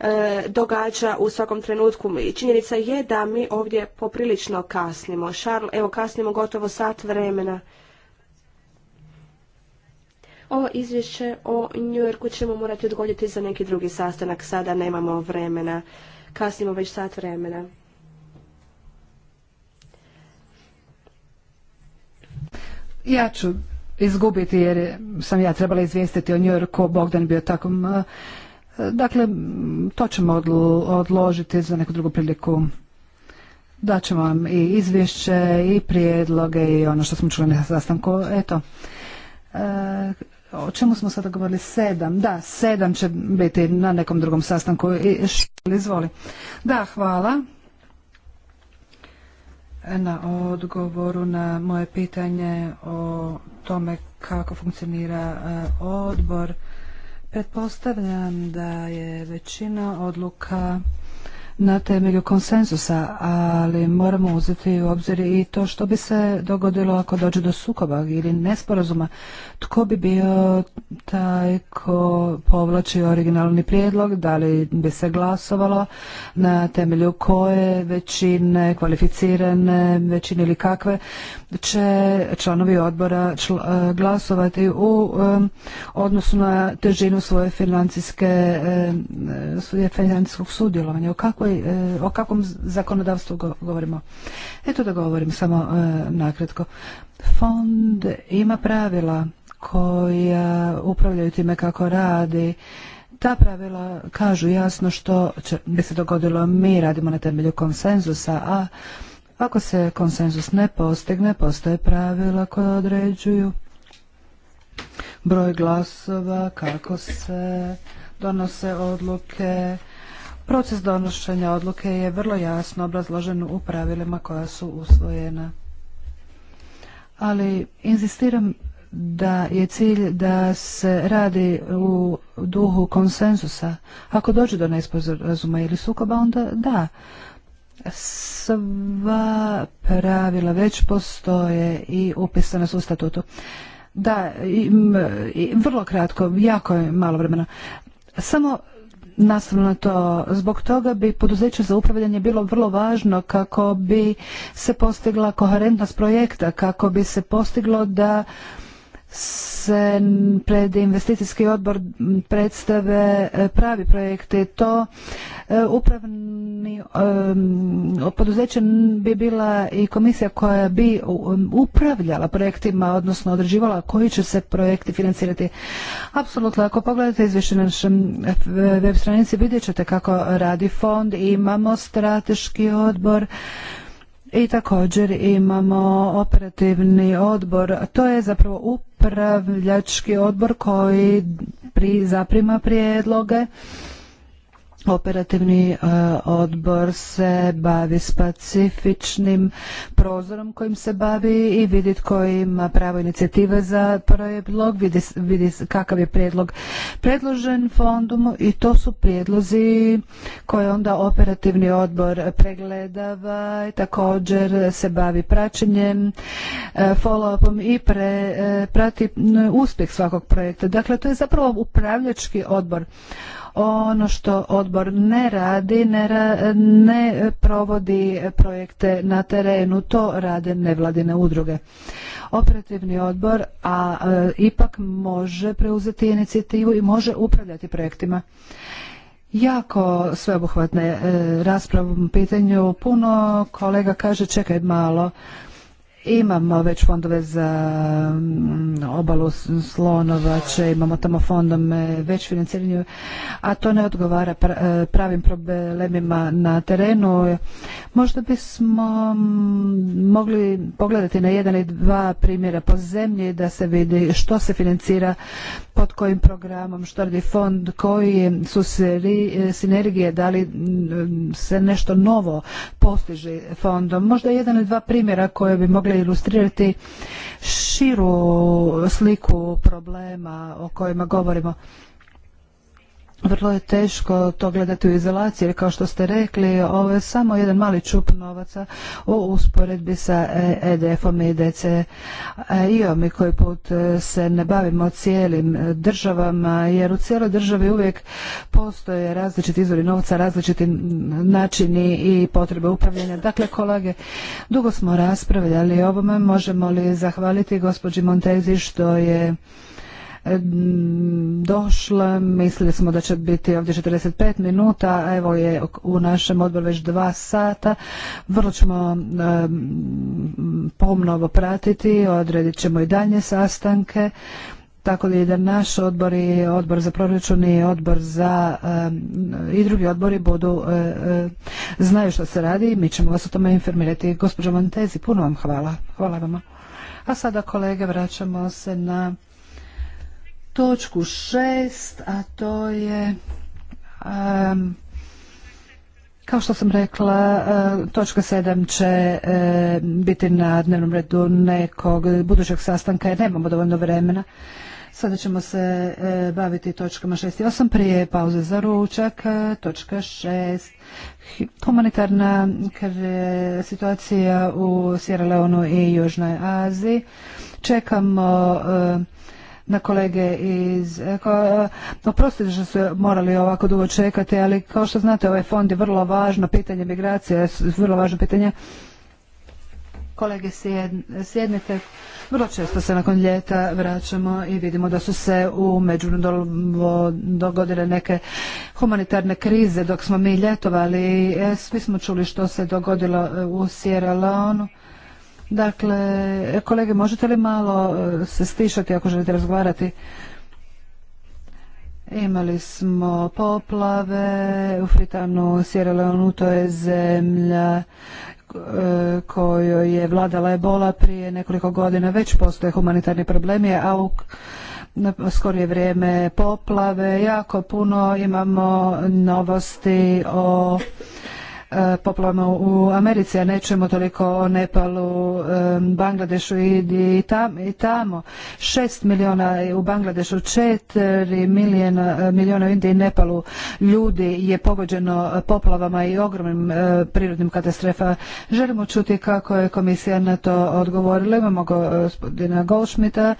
Speaker 3: e, događa u svakom trenutku. I činjenica je da mi ovdje poprilično kasnimo. Šarl, evo kasnimo gotovo sat vremena. O izvješće o New Yorku ćemo morati odgoditi za neki drugi sastanak. Sada nemamo vremena. Kasnimo već sat vremena.
Speaker 2: Ja ću izgubiti jer sam ja trebala izvijestiti o New Yorku. Bogdan bio tako... Dakle, to ćemo odložiti za neku drugu priliku. Daćemo vam i izvješće i prijedloge i ono što smo čuli na sastanku. Eto, e, o čemu smo sada govorili, sedam, da, sedam će biti na nekom drugom sastanku. Izvoli. Da, hvala na odgovoru na moje pitanje o tome kako funkcionira e, odbor. Pretpostavljam da je većina odluka na temelju konsenzusa, ali moramo uzeti u obzir i to što bi se dogodilo ako dođe do sukoba ili nesporazuma. Tko bi bio taj ko povlači originalni prijedlog, da li bi se glasovalo, na temelju koje većine, kvalificirane većine ili kakve će članovi odbora e, glasovati u um, odnosu na težinu svoje financijske, um, financijskog sudjelovanja. U kakvu E, o kakvom zakonodavstvu govorimo. Eto da govorim samo e, nakratko. Fond ima pravila koja upravljaju time kako radi. Ta pravila kažu jasno što će, bi se dogodilo. Mi radimo na temelju konsenzusa, a ako se konsenzus ne postigne, postoje pravila koje određuju broj glasova, kako se donose odluke, Proces donošenja odluke je vrlo jasno obrazložen u pravilima koja su usvojena. Ali inzistiram da je cilj da se radi u duhu konsenzusa. Ako dođe do nesporazuma ili sukoba, onda da. Sva pravila već postoje i upisana su u statutu. Da, vrlo kratko, jako je malo vremena. Samo nastavno na to. Zbog toga bi poduzeće za upravljanje bilo vrlo važno kako bi se postigla koherentnost projekta, kako bi se postiglo da se pred investicijski odbor predstave e, pravi projekti. To e, upravni e, poduzeće bi bila i komisija koja bi upravljala projektima, odnosno određivala koji će se projekti financirati. Apsolutno, ako pogledate izvješće na našem web stranici, vidjet ćete kako radi fond. Imamo strateški odbor i također imamo operativni odbor. To je zapravo upravljački odbor koji zaprima prijedloge Operativni e, odbor se bavi specifičnim prozorom kojim se bavi i vidi tko ima pravo inicijative za prijedlog, vidi, vidi kakav je prijedlog predložen fondu i to su prijedlozi koje onda operativni odbor pregledava i također se bavi praćenjem, e, follow-upom i e, prati uspjeh svakog projekta. Dakle, to je zapravo upravljački odbor. Ono što odbor ne radi, ne, ne provodi projekte na terenu, to rade nevladine udruge. Operativni odbor, a e, ipak može preuzeti inicijativu i može upravljati projektima jako sveobuhvatne e, raspravom pitanju. Puno kolega kaže čekaj malo, Imamo već fondove za mm, obalu slonovače, imamo tamo fondom e, već financiranju, a to ne odgovara e, pravim problemima na terenu. Možda bismo mm, mogli pogledati na jedan i dva primjera po zemlji da se vidi što se financira, pod kojim programom, što radi fond, koji su sinergije, da li mm, se nešto novo postiže fondom. Možda jedan ili dva primjera koje bi mogli ilustrirati širu sliku problema o kojima govorimo vrlo je teško to gledati u izolaciji jer kao što ste rekli ovo je samo jedan mali čup novaca u usporedbi sa EDF-om e i DCI-om i koji put e, se ne bavimo cijelim e, državama jer u cijeloj državi uvijek postoje različiti izvori novca, različiti načini i potrebe upravljanja. Dakle, kolege, dugo smo raspravljali o ovome, možemo li zahvaliti gospođi Montezi što je došla. Mislili smo da će biti ovdje 45 minuta, a evo je u našem odboru već dva sata. Vrlo ćemo pomno pratiti, odredit ćemo i dalje sastanke. Tako da da naš odbor i odbor za proračun i odbor za i drugi odbori budu e, e, znaju što se radi i mi ćemo vas o tome informirati. Gospođo Montezi, puno vam hvala. Hvala vama. A sada kolege vraćamo se na točku šest, a to je kao što sam rekla, točka sedam će biti na dnevnom redu nekog budućeg sastanka jer nemamo dovoljno vremena. Sada ćemo se baviti točkama šest i osam prije pauze za ručak. Točka šest, Humanitarna situacija u Sierra Leonu i Južnoj Aziji. Čekamo na kolege iz... E, e, oprostite što su morali ovako dugo čekati, ali kao što znate ovaj fond je vrlo važno, pitanje migracije vrlo važno pitanje. Kolege sjednite, vrlo često se nakon ljeta vraćamo i vidimo da su se u međuvremenu dogodile neke humanitarne krize dok smo mi ljetovali. E, svi smo čuli što se dogodilo u Sierra Leone Dakle, kolege, možete li malo e, se stišati ako želite razgovarati? Imali smo poplave u Fritanu, Sierra Leone, to je zemlja e, kojoj je vladala ebola prije nekoliko godina. Već postoje humanitarni problemi, a u skorije vrijeme poplave. Jako puno imamo novosti o poplavama u Americi, a nećemo toliko o Nepalu, Bangladešu i tamo. Šest miliona u Bangladešu, četiri milijuna, u Indiji i Nepalu ljudi je pogođeno poplavama i ogromnim prirodnim katastrofa. Želimo čuti kako je komisija na to odgovorila. Imamo gospodina Golšmita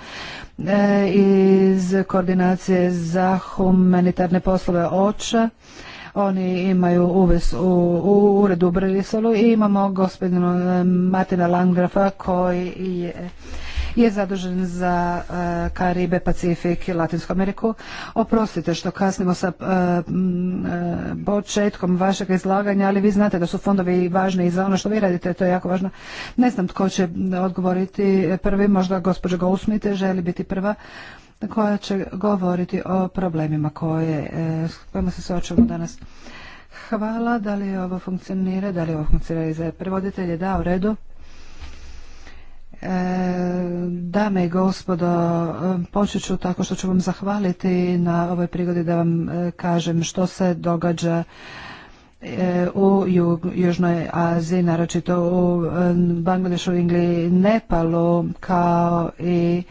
Speaker 2: e, iz koordinacije za humanitarne poslove OČA oni imaju uves u, u uredu u Briselu i imamo gospodina eh, Martina Langrafa koji je je zadužen za eh, Karibe, Pacifik i Latinsku Ameriku. Oprostite što kasnimo sa eh, početkom vašeg izlaganja, ali vi znate da su fondovi važni i za ono što vi radite, to je jako važno. Ne znam tko će odgovoriti prvi, možda gospođa Gousmite želi biti prva koja će govoriti o problemima koje, e, s kojima se suočavamo danas. Hvala, da li ovo funkcionira, da li ovo funkcionira i za prevoditelje, da, u redu. E, dame i gospodo, e, počet ću tako što ću vam zahvaliti na ovoj prigodi da vam kažem što se događa E, u Južnoj Aziji, naročito u Bangladešu, Ingliji, Nepalu, kao i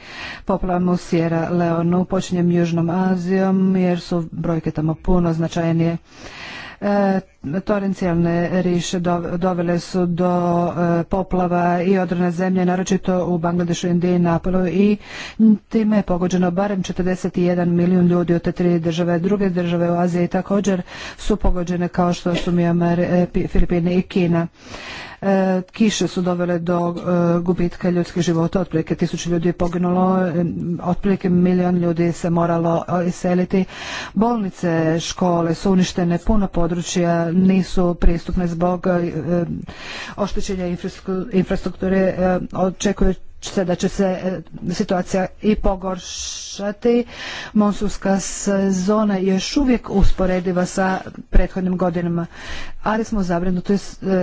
Speaker 2: poplavama u Sjera Leonu. Počinjem Južnom Azijom jer su brojke tamo puno značajnije. E, Torencijalne riše dovele su do e, poplava i odrone zemlje, naročito u Bangladešu, Indiji i Napolu i time je pogođeno barem 41 milijun ljudi od te tri države. Druge države u Aziji također su pogođene kao što su Mijamar, e, Filipine i Kina. E, kiše su dovele do e, gubitka ljudskih života, otprilike tisuću ljudi je poginulo, e, otprilike milijun ljudi se moralo iseliti. Bolnice, škole su uništene, puno područja nisu pristupne zbog oštećenja infrastrukture. Očekuje se da će se e, situacija i pogoršati. Monsunska sezona je još uvijek usporediva sa prethodnim godinama, ali smo zabrinuti e,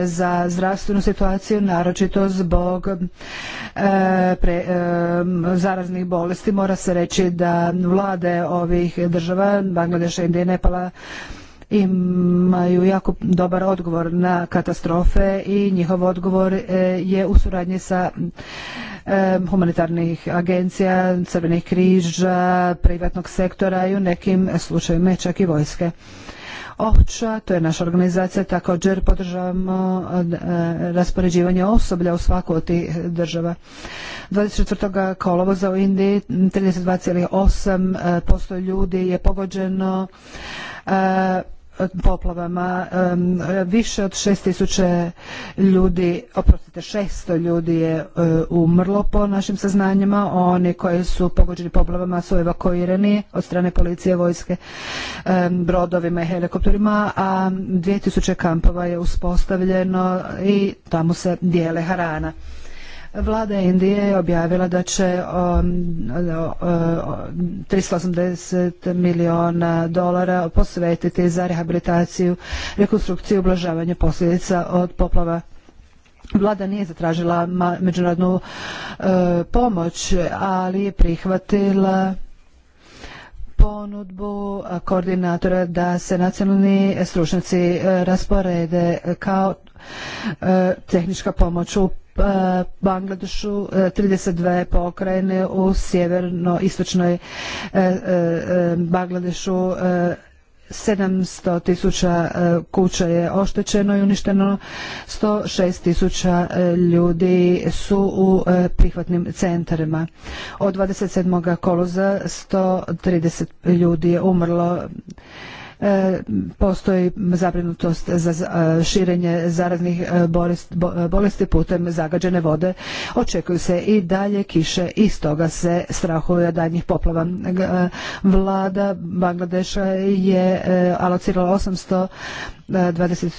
Speaker 2: za zdravstvenu situaciju, naročito zbog e, zaraznih bolesti. Mora se reći da vlade ovih država, Bangladeša, Indije, Nepala, imaju jako dobar odgovor na katastrofe i njihov odgovor je u suradnji sa E, humanitarnih agencija, crvenih križa, privatnog sektora i u nekim slučajevima čak i vojske. OHČA, to je naša organizacija, također podržavamo e, raspoređivanje osoblja u svaku od tih država. 24. kolovoza u Indiji 32,8% e, ljudi je pogođeno poplavama. Više od tisuća ljudi, oprostite, šesto ljudi je e, umrlo po našim saznanjima. Oni koji su pogođeni poplavama su evakuirani od strane policije, vojske, brodovima i helikopterima, a tisuće kampova je uspostavljeno i tamo se dijele harana. Vlada Indije je objavila da će 380 um, uh, uh, milijuna dolara posvetiti za rehabilitaciju, rekonstrukciju i ublažavanje posljedica od poplava. Vlada nije zatražila međunarodnu uh, pomoć, ali je prihvatila ponudbu koordinatora da se nacionalni stručnjaci rasporede kao tehnička pomoć u Eh, Bangladešu, 32 eh, pokrajine u sjeverno-istočnoj eh, Bangladešu, 700 tisuća kuća je oštećeno i uništeno, 106 tisuća ljudi su u prihvatnim centarima. Od 27. koloza 130 ljudi je umrlo, E, postoji zabrinutost za e, širenje zaraznih e, bolesti putem zagađene vode. Očekuju se i dalje kiše i stoga se strahuje daljnjih poplava. Vlada Bangladeša je alocirala 800 dvadeset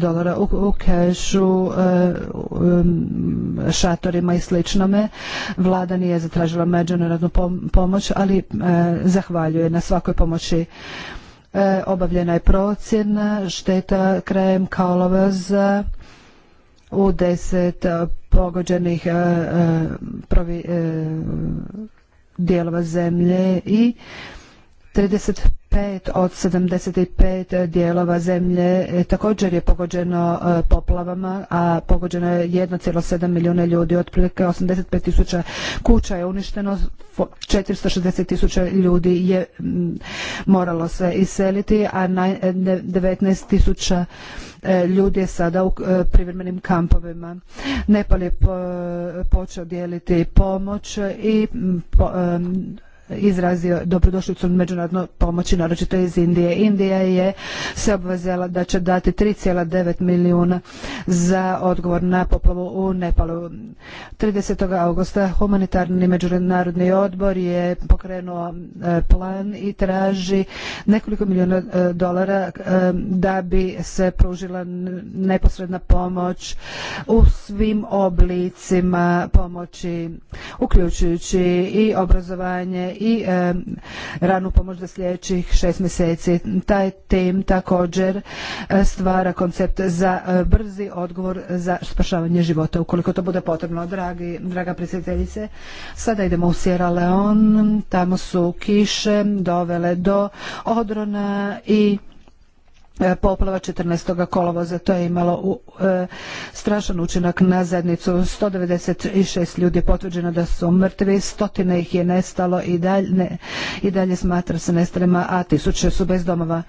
Speaker 2: dolara u kešu, šatorima i sličnome. Vlada nije zatražila međunarodnu pomoć, ali zahvaljuje na svakoj pomoći E, obavljena je procjena šteta krajem kolovoza u deset e, pogođenih e, dijelova zemlje i 30%. 5 od 75 dijelova zemlje e, također je pogođeno e, poplavama, a pogođeno je 1,7 milijuna ljudi, otprilike 85 tisuća kuća je uništeno, 460 tisuća ljudi je moralo se iseliti, a 19 e, tisuća ljudi je sada u privremenim kampovima. Nepal je počeo dijeliti pomoć i izrazio dobrodošlicu međunarodno pomoći, naročito iz Indije. Indija je se obvezala da će dati 3,9 milijuna za odgovor na poplavu u Nepalu. 30. augusta humanitarni međunarodni odbor je pokrenuo e, plan i traži nekoliko milijuna e, dolara e, da bi se pružila neposredna pomoć u svim oblicima pomoći uključujući i obrazovanje i e, ranu pomoć za sljedećih šest mjeseci. Taj tem također e, stvara koncept za e, brzi odgovor za spašavanje života ukoliko to bude potrebno. Dragi, draga predsjedateljice, sada idemo u Sierra Leone, tamo su kiše dovele do odrona i E, poplava 14. kolovoza. To je imalo e, strašan učinak na zajednicu. 196 ljudi je potvrđeno da su mrtvi, stotine ih je nestalo i dalje, i dalje smatra se nestalima, a tisuće su bez domova.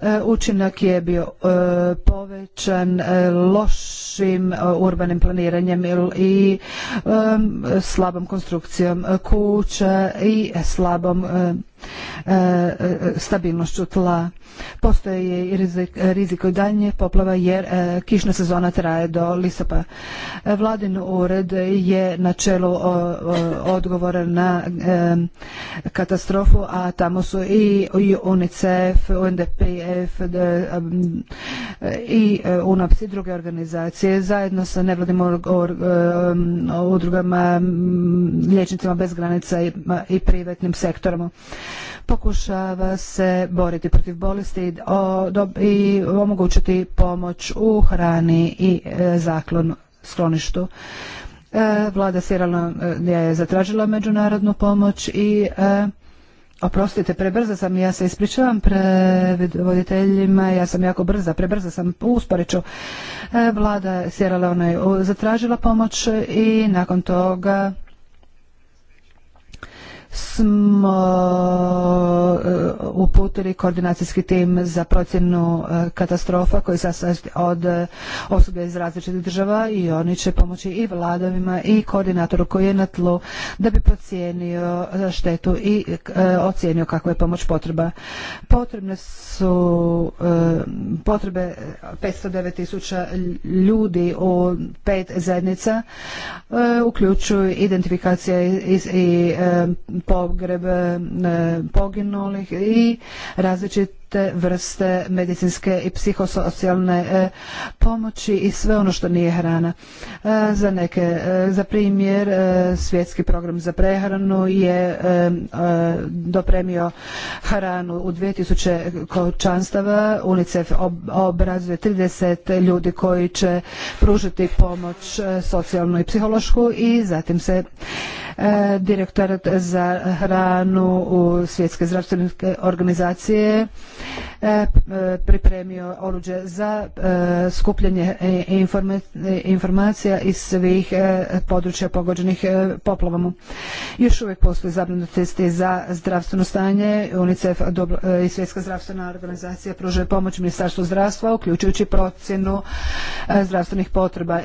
Speaker 2: E, učinak je bio e, povećan e, lošim urbanim planiranjem i slabom konstrukcijom kuća i slabom stabilnošću tla. Postoji i rizik od daljnjih poplava jer kišna sezona traje do listopada. Vladin ured je na čelu odgovora na katastrofu, a tamo su i UNICEF, UNDP, Um, i uh, UNAPS i druge organizacije zajedno sa nevladim um, udrugama, liječnicima bez granica i privatnim sektorom. Pokušava se boriti protiv bolesti i omogućiti pomoć u hrani i e, zaklon skloništu. E, vlada sirala e, je zatražila međunarodnu pomoć i Oprostite, prebrza sam, ja se ispričavam voditeljima, ja sam jako brza, prebrza sam u e, Vlada Sjera Leone zatražila pomoć i nakon toga smo eh, uputili koordinacijski tim za procjenu eh, katastrofa koji sastoji od eh, osobe iz različitih država i oni će pomoći i vladovima i koordinatoru koji je na tlu da bi procijenio štetu i ocijenio kakva je pomoć potreba. Potrebne su potrebe 509.000 tisuća ljudi u pet zajednica uključuju identifikacija i pogreb e, poginulih i različit te vrste medicinske i psihosocijalne e, pomoći i sve ono što nije hrana. E, za neke, e, za primjer, svjetski program za prehranu je dopremio hranu u 2000 kočanstava. UNICEF obrazuje 30 ljudi koji će pružiti pomoć socijalnu i psihološku i zatim se direktorat za hranu u svjetske zdravstvene organizacije E, e, pripremio oruđe za e, skupljanje informacija iz svih područja pogođenih poplavama. Još uvijek postoje zabrinutosti za zdravstveno stanje. UNICEF i Svjetska zdravstvena organizacija pružuje pomoć Ministarstvu zdravstva, uključujući procjenu zdravstvenih potreba.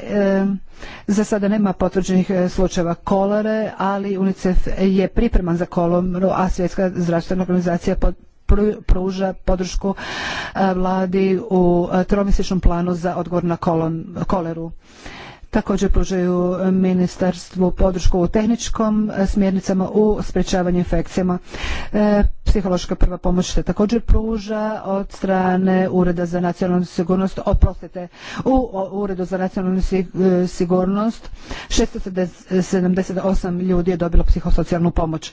Speaker 2: Za sada nema potvrđenih slučajeva kolore, ali UNICEF je pripreman za koloru, a Svjetska zdravstvena organizacija pod pruža podršku e, vladi u e, tromjesečnom planu za odgovor na koleru. Također pružaju ministarstvu podršku u tehničkom e, smjernicama u sprječavanju infekcijama. psihološka prva pomoć se također pruža od strane Ureda za nacionalnu sigurnost, oprostite, u Uredu za nacionalnu sigurnost 678 ljudi je dobilo psihosocijalnu pomoć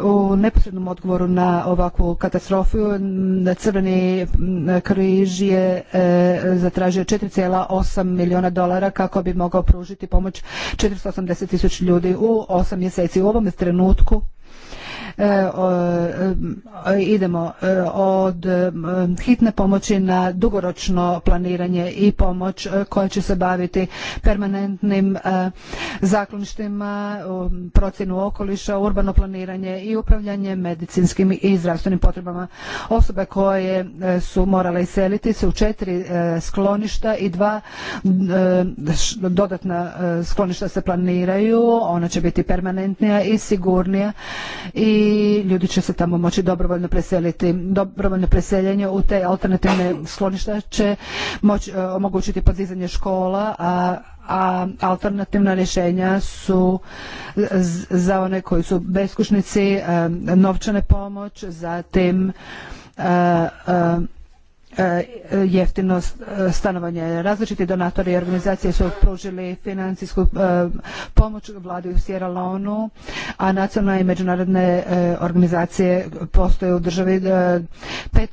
Speaker 2: u neposrednom odgovoru na ovakvu katastrofu Crveni križ je e, zatražio 4,8 milijuna dolara kako bi mogao pružiti pomoć 480 tisuća ljudi u osam mjeseci. U ovom trenutku E, e, idemo e, od hitne pomoći na dugoročno planiranje i pomoć koja će se baviti permanentnim zakloništima, procjenu okoliša, urbano planiranje i upravljanje medicinskim i zdravstvenim potrebama. Osobe koje su morale iseliti se u četiri skloništa i dva dodatna skloništa se planiraju, ona će biti permanentnija i sigurnija i i ljudi će se tamo moći dobrovoljno preseliti. Dobrovoljno preseljenje u te alternativne skloništa će moći e, omogućiti podizanje škola, a a alternativna rješenja su za one koji su beskušnici, e, novčane pomoć, zatim e, E, jeftino e, stanovanje. Različiti donatori i organizacije su pružili financijsku e, pomoć vladi u Sierra Leone, a nacionalne i međunarodne organizacije postoje u državi 5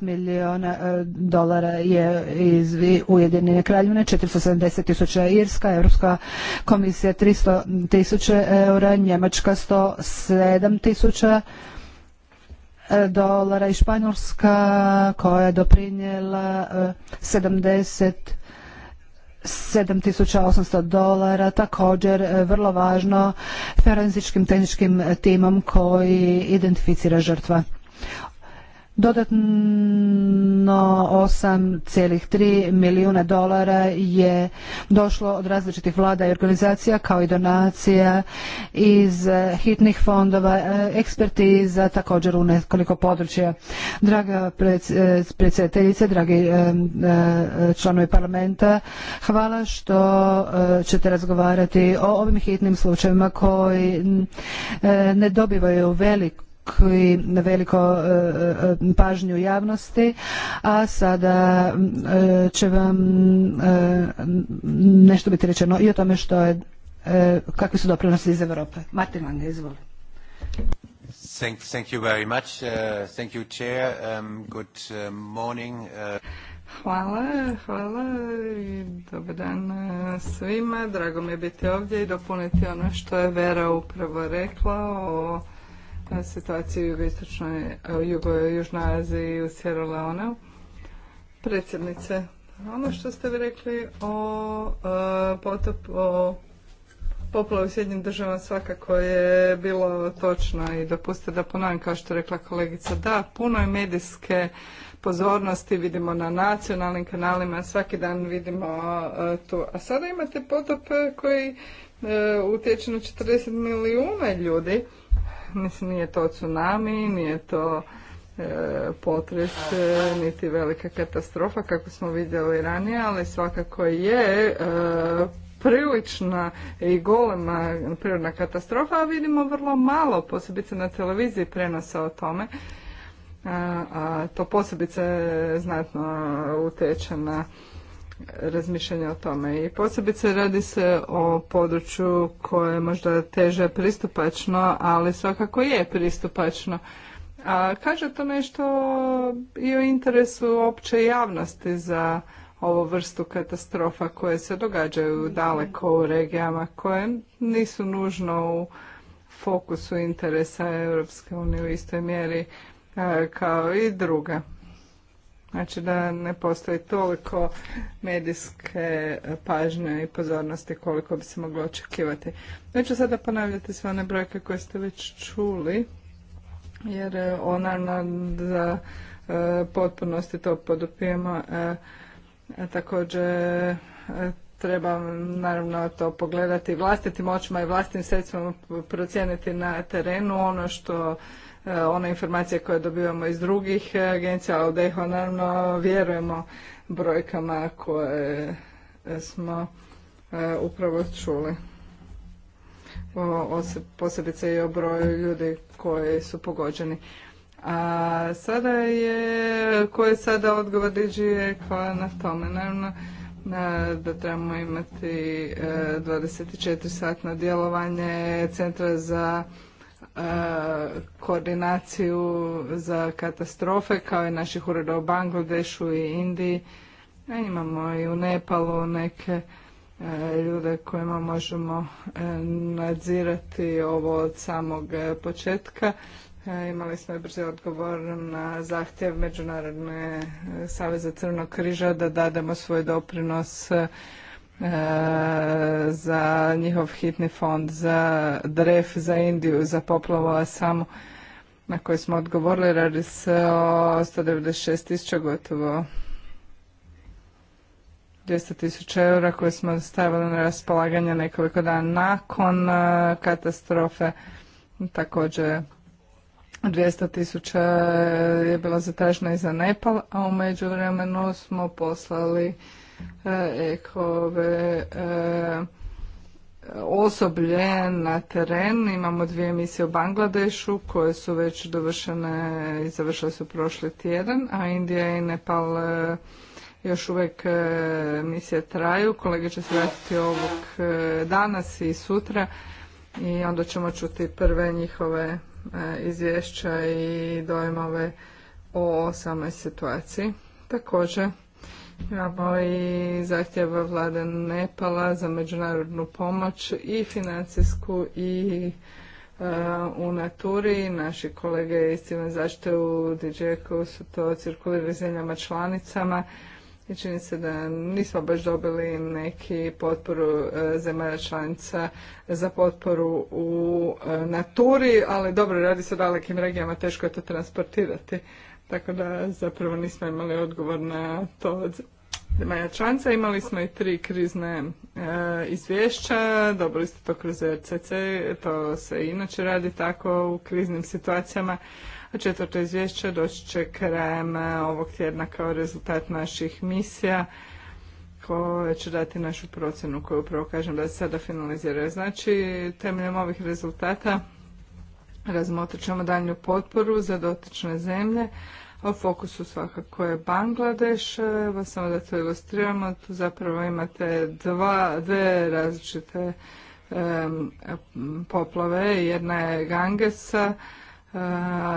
Speaker 2: milijuna dolara je iz Ujedinjene kraljevine, 470 tisuća Irska, Europska komisija 300 tisuća eura, Njemačka 107 tisuća Eh, dolara i Španjolska koja je doprinjela 70 eh, 7800 dolara, također eh, vrlo važno forenzičkim tehničkim timom koji identificira žrtva. Dodatno 8,3 milijuna dolara je došlo od različitih vlada i organizacija kao i donacija iz hitnih fondova, ekspertiza također u nekoliko područja. Draga predsjedateljice, dragi članovi parlamenta, hvala što ćete razgovarati o ovim hitnim slučajevima koji ne dobivaju veliku na veliko e, e, pažnju javnosti, a sada e, će vam nešto biti rečeno i o tome što je, kakvi su doprinosi iz Europe. Martin Lange, izvoli. Thank, thank you very much. Uh, thank you, Chair. Um, good uh, morning. Uh,
Speaker 1: hvala, hvala i dobar dan svima. Drago mi je biti ovdje i dopuniti ono što je Vera upravo rekla o situaciju u jugo, Južnoj Aziji i u Sierra Leone. Predsjednice, ono što ste vi rekli o, e, potopu, o u Sjednjim državama svakako je bilo točno i dopustite da ponovim kao što je rekla kolegica, da, puno je medijske pozornosti, vidimo na nacionalnim kanalima, svaki dan vidimo e, tu. A sada imate potop koji e, utječe na 40 milijuna ljudi Mislim, nije to tsunami, nije to e, potres e, niti velika katastrofa kako smo vidjeli ranije, ali svakako je e, prilična i golema prirodna katastrofa, a vidimo vrlo malo, posebice na televiziji prenosa o tome. A, to posebice znatno uteče na razmišljanja o tome. I posebice radi se o području koje je možda teže pristupačno, ali svakako je pristupačno. A kaže to nešto i o interesu opće javnosti za ovu vrstu katastrofa koje se događaju daleko u regijama koje nisu nužno u fokusu interesa Europske unije u istoj mjeri e, kao i druga. Znači da ne postoji toliko medijske pažnje i pozornosti koliko bi se moglo očekivati. Neću sada ponavljati sve one brojke koje ste već čuli, jer e, ona za e, potpunosti to podupijemo. E, e također e, treba naravno to pogledati vlastitim očima i vlastitim sredstvima procijeniti na terenu ono što E, one informacije koje dobivamo iz drugih e, agencija, ali da ih naravno vjerujemo brojkama koje e, smo upravo čuli. posebice i o broju ljudi koji su pogođeni. A sada je, koji je sada odgovor DG na tome. Naravno, da trebamo imati 24 satno djelovanje Centra za E, koordinaciju za katastrofe kao i naših ureda u Bangladešu i Indiji. A e, imamo i u Nepalu neke e, ljude kojima možemo nadzirati ovo od samog početka. Imali smo i brzi odgovor na zahtjev Međunarodne saveza Crvenog križa da dademo svoj doprinos E, za njihov hitni fond za dref za Indiju za poplavu samo na koje smo odgovorili radi se o 196 tisuća gotovo 200 tisuća eura koje smo stavili na raspolaganje nekoliko dana nakon e, katastrofe također 200 tisuća je bila zatražena i za Nepal a u međuvremenu smo poslali E, ekove e, osoblje na teren. Imamo dvije misije u Bangladešu koje su već dovršene i završile su prošli tjedan, a Indija i Nepal e, još uvijek misije traju. Kolege će se vratiti ovog danas i sutra i onda ćemo čuti prve njihove izvješća i dojmove o samoj situaciji. Također, Imamo i zahtjeva vlade Nepala za međunarodnu pomoć i financijsku i e, u naturi. Naši kolege iz civilne zaštite u djk su to cirkulirali zemljama članicama i čini se da nismo baš dobili neki potporu e, zemalja članica za potporu u e, naturi, ali dobro, radi se o dalekim regijama, teško je to transportirati. Tako da zapravo nismo imali odgovor na to od zemalja članca. Imali smo i tri krizne e, izvješća, dobili ste to kroz RCC, to se inače radi tako u kriznim situacijama. A četvrto izvješće doći će krajem e, ovog tjedna kao rezultat naših misija koje će dati našu procjenu koju upravo kažem da se sada finaliziraju. Znači, temeljem ovih rezultata Razmotrit ćemo daljnju potporu za dotične zemlje. O fokusu svakako je Bangladeš. Evo samo da to ilustriramo. Tu zapravo imate dva, dve različite um, poplave. Jedna je Gangesa. Uh,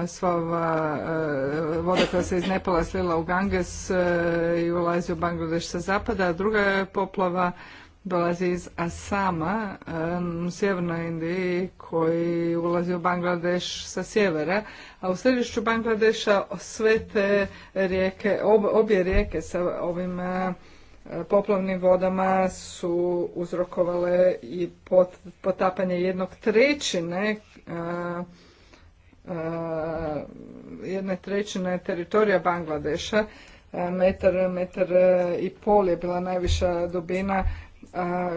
Speaker 1: sva ova e, voda koja se iz Nepala slila u Ganges e, i ulazi u Bangladeš sa zapada, a druga je poplava dolazi iz Asama u sjevernoj Indiji koji ulazi u Bangladeš sa sjevera, a u središću Bangladeša sve te rijeke, obje rijeke sa ovim poplavnim vodama su uzrokovale i potapanje jednog trećine jedne trećine teritorija Bangladeša metar, metar i pol je bila najviša dubina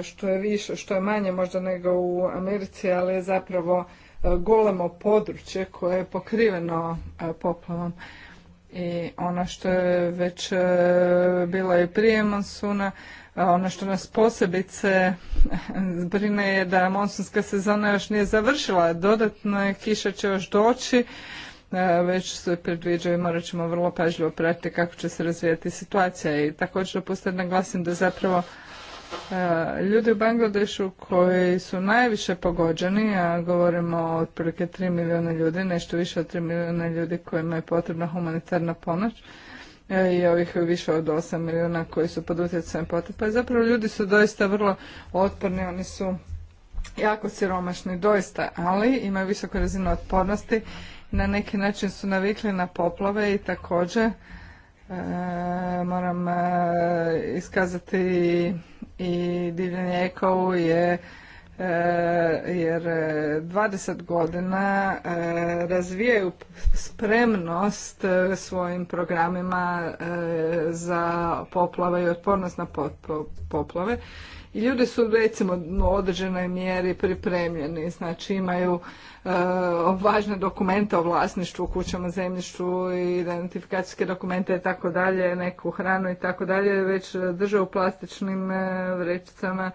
Speaker 1: što je više, što je manje možda nego u Americi, ali je zapravo e, golemo područje koje je pokriveno e, poplavom. I ono što je već e, bilo i prije Monsuna, ono što nas posebice brine je da monsunska sezona još nije završila, dodatno je kiša će još doći, već se predviđaju i morat ćemo vrlo pažljivo pratiti kako će se razvijati situacija i također dopustite naglasim da zapravo E, ljudi u Bangladešu koji su najviše pogođeni, a govorimo o otprilike 3 milijuna ljudi, nešto više od 3 milijuna ljudi kojima je potrebna humanitarna pomoć e, i ovih više od 8 milijuna koji su pod utjecajem potreba. Pa zapravo ljudi su doista vrlo otporni, oni su jako siromašni doista, ali imaju visoku razinu otpornosti. Na neki način su navikli na poplave i također Eh, moram eh, iskazati i divljenje ekovu je eh, jer 20 godina razvijaju spremnost svojim programima za poplave i otpornost na poplave i ljudi su recimo u određenoj mjeri pripremljeni, znači imaju e, važne dokumente o vlasništvu, kućama, zemljištu, identifikacijske dokumente i tako dalje, neku hranu i tako dalje, već drže u plastičnim e, vrećicama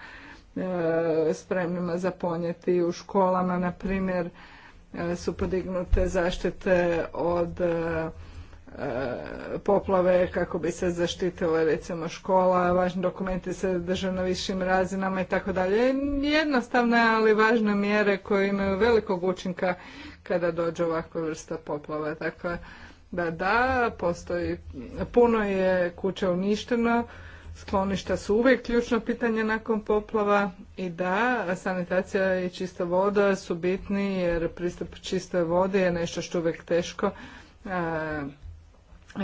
Speaker 1: e, spremnima za ponijeti u školama, na primjer, e, su podignute zaštite od poplave kako bi se zaštitila recimo škola, važni dokumenti se drže na višim razinama i tako dalje. Jednostavne, ali važne mjere koje imaju velikog učinka kada dođe ovakva vrsta poplava. tako da, da, postoji, puno je kuća uništeno, skloništa su uvijek ključno pitanje nakon poplava i da, sanitacija i čista voda su bitni jer pristup čistoj vodi je nešto što uvijek teško. E,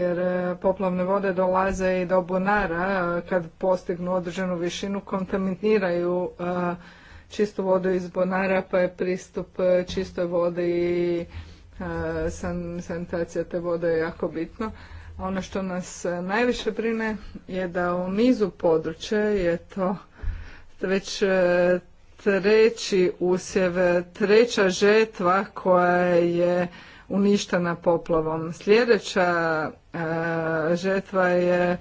Speaker 1: jer e, poplavne vode dolaze i do bunara e, kad postignu određenu višinu kontaminiraju čistu vodu iz bunara pa je pristup čistoj vodi i sanitacija te vode je jako bitno. Ono što nas najviše brine je da u nizu područja je to već treći usjev, treća žetva koja je uništena poplavom. Sljedeća e, žetva je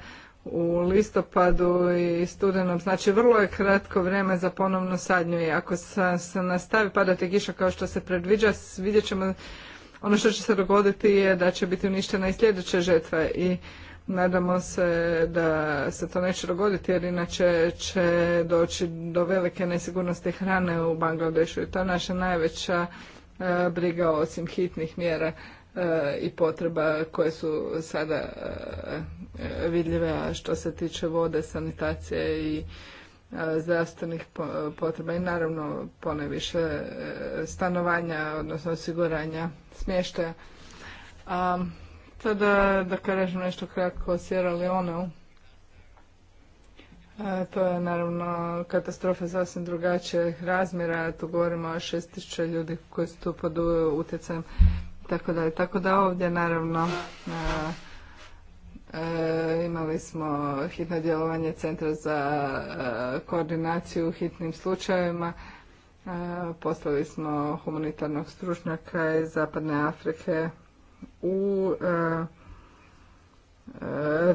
Speaker 1: u listopadu i studenom, znači vrlo je kratko vrijeme za ponovnu sadnju i ako se, se nastavi padati kiša kao što se predviđa, vidjet ćemo ono što će se dogoditi je da će biti uništena i sljedeća žetva i nadamo se da se to neće dogoditi jer inače će doći do velike nesigurnosti hrane u Bangladešu i to je naša najveća E, briga osim hitnih mjera e, i potreba koje su sada e, vidljive što se tiče vode, sanitacije i zdravstvenih potreba i naravno poneviše stanovanja, odnosno osiguranja smještaja. sada da kažem nešto kratko o Sierra Leoneu. To je pa, naravno katastrofa sasvim drugačije razmjera, tu govorimo o 6000 ljudi koji su tu pod utjecajem, tako da, tako da ovdje naravno e, e, imali smo hitno djelovanje Centra za e, koordinaciju u hitnim slučajevima. poslali smo humanitarnog stručnjaka iz Zapadne Afrike u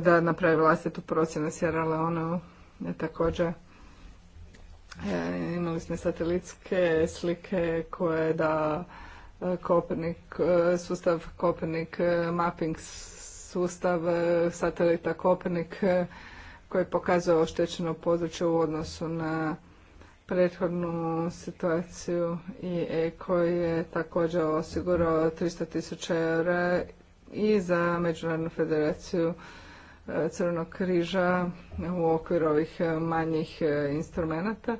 Speaker 1: da napravi vlastitu procjenu Sierra Leoneu E, također e, imali smo satelitske slike koje da e, Kopernik, sustav Kopernik mapping sustav satelita Kopernik koji pokazuje oštećeno područje u odnosu na prethodnu situaciju i koji je također osigurao 300 tisuća eura i za Međunarodnu federaciju Crvenog križa u okviru ovih e, manjih e, instrumenata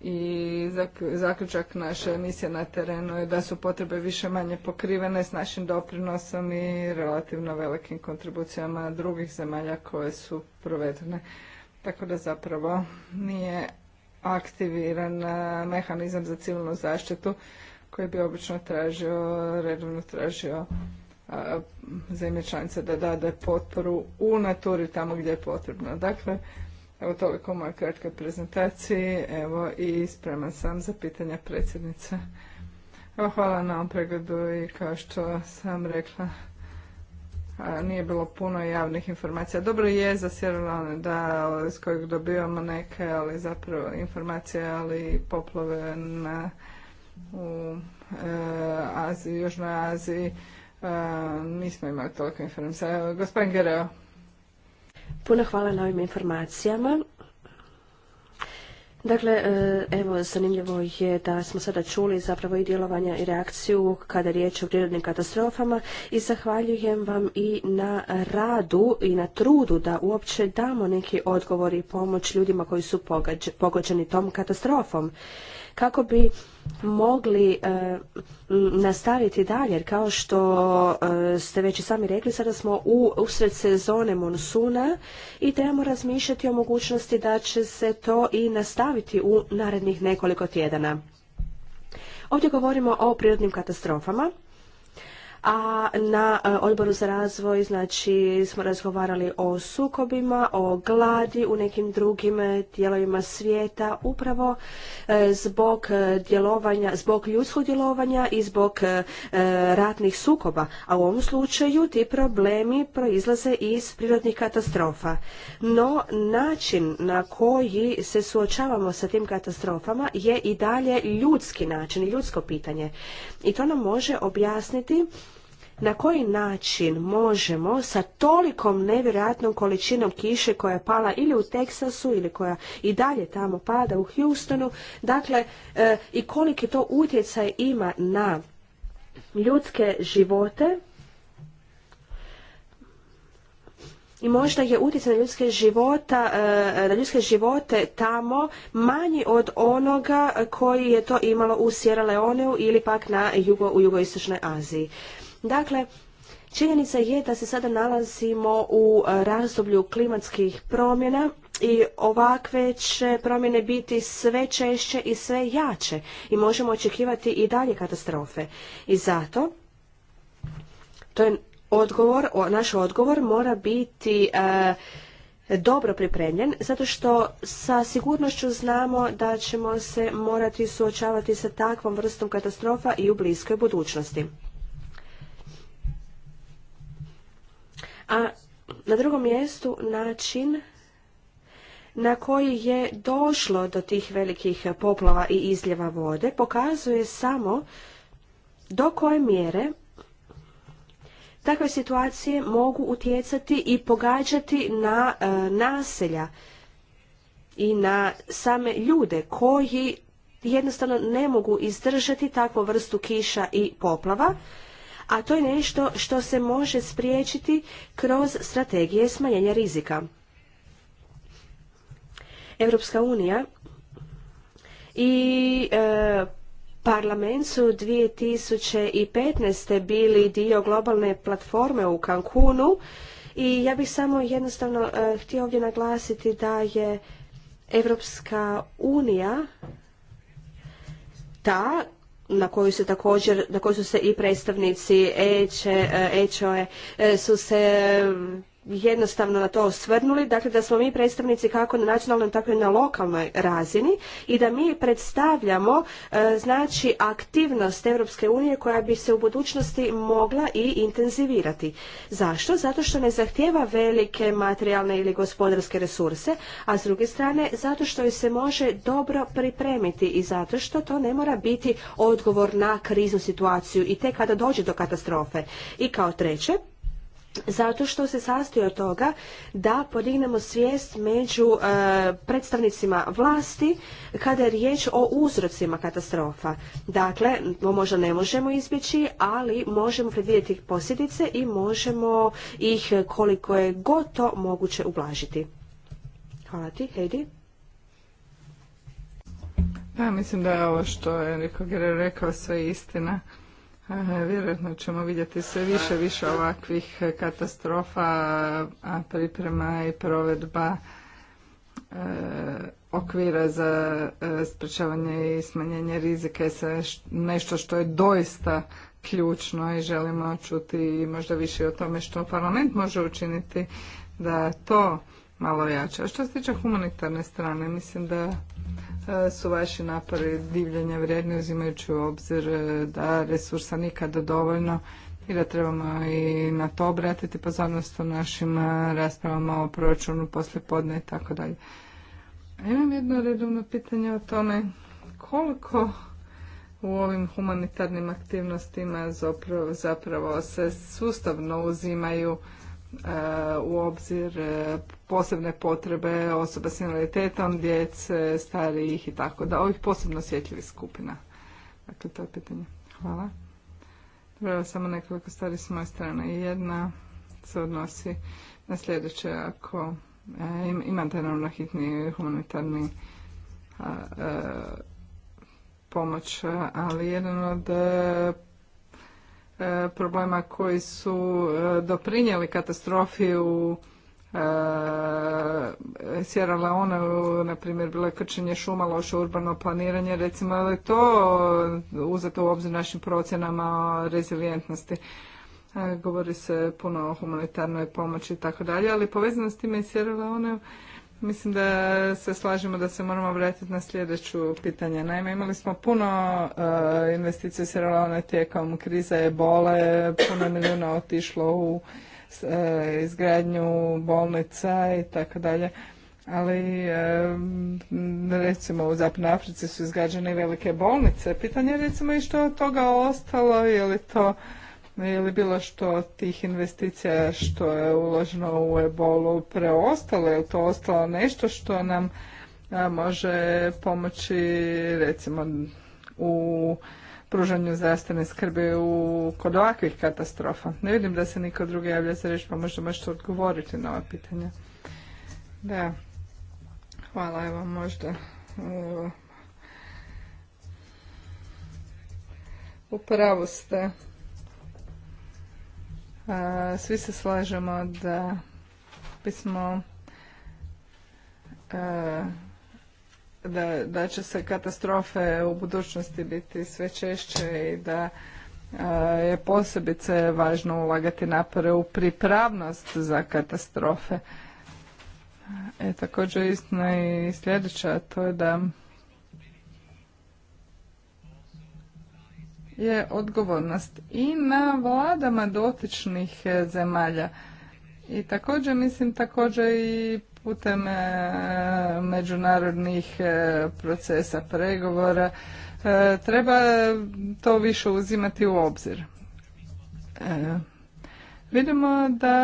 Speaker 1: i zaključak naše emisije na terenu je da su potrebe više manje pokrivene s našim doprinosom i relativno velikim kontribucijama drugih zemalja koje su provedene. Tako da zapravo nije aktiviran e, mehanizam za civilnu zaštitu koji bi obično tražio, redovno tražio zemlje članice da dade potporu u naturi tamo gdje je potrebno. Dakle, evo toliko u mojoj kratkoj prezentaciji evo i spreman sam za pitanja predsjednice. Evo, hvala na ovom pregledu i kao što sam rekla, nije bilo puno javnih informacija. Dobro je za Sierra da, iz kojeg dobivamo neke, ali zapravo informacije, ali poplove na, u e, Aziji, Južnoj Aziji, nismo imali toliko informacija. Gospodin Gereo.
Speaker 3: Puno hvala na ovim informacijama. Dakle, e, evo, zanimljivo je da smo sada čuli zapravo i djelovanja i reakciju kada je riječ o prirodnim katastrofama i zahvaljujem vam i na radu i na trudu da uopće damo neki odgovor i pomoć ljudima koji su pogođeni tom katastrofom kako bi mogli e, nastaviti dalje jer kao što e, ste već i sami rekli sada smo u usred sezone monsuna i trebamo razmišljati o mogućnosti da će se to i nastaviti u narednih nekoliko tjedana. Ovdje govorimo o prirodnim katastrofama a na e, odboru za razvoj znači smo razgovarali o sukobima, o gladi u nekim drugim e, dijelovima svijeta upravo e, zbog djelovanja, zbog ljudskog djelovanja i zbog ratnih sukoba, a u ovom slučaju ti problemi proizlaze iz prirodnih katastrofa. No način na koji se suočavamo sa tim katastrofama je i dalje ljudski način, ljudsko pitanje. I to nam može objasniti na koji način možemo sa tolikom nevjerojatnom količinom kiše koja je pala ili u Teksasu ili koja i dalje tamo pada u Houstonu, dakle e, i koliki to utjecaj ima na ljudske živote i možda je utjecaj na ljudske života, e, na ljudske živote tamo manji od onoga koji je to imalo u Sierra Leoneu ili pak na u jugoistočnoj Aziji. Dakle, Činjenica je da se sada nalazimo u e, razdoblju klimatskih promjena i ovakve će promjene biti sve češće i sve jače i možemo očekivati i dalje katastrofe. I zato to je odgovor, naš odgovor mora biti e, dobro pripremljen, zato što sa sigurnošću znamo da ćemo se morati suočavati sa takvom vrstom katastrofa i u bliskoj budućnosti. a na drugom mjestu način na koji je došlo do tih velikih poplava i izljeva vode pokazuje samo do koje mjere takve situacije mogu utjecati i pogađati na e, naselja i na same ljude koji jednostavno ne mogu izdržati takvu vrstu kiša i poplava a to je nešto što se može spriječiti kroz strategije smanjenja rizika. Europska unija i e, Parlament su 2015. bili dio globalne platforme u Kankunu. i ja bih samo jednostavno e, htio ovdje naglasiti da je Europska unija ta na koju se također, na koju su se i predstavnici EČE, e e, e, su se jednostavno na to osvrnuli, dakle da smo mi predstavnici kako na nacionalnoj, tako i na lokalnoj razini i da mi predstavljamo e, znači aktivnost Europske unije koja bi se u budućnosti mogla i intenzivirati. Zašto? Zato što ne zahtjeva velike materijalne ili gospodarske resurse, a s druge strane zato što ju se može dobro pripremiti i zato što to ne mora biti odgovor na kriznu situaciju i te kada dođe do katastrofe. I kao treće, zato što se sastoji od toga da podignemo svijest među e, predstavnicima vlasti kada je riječ o uzrocima katastrofa. Dakle, to možda ne možemo izbjeći, ali možemo predvidjeti posljedice i možemo ih koliko je goto moguće ublažiti. Hvala ti, Heidi.
Speaker 1: Da, pa, mislim da je ovo što je rekao sve istina. Vjerojatno ćemo vidjeti sve više više ovakvih katastrofa, a priprema i provedba e, okvira za e, sprečavanje i smanjenje rizika je nešto što je doista ključno i želimo čuti možda više o tome što parlament može učiniti da to malo jače. A što se tiče humanitarne strane, mislim da e, su vaši napori divljenja vrijedni uzimajući u obzir e, da resursa nikada dovoljno i da trebamo i na to obratiti pozornost u našim e, raspravama o proračunu poslije podne i tako dalje. Imam jedno redovno pitanje o tome koliko u ovim humanitarnim aktivnostima zapravo se sustavno uzimaju Eh, u obzir eh, posebne potrebe osoba s invaliditetom, djece, starijih i tako da, ovih posebno osjetljivih skupina. Dakle, to je pitanje. Hvala. Dobro, samo nekoliko stvari s moje strane. Jedna se odnosi na sljedeće, ako eh, imate naravno hitni humanitarni pomoć, ali jedan od E, problema koji su e, doprinijeli katastrofi u e, Sierra Leone, na primjer, bilo je krčenje šuma, loše urbano planiranje, recimo, ali to uzeto u obzir našim procjenama rezilijentnosti? Govori se puno o humanitarnoj pomoći i tako dalje, ali povezano s time i Sierra Leone Mislim da se slažemo da se moramo vratiti na sljedeću pitanje. Naime, imali smo puno uh, investicije investicija sirovane tijekom krize ebole, puno milijuna otišlo u uh, izgradnju bolnica i tako dalje. Ali um, recimo u Zapadnoj Africi su izgrađene velike bolnice. Pitanje je recimo i što od toga ostalo, je li to je li bilo što od tih investicija što je uloženo u ebolu preostalo, je li to ostalo nešto što nam može pomoći recimo u pružanju zdravstvene skrbi u, kod ovakvih katastrofa. Ne vidim da se niko drugi javlja za reč, pa možda možete odgovoriti na ova pitanja. Da, hvala, evo možda. U pravu ste. Svi se slažemo da bismo da, da će se katastrofe u budućnosti biti sve češće i da je posebice važno ulagati napore u pripravnost za katastrofe. E, također istno i sljedeća, to je da je odgovornost i na vladama dotičnih e, zemalja. I također mislim također i putem e, međunarodnih e, procesa pregovora treba to više uzimati u obzir. Vidimo da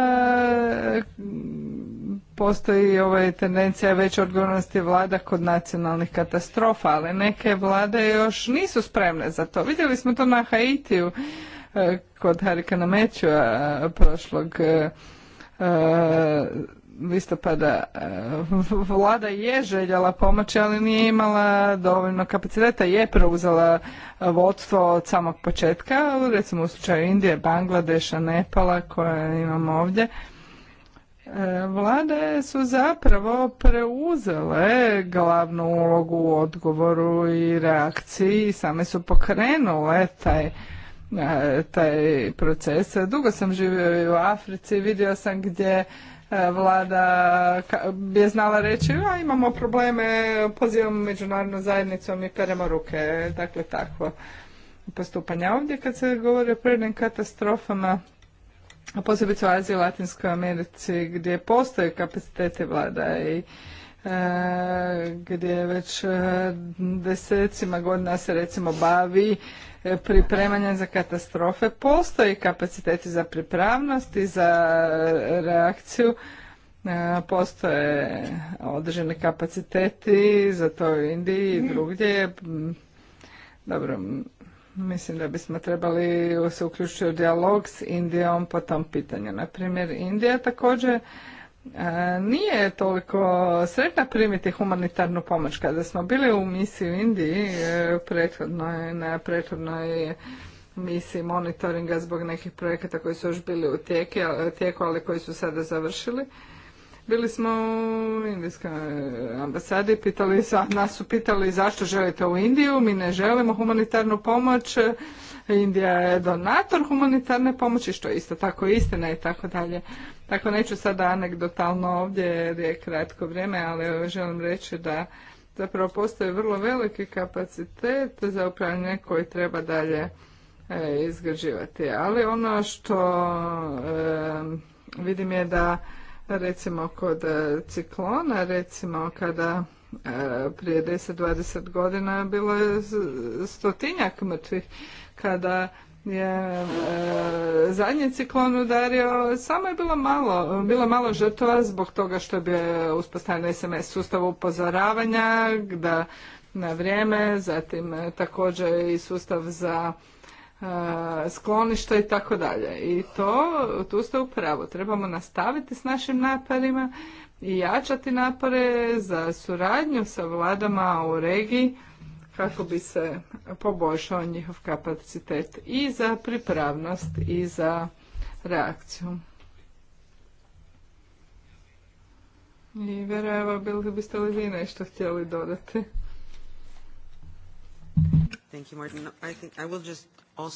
Speaker 1: postoji ovaj tendencija veće odgovornosti vlada kod nacionalnih katastrofa, ali neke vlade još nisu spremne za to. Vidjeli smo to na Haitiju e, kod Harikana Meću e, prošlog e, listopada vlada je željela pomoći, ali nije imala dovoljno kapaciteta, je preuzela vodstvo od samog početka, recimo u slučaju Indije, Bangladeša, Nepala koje imamo ovdje. Vlade su zapravo preuzele glavnu ulogu u odgovoru i reakciji i same su pokrenule taj e, taj proces. Dugo sam živio i u Africi, vidio sam gdje e, vlada je znala reći a imamo probleme, pozivamo međunarodnu zajednicu i peremo ruke. Dakle, takvo postupanje. Ovdje kad se govori o prirodnim katastrofama, a posebice u Aziji i Latinskoj Americi gdje postoje kapacitete vlada i e, gdje već e, desecima godina se recimo bavi e, pripremanjem za katastrofe. postoje kapaciteti za pripravnost i za reakciju. Postoje određeni kapaciteti za to u Indiji i mhm. drugdje. Dobro, Mislim da bismo trebali se uključiti u dijalog s Indijom po tom pitanju. Na primjer, Indija također e, nije toliko sretna primiti humanitarnu pomoć. Kada smo bili u misiji u Indiji e, prethodnoj, na prethodnoj misiji monitoringa zbog nekih projekata koji su još bili u tijeku, ali koji su sada završili, bili smo u Indijskoj ambasadi, pitali, nas su pitali zašto želite u Indiju, mi ne želimo humanitarnu pomoć, Indija je donator humanitarne pomoći, što je isto tako istina i tako dalje. Tako neću sada anegdotalno ovdje jer je kratko vrijeme, ali želim reći da zapravo postoji vrlo veliki kapacitet za upravljanje koji treba dalje e, izgrađivati. Ali ono što e, vidim je da recimo kod e, ciklona, recimo kada e, prije 10-20 godina bilo je stotinjak mrtvih, kada je e, zadnji ciklon udario, samo je bilo malo, bilo malo žrtava zbog toga što bi uspostavljen SMS sustav upozoravanja da na vrijeme, zatim također i sustav za skloništa i tako dalje. I to, tu ste u Trebamo nastaviti s našim naparima i jačati napore za suradnju sa vladama u regiji kako bi se poboljšao njihov kapacitet i za pripravnost i za reakciju. I bili biste li vi nešto htjeli dodati?
Speaker 2: Thank Martin. I think I Uh,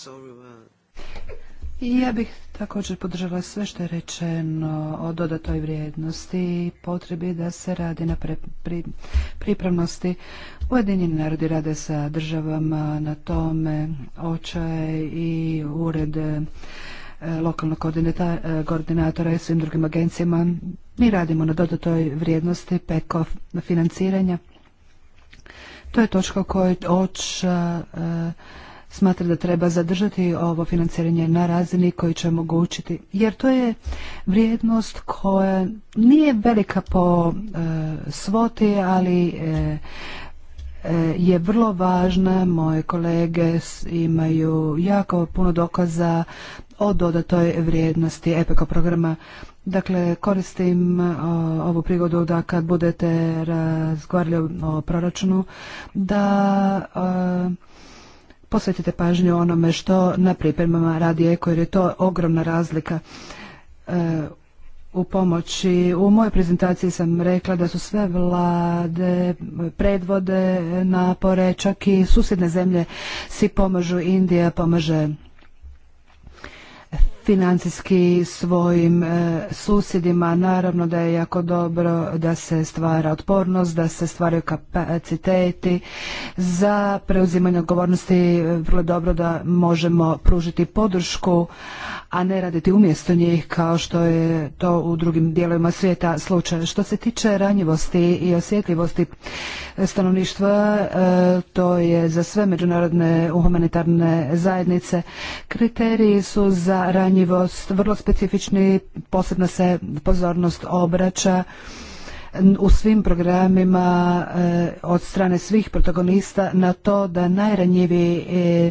Speaker 2: ja bih također podržala sve što je rečeno o dodatoj vrijednosti i potrebi da se radi na pre, pri, pripravnosti. Ujedinjeni narodi rade sa državama na tome, očaj i ured eh, lokalnog eh, koordinatora i svim drugim agencijama. Mi radimo na dodatoj vrijednosti peko financiranja. To je točka kojoj oča eh, smatra da treba zadržati ovo financiranje na razini koji će omogućiti. Jer to je vrijednost koja nije velika po e, svoti, ali e, e, je vrlo važna. Moje kolege imaju jako puno dokaza o dodatoj vrijednosti EPEKO programa. Dakle, koristim ovu prigodu da kad budete razgovarali o proračunu, da posvetite pažnju onome što na pripremama radi Eko jer je to ogromna razlika e, u pomoći. U mojoj prezentaciji sam rekla da su sve vlade predvode napore, čak i susjedne zemlje si pomažu, Indija pomaže financijski svojim e, susjedima. Naravno da je jako dobro da se stvara otpornost, da se stvaraju kapaciteti za preuzimanje odgovornosti. E, vrlo dobro da možemo pružiti podršku, a ne raditi umjesto njih kao što je to u drugim dijelovima svijeta slučaj. Što se tiče ranjivosti i osjetljivosti stanovništva, e, to je za sve međunarodne humanitarne zajednice. Kriteriji su za ranjivost vrlo specifični, posebna se pozornost obraća u svim programima eh, od strane svih protagonista na to da najranjivi eh,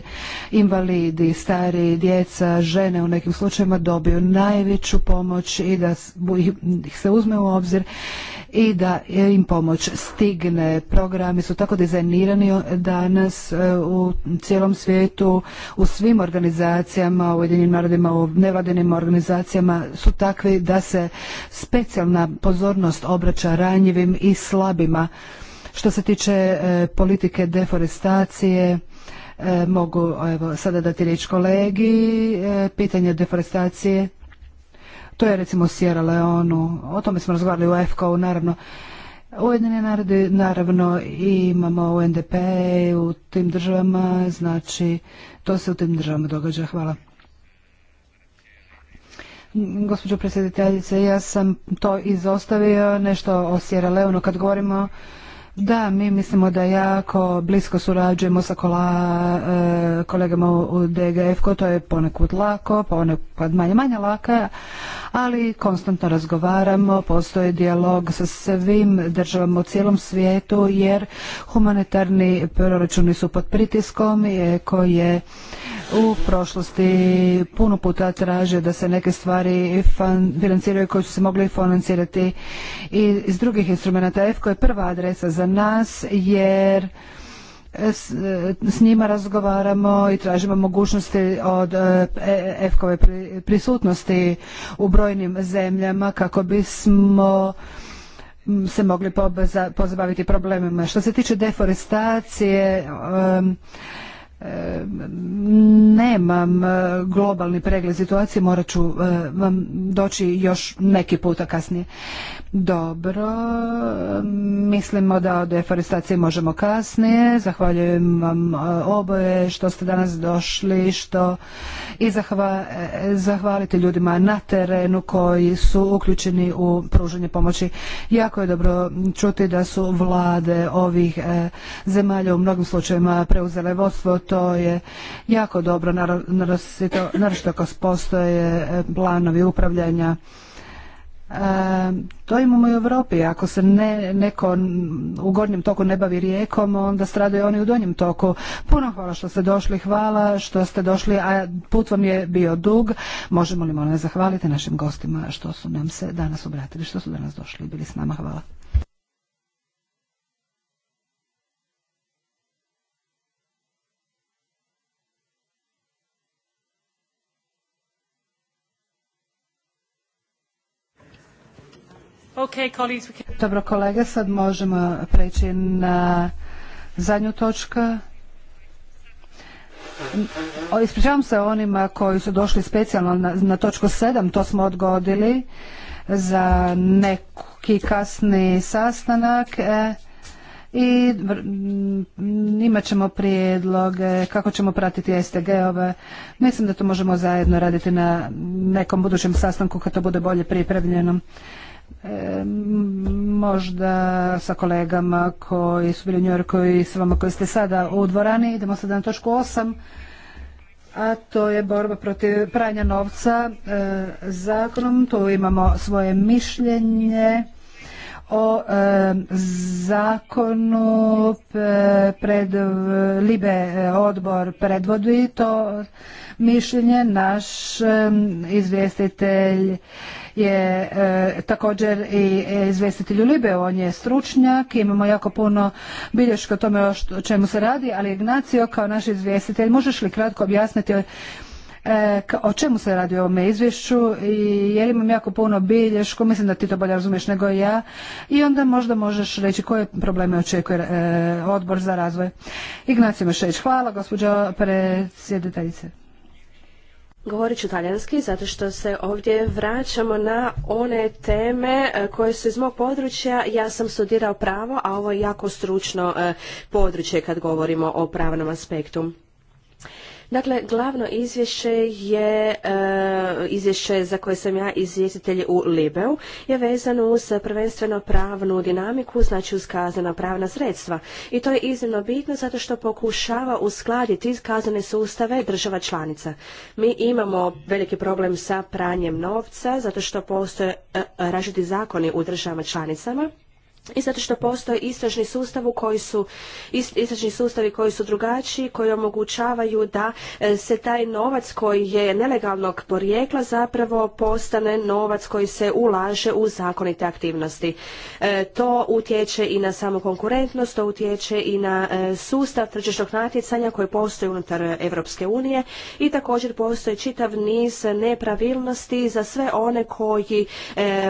Speaker 2: invalidi, stari, djeca, žene u nekim slučajevima dobiju najveću pomoć i da ih se uzme u obzir i da im pomoć stigne. Programi su tako dizajnirani danas e, u cijelom svijetu, u svim organizacijama, u jedinim narodima, u nevladinim organizacijama su takvi da se specijalna pozornost obraća ranjivim i slabima. Što se tiče e, politike deforestacije, e, mogu evo, sada dati riječ kolegi. pitanje deforestacije to je recimo Sierra Leonu, o tome smo razgovarali u naravno. u naravno. Ujedinjeni narode, naravno, imamo u NDP, u tim državama, znači to se u tim državama događa. Hvala. Gospođo predsjediteljice, ja sam to izostavio, nešto o Sierra Leonu kad govorimo da, mi mislimo da jako blisko surađujemo sa kola, e, kolegama u DGF-ko, to je ponekud lako, ponekad manje manje laka, ali konstantno razgovaramo, postoji dijalog sa svim državama u cijelom svijetu jer humanitarni proračuni su pod pritiskom i je u prošlosti puno puta tražio da se neke stvari financiraju koje su se mogli financirati i iz drugih instrumenta. EFKO je prva adresa za nas jer s, njima razgovaramo i tražimo mogućnosti od EFKOve prisutnosti u brojnim zemljama kako bismo se mogli pozabaviti problemima. Što se tiče deforestacije, e, nemam e, globalni pregled situacije, morat ću e, vam doći još neki puta kasnije. Dobro, mislimo da o deforestaciji možemo kasnije. Zahvaljujem vam e, oboje što ste danas došli što i zahvaliti ljudima na terenu koji su uključeni u pružanje pomoći. Jako je dobro čuti da su vlade ovih zemalja u mnogim slučajevima preuzele vodstvo to je jako dobro, naročito ako postoje e, planovi upravljanja. E, to imamo i u Europi. Ako se ne, neko u gornjem toku ne bavi rijekom, onda stradaju oni u donjem toku. Puno hvala što ste došli, hvala što ste došli, a put vam je bio dug. Možemo li molim zahvaliti našim gostima što su nam se danas obratili, što su danas došli i bili s nama. Hvala. Dobro kolege, sad možemo preći na zadnju točku. Ispričavam se onima koji su došli specijalno na, točku 7, to smo odgodili za neki kasni sastanak. E, i imat ćemo prijedloge kako ćemo pratiti STG-ove. Mislim da to možemo zajedno raditi na nekom budućem sastanku kad to bude bolje pripremljeno. E, možda sa kolegama koji su bili u Njorku i s vama koji ste sada u dvorani. Idemo sada na točku 8, a to je borba protiv pranja novca e, zakonom. Tu imamo svoje mišljenje o e, zakonu pred Libe odbor predvodi to mišljenje naš izvjestitelj je e, također i izvjestitelj u Libe, on je stručnjak, imamo jako puno bilješka o tome o čemu se radi, ali Ignacio kao naš izvjestitelj, možeš li kratko objasniti e, o čemu se radi o ovome izvješću i jer imam jako puno bilješku, mislim da ti to bolje razumiješ nego ja i onda možda možeš reći koje probleme očekuje e, odbor za razvoj. Ignacio Mešeć, hvala gospođo predsjediteljice.
Speaker 3: Govorit ću talijanski zato što se ovdje vraćamo na one teme e, koje su iz mog područja. Ja sam studirao pravo, a ovo je jako stručno e, područje kad govorimo o pravnom aspektu. Dakle, glavno izvješće je e, izvješće za koje sam ja izvjestitelj u Libeu, je vezano uz prvenstveno pravnu dinamiku, znači uz kaznena pravna sredstva. I to je iznimno bitno zato što pokušava uskladiti kaznene sustave država članica. Mi imamo veliki problem sa pranjem novca zato što postoje e, e, različiti zakoni u državama članicama i zato što postoje istražni sustav koji su istražni sustavi koji su drugačiji, koji omogućavaju da e, se taj novac koji je nelegalnog porijekla zapravo postane novac koji se ulaže u zakonite aktivnosti. E, to utječe i na samu konkurentnost, to utječe i na e, sustav tržišnog natjecanja koji postoji unutar Europske unije i također postoji čitav niz nepravilnosti za sve one koji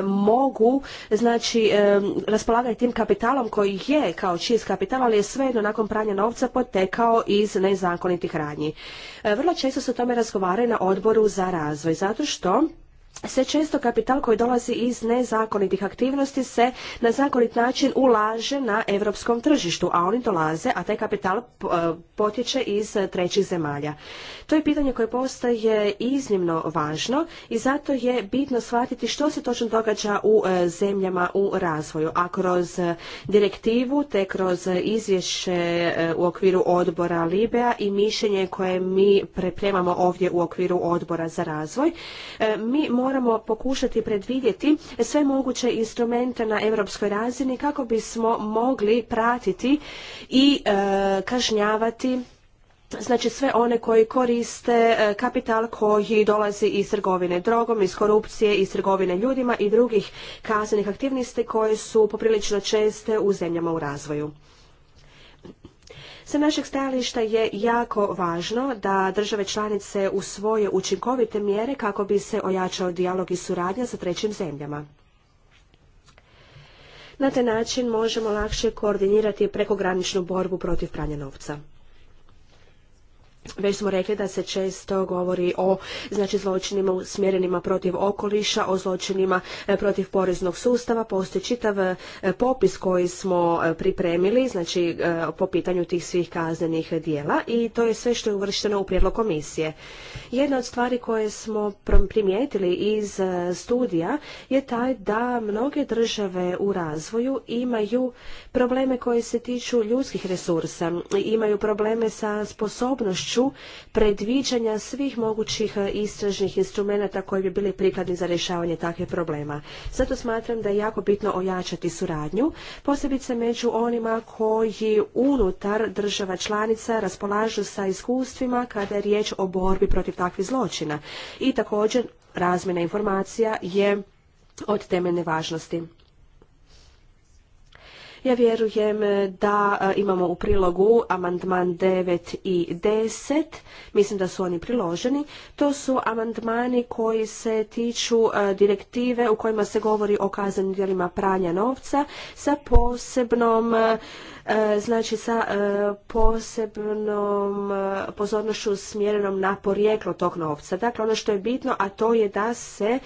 Speaker 3: mogu znači raspolaga i tim kapitalom koji je kao čist kapital, ali je svejedno nakon pranja novca potekao iz nezakonitih radnji. E, vrlo često se o tome razgovaraju na odboru za razvoj, zato što se često kapital koji dolazi iz nezakonitih aktivnosti se na zakonit način ulaže na europskom tržištu, a oni dolaze, a taj kapital eh, potječe iz eh, trećih zemalja. To je pitanje koje postaje iznimno važno i zato je bitno shvatiti što se točno događa u eh, zemljama u razvoju, a kroz direktivu te kroz izvješće u okviru odbora Libea i mišljenje koje mi pripremamo ovdje u okviru odbora za razvoj, mi moramo pokušati predvidjeti sve moguće instrumente na europskoj razini kako bismo mogli pratiti i e, kažnjavati znači sve one koji koriste e, kapital koji dolazi iz trgovine drogom, iz korupcije, iz trgovine ljudima i drugih kaznenih aktivnosti koje su poprilično česte u zemljama u razvoju. Sa našeg stajališta je jako važno da države članice usvoje učinkovite mjere kako bi se ojačao dijalog i suradnja sa trećim zemljama. Na taj način možemo lakše koordinirati prekograničnu borbu protiv pranja novca već smo rekli da se često govori o znači zločinima usmjerenima protiv okoliša, o zločinima e, protiv poreznog sustava. Postoji čitav e, popis koji smo e, pripremili znači po pitanju tih svih kaznenih dijela i to je sve što je uvršteno u prijedlog komisije. Jedna od stvari koje smo primijetili iz studija je taj da mnoge države u razvoju imaju probleme koje se tiču ljudskih resursa, imaju probleme sa sposobnošću tiču predviđanja svih mogućih e, istražnih instrumenata koji bi bili prikladni za rješavanje takvih problema. Zato smatram da je jako bitno ojačati suradnju, posebice među onima koji unutar država članica raspolažu sa iskustvima kada je riječ o borbi protiv takvih zločina. I također razmjena informacija je od temeljne važnosti. Ja vjerujem e, da e, imamo u prilogu amandman 9 i 10. Mislim da su oni priloženi. To su amandmani koji se tiču e, direktive u kojima se govori o kaznenim djelima pranja novca sa posebnom E, znači sa e, posebnom e, pozornošću smjerenom na porijeklo tog novca. Dakle, ono što je bitno, a to je da se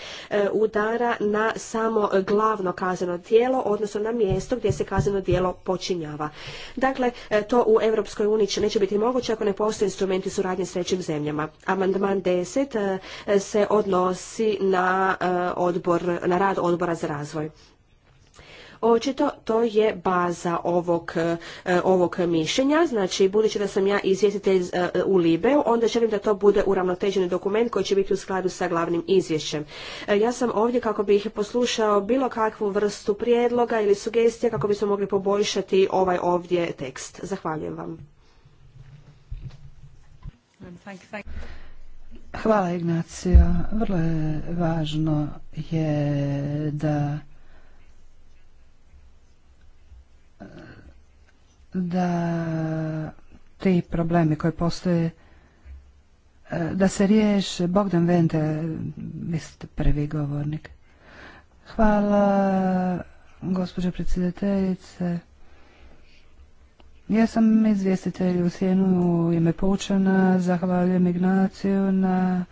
Speaker 3: udara na samo glavno kazano tijelo odnosno na mjesto gdje se kazano djelo počinjava. Dakle, to u Europskoj uniji neće biti moguće ako ne postoje instrumenti suradnje s većim zemljama. Amandman 10 se odnosi na odbor, na rad odbora za razvoj. Očito to je baza ovog, e, ovog mišljenja, znači budući da sam ja izvjestitelj e, u Libeu, onda želim da to bude uravnoteženi dokument koji će biti u skladu sa glavnim izvješćem. E, ja sam ovdje kako bih poslušao bilo kakvu vrstu prijedloga ili sugestija kako bismo mogli poboljšati ovaj ovdje tekst. Zahvaljujem vam. Hvala
Speaker 2: Ignacija. Vrlo je važno je da da ti problemi koji postoje e, da se riješe. Bogdan Vente, vi ste prvi govornik. Hvala, gospođo predsjedateljice. Ja sam izvjestitelj u Sjenu u ime Pučana Zahvaljujem Ignaciju na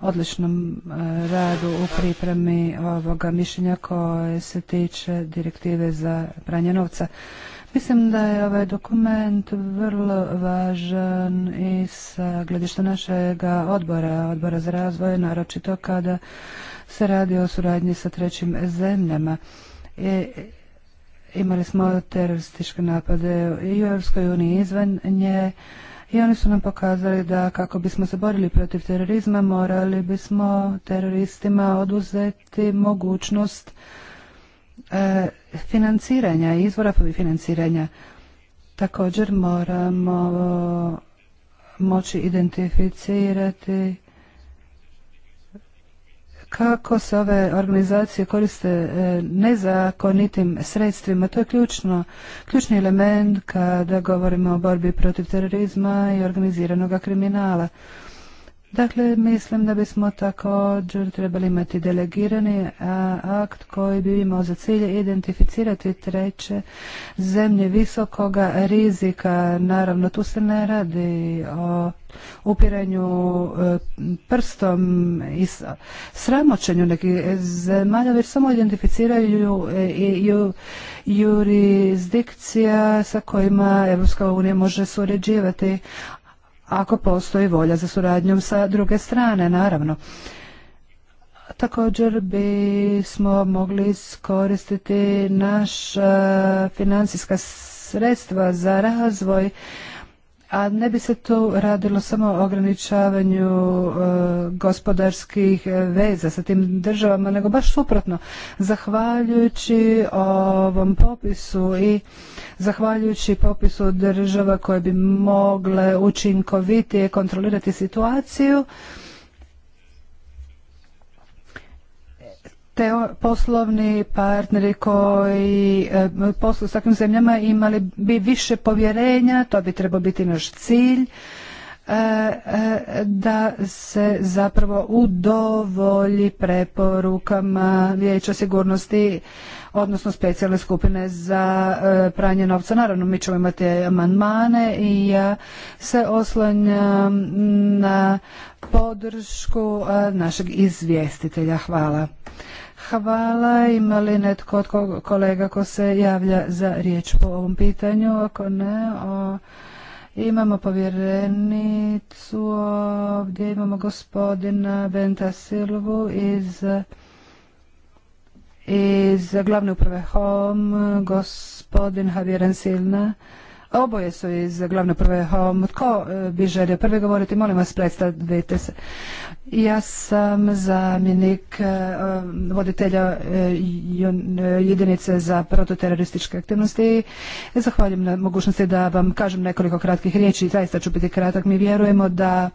Speaker 2: odličnom e, radu u pripremi ovoga mišljenja koje se tiče direktive za pranje novca. Mislim da je ovaj dokument vrlo važan i sa gledišta našega odbora, odbora za razvoj, naročito kada se radi o suradnji sa trećim zemljama. I, e, imali smo terorističke napade i u Europskoj uniji izvan nje i oni su nam pokazali da kako bismo se borili protiv terorizma morali bismo teroristima oduzeti mogućnost E, financiranja, izvora financiranja. Također moramo moći identificirati kako se ove organizacije koriste e, nezakonitim sredstvima. To je ključno, ključni element kada govorimo o borbi protiv terorizma i organiziranog kriminala. Dakle, mislim da bismo također trebali imati delegirani akt koji bi imao za cilj identificirati treće zemlje visokoga rizika. Naravno, tu se ne radi o upiranju e, prstom i sramoćenju nekih zemalja, već samo identificiraju e, i jurisdikcija sa kojima EU unija može surađivati, ako postoji volja za suradnjom sa druge strane, naravno. Također bismo mogli iskoristiti naša financijska sredstva za razvoj a ne bi se tu radilo samo o ograničavanju e, gospodarskih veza sa tim državama, nego baš suprotno. Zahvaljujući ovom popisu i zahvaljujući popisu država koje bi mogle učinkovitije kontrolirati situaciju, te poslovni partneri koji e, posluju s takvim zemljama imali bi više povjerenja, to bi trebao biti naš cilj e, e, da se zapravo udovolji preporukama Vijeća sigurnosti odnosno specijalne skupine za pranje novca. Naravno, mi ćemo imati amandmane i ja se oslanjam na podršku našeg izvjestitelja. Hvala. Hvala. Ima li netko od kolega ko se javlja za riječ po ovom pitanju? Ako ne, o, imamo povjerenicu ovdje, imamo gospodina Benta Silvu iz iz glavne uprave HOM, gospodin Javier Silna Oboje su iz glavne prve. Tko e, bi želio prvi govoriti? Molim vas, predstavite se. Ja sam zamjenik e, e, voditelja jedinice za prototerorističke aktivnosti. Zahvaljujem na mogućnosti da vam kažem nekoliko kratkih riječi. Zaista ću biti kratak. Mi vjerujemo da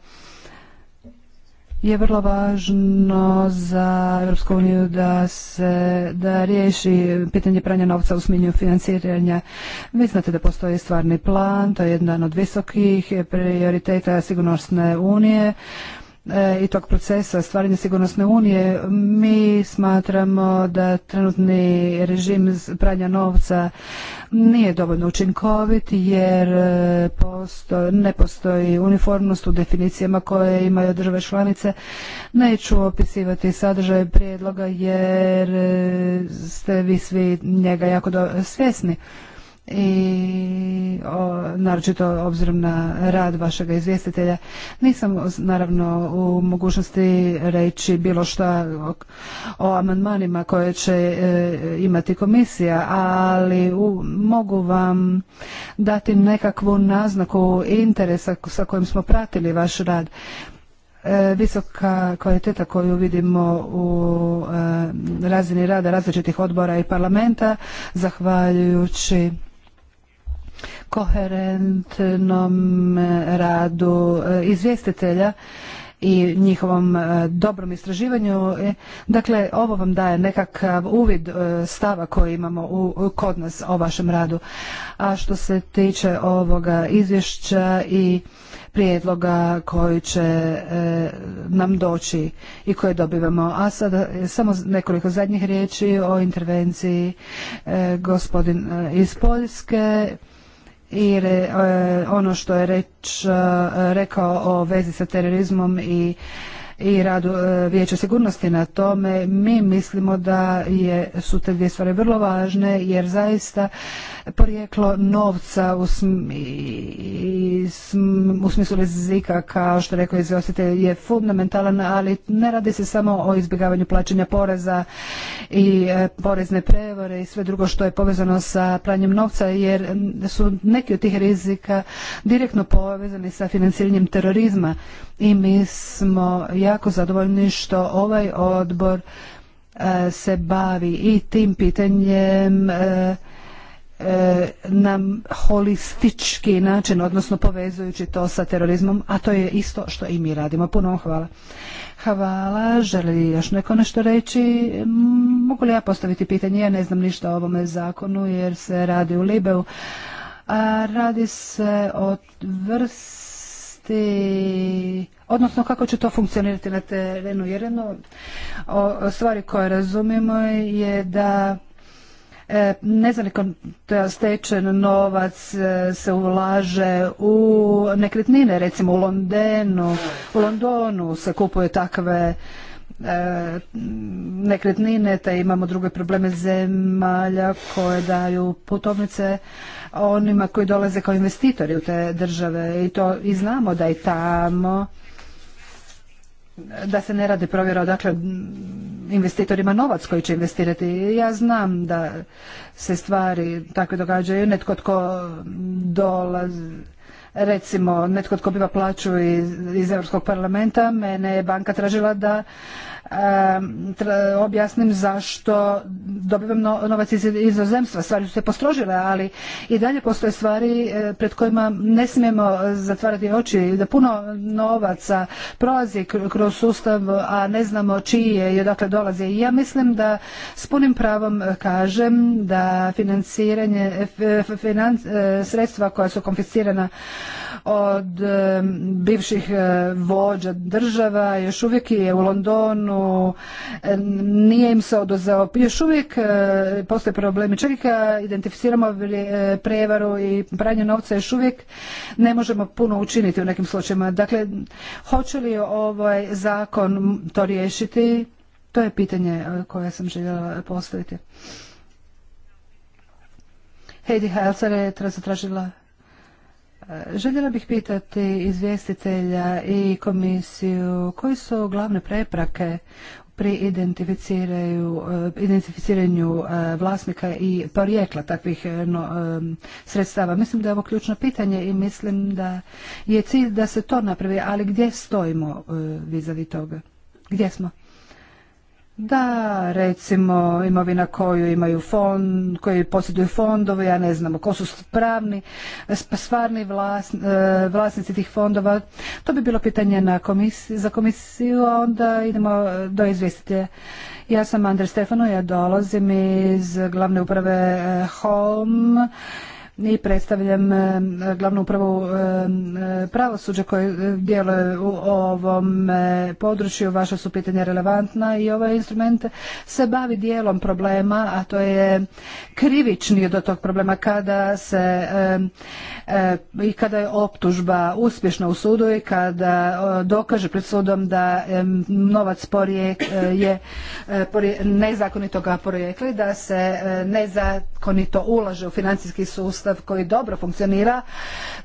Speaker 2: je vrlo važno za Europsku uniju da se da riješi pitanje pranja novca u smjenju financiranja. Vi znate da postoji stvarni plan, to je jedan od visokih prioriteta sigurnosne unije. E, i tog procesa stvaranja sigurnosne unije, mi smatramo da trenutni režim pranja novca nije dovoljno učinkovit jer e, ne postoji uniformnost u definicijama koje imaju države članice. Neću opisivati sadržaj prijedloga jer e, ste vi svi njega jako svjesni i o, naročito obzirom na rad vašeg izvjestitelja nisam naravno u mogućnosti reći bilo šta o, o amandmanima koje će e, imati komisija ali mogu vam dati nekakvu naznaku interesa sa kojim smo pratili vaš rad e, visoka kvaliteta koju vidimo u e, razini rada različitih odbora i parlamenta zahvaljujući koherentnom e, radu e, izvjestitelja i njihovom e, dobrom istraživanju. Dakle, ovo vam daje nekakav uvid stava koji imamo kod nas o vašem radu. A što se tiče ovoga izvješća i prijedloga koji će nam doći i koje dobivamo. A sada samo nekoliko zadnjih riječi o intervenciji e, gospodin iz Poljske i e, ono što je reč, e, rekao o vezi sa terorizmom i i radu e, Vijeća sigurnosti na tome. Mi mislimo da je, su te dvije stvari vrlo važne jer zaista porijeklo novca u, i u smislu rizika kao što rekao izvjestitelj je fundamentalan, ali ne radi se samo o izbjegavanju plaćanja poreza i e, porezne prevore i sve drugo što je povezano sa pranjem novca jer su neki od tih rizika direktno povezani sa financiranjem terorizma i mi smo jako zadovoljni što ovaj odbor e, se bavi i tim pitanjem e, e, na holistički način, odnosno povezujući to sa terorizmom, a to je isto što i mi radimo. Puno hvala. Hvala, želi još neko nešto reći? Mogu li ja postaviti pitanje? Ja ne znam ništa o ovome zakonu jer se radi u Libeu. radi se o vrsti provesti, odnosno kako će to funkcionirati na terenu. Jer jedno stvari koje razumijemo je da e, ne neko stečen novac e, se ulaže u nekretnine, recimo u Londonu, u Londonu se kupuje takve E, nekretnine, te imamo druge probleme zemalja koje daju putovnice onima koji dolaze kao investitori u te države i to i znamo da i tamo da se ne radi provjera odakle investitorima novac koji će investirati. Ja znam da se stvari takve događaju. Netko tko dolazi, recimo netko tko biva plaću iz, iz Europskog parlamenta, mene je banka tražila da objasnim zašto dobivam novac iz inozemstva. Stvari su se postrožile, ali i dalje postoje stvari e, pred kojima ne smijemo zatvarati oči. Da puno novaca prolazi kroz sustav, a ne znamo čije i odakle dolazi. I ja mislim da s punim pravom kažem da financiranje, e, sredstva koja su konfiscirana od bivših e, vođa država još uvijek je u Londonu nije im se odozao. Još uvijek e, postoje problemi. Čak e, identificiramo e, prevaru i pranje novca još uvijek ne možemo puno učiniti u nekim slučajima. Dakle, hoće li ovaj zakon to riješiti? To je pitanje koje sam željela postaviti. Heidi Helser je zatražila Željela bih pitati izvjestitelja i komisiju koji su glavne preprake pri eh, identificiranju eh, vlasnika i porijekla takvih eh, sredstava. Mislim da je ovo ključno pitanje i mislim da je cilj da se to napravi, ali gdje stojimo vizavi toga? Gdje smo? da recimo imovina koju imaju fond, koji posjeduju fondovi, ja ne znamo ko su pravni, stvarni e, vlasnici tih fondova. To bi bilo pitanje na komisiju, za komisiju, a onda idemo do izvjestitelja. Ja sam Andre Stefano, ja dolazim iz glavne uprave e, Holm i predstavljam e, glavnu upravu e, e, pravosuđa koje djeluje u ovom području. Vaša su pitanja relevantna i ovaj instrument se bavi dijelom problema, a to je krivični do tog problema kada se i kada je optužba uspješna u sudu i kada dokaže pred sudom da novac porije, je nezakonitoga porijekla porijekli, da se nezakonito ulaže u financijski sustav sustav koji dobro funkcionira,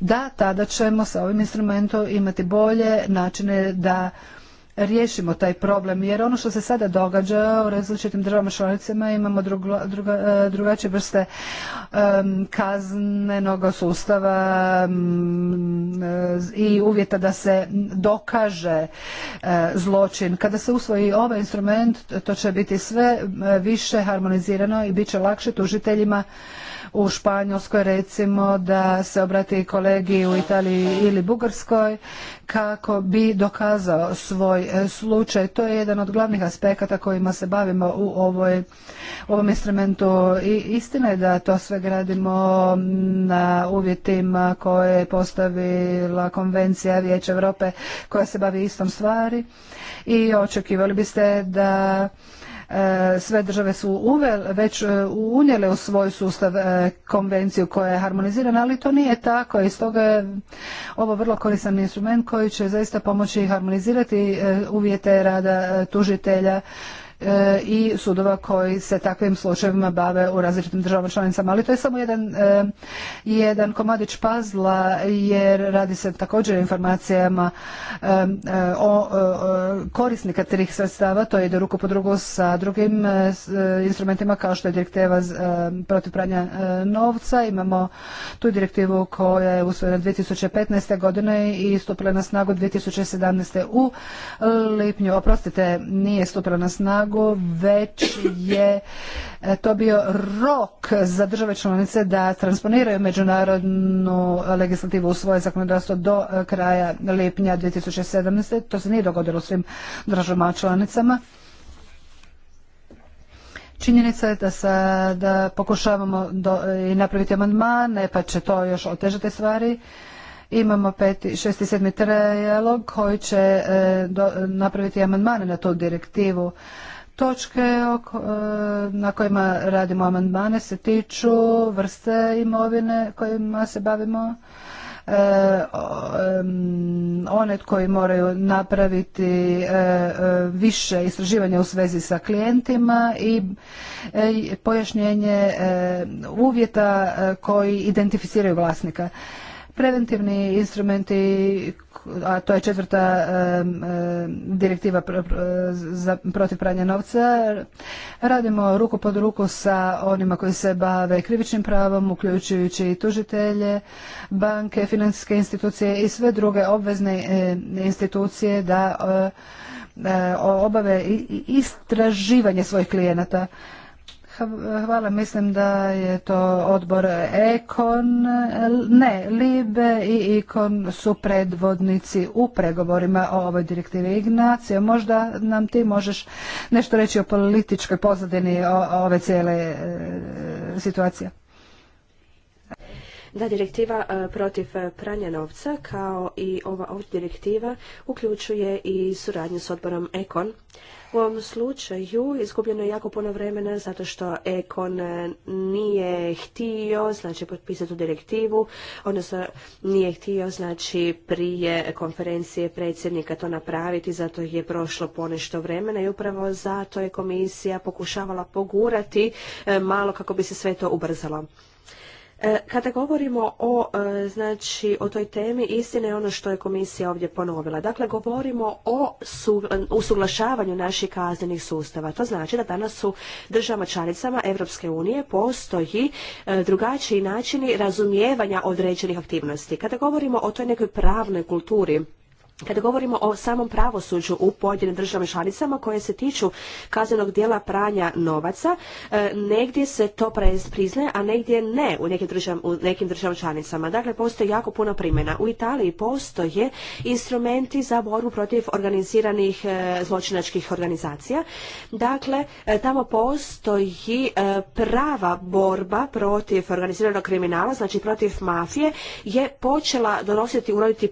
Speaker 2: da tada ćemo sa ovim instrumentom imati bolje načine da riješimo taj problem jer ono što se sada događa u različitim državama članicama imamo e, drugačije vrste kaznenog sustava e, i uvjeta da se dokaže e, zločin. Kada se usvoji ovaj instrument to će biti sve više harmonizirano i bit će lakše tužiteljima u Španjolskoj recimo da se obrati kolegi u Italiji ili Bugarskoj kako bi dokazao svoj e, slučaj. To je jedan od glavnih aspekata kojima se bavimo u ovoj, ovom instrumentu. I istina je da to sve gradimo na uvjetima koje je postavila konvencija Vijeća Europe koja se bavi istom stvari i očekivali biste da E, sve države su uvel, već e, unijele u svoj sustav e, konvenciju koja je harmonizirana, ali to nije tako i stoga je ovo vrlo koristan instrument koji će zaista pomoći harmonizirati uvjete rada tužitelja E, i sudova koji se takvim slučajevima bave u različitim državama članicama. Ali to je samo jedan, e, jedan komadić pazla jer radi se također o informacijama e, o korisnika tih sredstava, to ide ruku po drugu sa drugim instrumentima kao što je direktiva protiv pranja novca. Imamo tu direktivu koja je usvojena 2015. godine i stupila na snagu 2017. u lipnju. Oprostite, nije stupila na snagu već je e, to bio rok za države članice da transponiraju međunarodnu legislativu u svoje zakonodavstvo do e, kraja lipnja 2017. To se nije dogodilo svim državama članicama. Činjenica je da sada pokušavamo e, i napraviti amandmane, pa će to još otežati stvari. Imamo peti, šesti i sedmi trajalog koji će napraviti amandmane na tu direktivu. Točke e, na kojima radimo amandmane se tiču vrste imovine kojima se bavimo. E, one koji moraju napraviti e, više istraživanja u svezi sa klijentima i pojašnjenje uvjeta koji identificiraju vlasnika. Preventivni instrumenti, a to je četvrta direktiva za protiv pranja novca, radimo ruku pod ruku sa onima koji se bave krivičnim pravom, uključujući i tužitelje, banke, financijske institucije i sve druge obvezne institucije da e, e, obave istraživanje svojih klijenata. Hvala, mislim da je to odbor Ekon, ne, Libe i Ikon su predvodnici u pregovorima o ovoj direktivi. ignacija možda nam ti možeš nešto reći o političkoj pozadini ove cijele e, situacije.
Speaker 3: Da, direktiva e, protiv e, pranja novca kao i ova direktiva uključuje i suradnju s odborom Ekon u ovom slučaju izgubljeno je jako puno vremena zato što Ekon nije htio znači potpisati tu direktivu, odnosno nije htio znači prije konferencije predsjednika to napraviti zato je prošlo ponešto vremena i upravo zato je komisija pokušavala pogurati e, malo kako bi se sve to ubrzalo. E, kada govorimo o e, znači o toj temi istina je ono što je komisija ovdje ponovila. Dakle govorimo o usuglašavanju naših kaznenih sustava. To znači da danas u državama članicama Europske unije postoji e, drugačiji načini razumijevanja određenih aktivnosti. Kada govorimo o toj nekoj pravnoj kulturi kada govorimo o samom pravosuđu u pojedinim državama članicama koje se tiču kaznenog dijela pranja novaca, e, negdje se to priznaje, a negdje ne u nekim, držav, u nekim državama članicama. Dakle, postoji jako puno primjena. U Italiji postoje instrumenti za borbu protiv organiziranih e, zločinačkih organizacija. Dakle, e, tamo postoji prava borba protiv organiziranog kriminala, znači protiv mafije, je počela donositi, uroditi,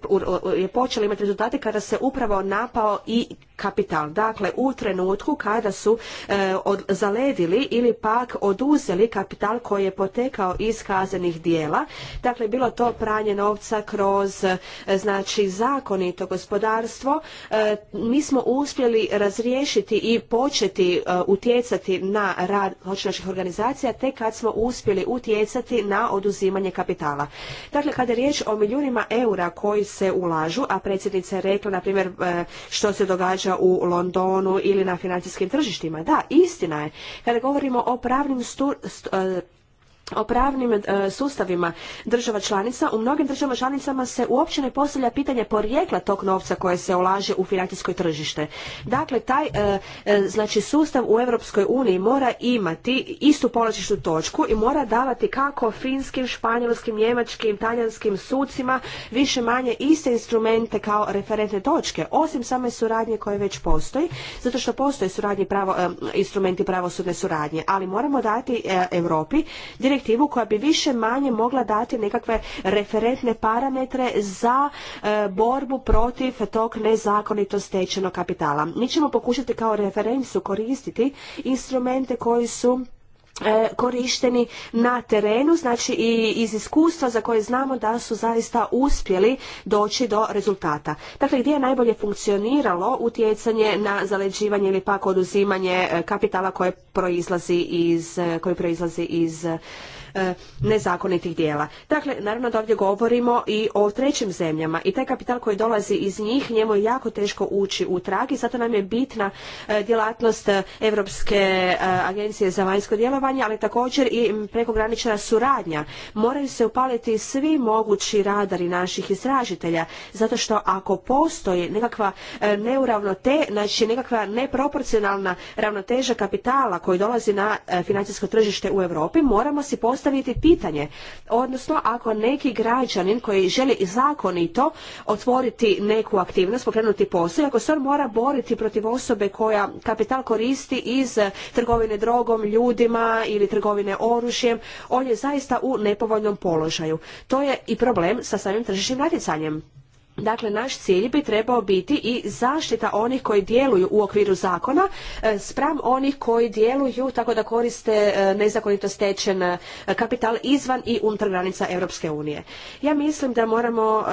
Speaker 3: je počela imati rezultate kada se upravo napao i kapital. Dakle, u trenutku kada su e, zaledili ili pak oduzeli kapital koji je potekao iz kaznenih dijela, dakle bilo to pranje novca kroz e, znači zakonito gospodarstvo, e, mi smo uspjeli razriješiti i početi utjecati na rad naših organizacija te kad smo uspjeli utjecati na oduzimanje kapitala. Dakle, kada je riječ o milijunima eura koji se ulažu, a predsjednik primjerice rekla, na primjer, e, što se događa u Londonu ili na financijskim tržištima. Da, istina je. Kada govorimo o pravnim e, o pravnim e, sustavima država članica, u mnogim državama članicama se uopće ne postavlja pitanje porijekla tog novca koje se ulaže u financijsko tržište. Dakle, taj e, e, znači sustav u Europskoj uniji mora imati istu polazišnu točku i mora davati kako finskim, španjolskim, njemačkim, talijanskim sucima više manje iste instrumente kao referentne točke, osim same suradnje koje već postoji, zato što postoje suradnje pravo, instrumenti pravosudne suradnje, ali moramo dati Europi direktivu koja bi više manje mogla dati nekakve referentne parametre za e, borbu protiv tog nezakonito stečenog kapitala. Mi ćemo pokušati kao referencu koristiti instrumente koji su E, korišteni na terenu, znači i iz iskustva za koje znamo da su zaista uspjeli doći do rezultata. Dakle, gdje je najbolje funkcioniralo utjecanje na zaleđivanje ili pak oduzimanje e, kapitala koje proizlazi iz, e, koji proizlazi iz E, nezakonitih dijela. Dakle, naravno da ovdje govorimo i o trećim zemljama i taj kapital koji dolazi iz njih, njemu je jako teško ući u trag i zato nam je bitna e, djelatnost Europske e, agencije za vanjsko djelovanje, ali također i prekogranična suradnja. Moraju se upaliti svi mogući radari naših istražitelja, zato što ako postoji nekakva neuravnote, znači nekakva neproporcionalna ravnoteža kapitala koji dolazi na financijsko tržište u Europi, moramo si postaviti postaviti pitanje. Odnosno, ako neki građanin koji želi zakonito otvoriti neku aktivnost, pokrenuti posao, ako se on mora boriti protiv osobe koja kapital koristi iz trgovine drogom, ljudima ili trgovine oružjem, on je zaista u nepovoljnom položaju. To je i problem sa samim tržišnim natjecanjem. Dakle, naš cilj bi trebao biti i zaštita onih koji djeluju u okviru zakona e, spram onih koji djeluju tako da koriste e, nezakonito stečen e, kapital izvan i unutar granica Europske unije. Ja mislim da moramo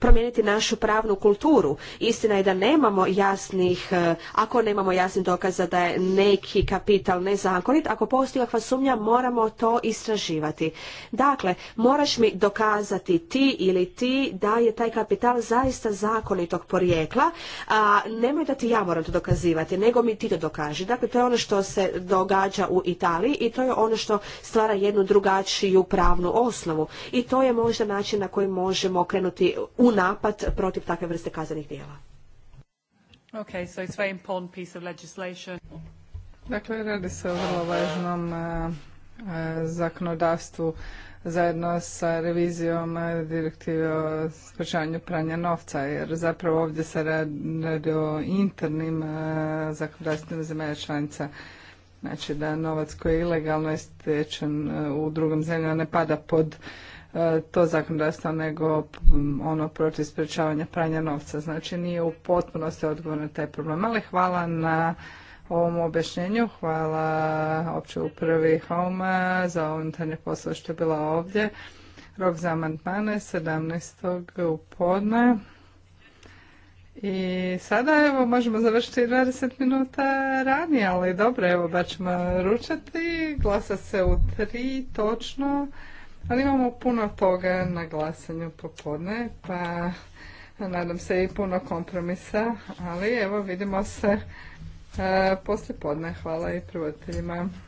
Speaker 3: promijeniti našu pravnu kulturu. Istina je da nemamo jasnih, ako nemamo jasnih dokaza da je neki kapital nezakonit, ako postoji kakva sumnja moramo to istraživati. Dakle, moraš mi dokazati ti ili ti da je taj kapital kapital zaista zakonitog porijekla, a nemoj da ti ja moram to dokazivati, nego mi ti to dokaži. Dakle, to je ono što se događa u Italiji i to je ono što stvara jednu drugačiju pravnu osnovu. I to je možda način na koji možemo krenuti u napad protiv takve vrste kaznenih djela.
Speaker 1: Okay, so it's very important piece of legislation. Dakle, radi se o vrlo važnom eh, eh, zakonodavstvu zajedno sa revizijom eh, direktive o sprečavanju pranja novca, jer zapravo ovdje se radi o internim eh, zakonodavstvima zemalja članica. Znači da novac koji je ilegalno je stečen eh, u drugom zemlju ne pada pod to zakonodavstvo nego mm, ono protiv sprečavanja pranja novca. Znači nije u potpunosti odgovor na taj problem. Ali hvala na ovom objašnjenju. Hvala opće upravi Homa za unutarnje poslo što je bila ovdje. Rok za amandmane 17. u podne. I sada evo možemo završiti 20 minuta ranije, ali dobro, evo bar ćemo ručati, glasa se u tri, točno, ali imamo puno toga na glasanju popodne, pa nadam se i puno kompromisa, ali evo vidimo se E, poslije podne. Hvala i prvateljima.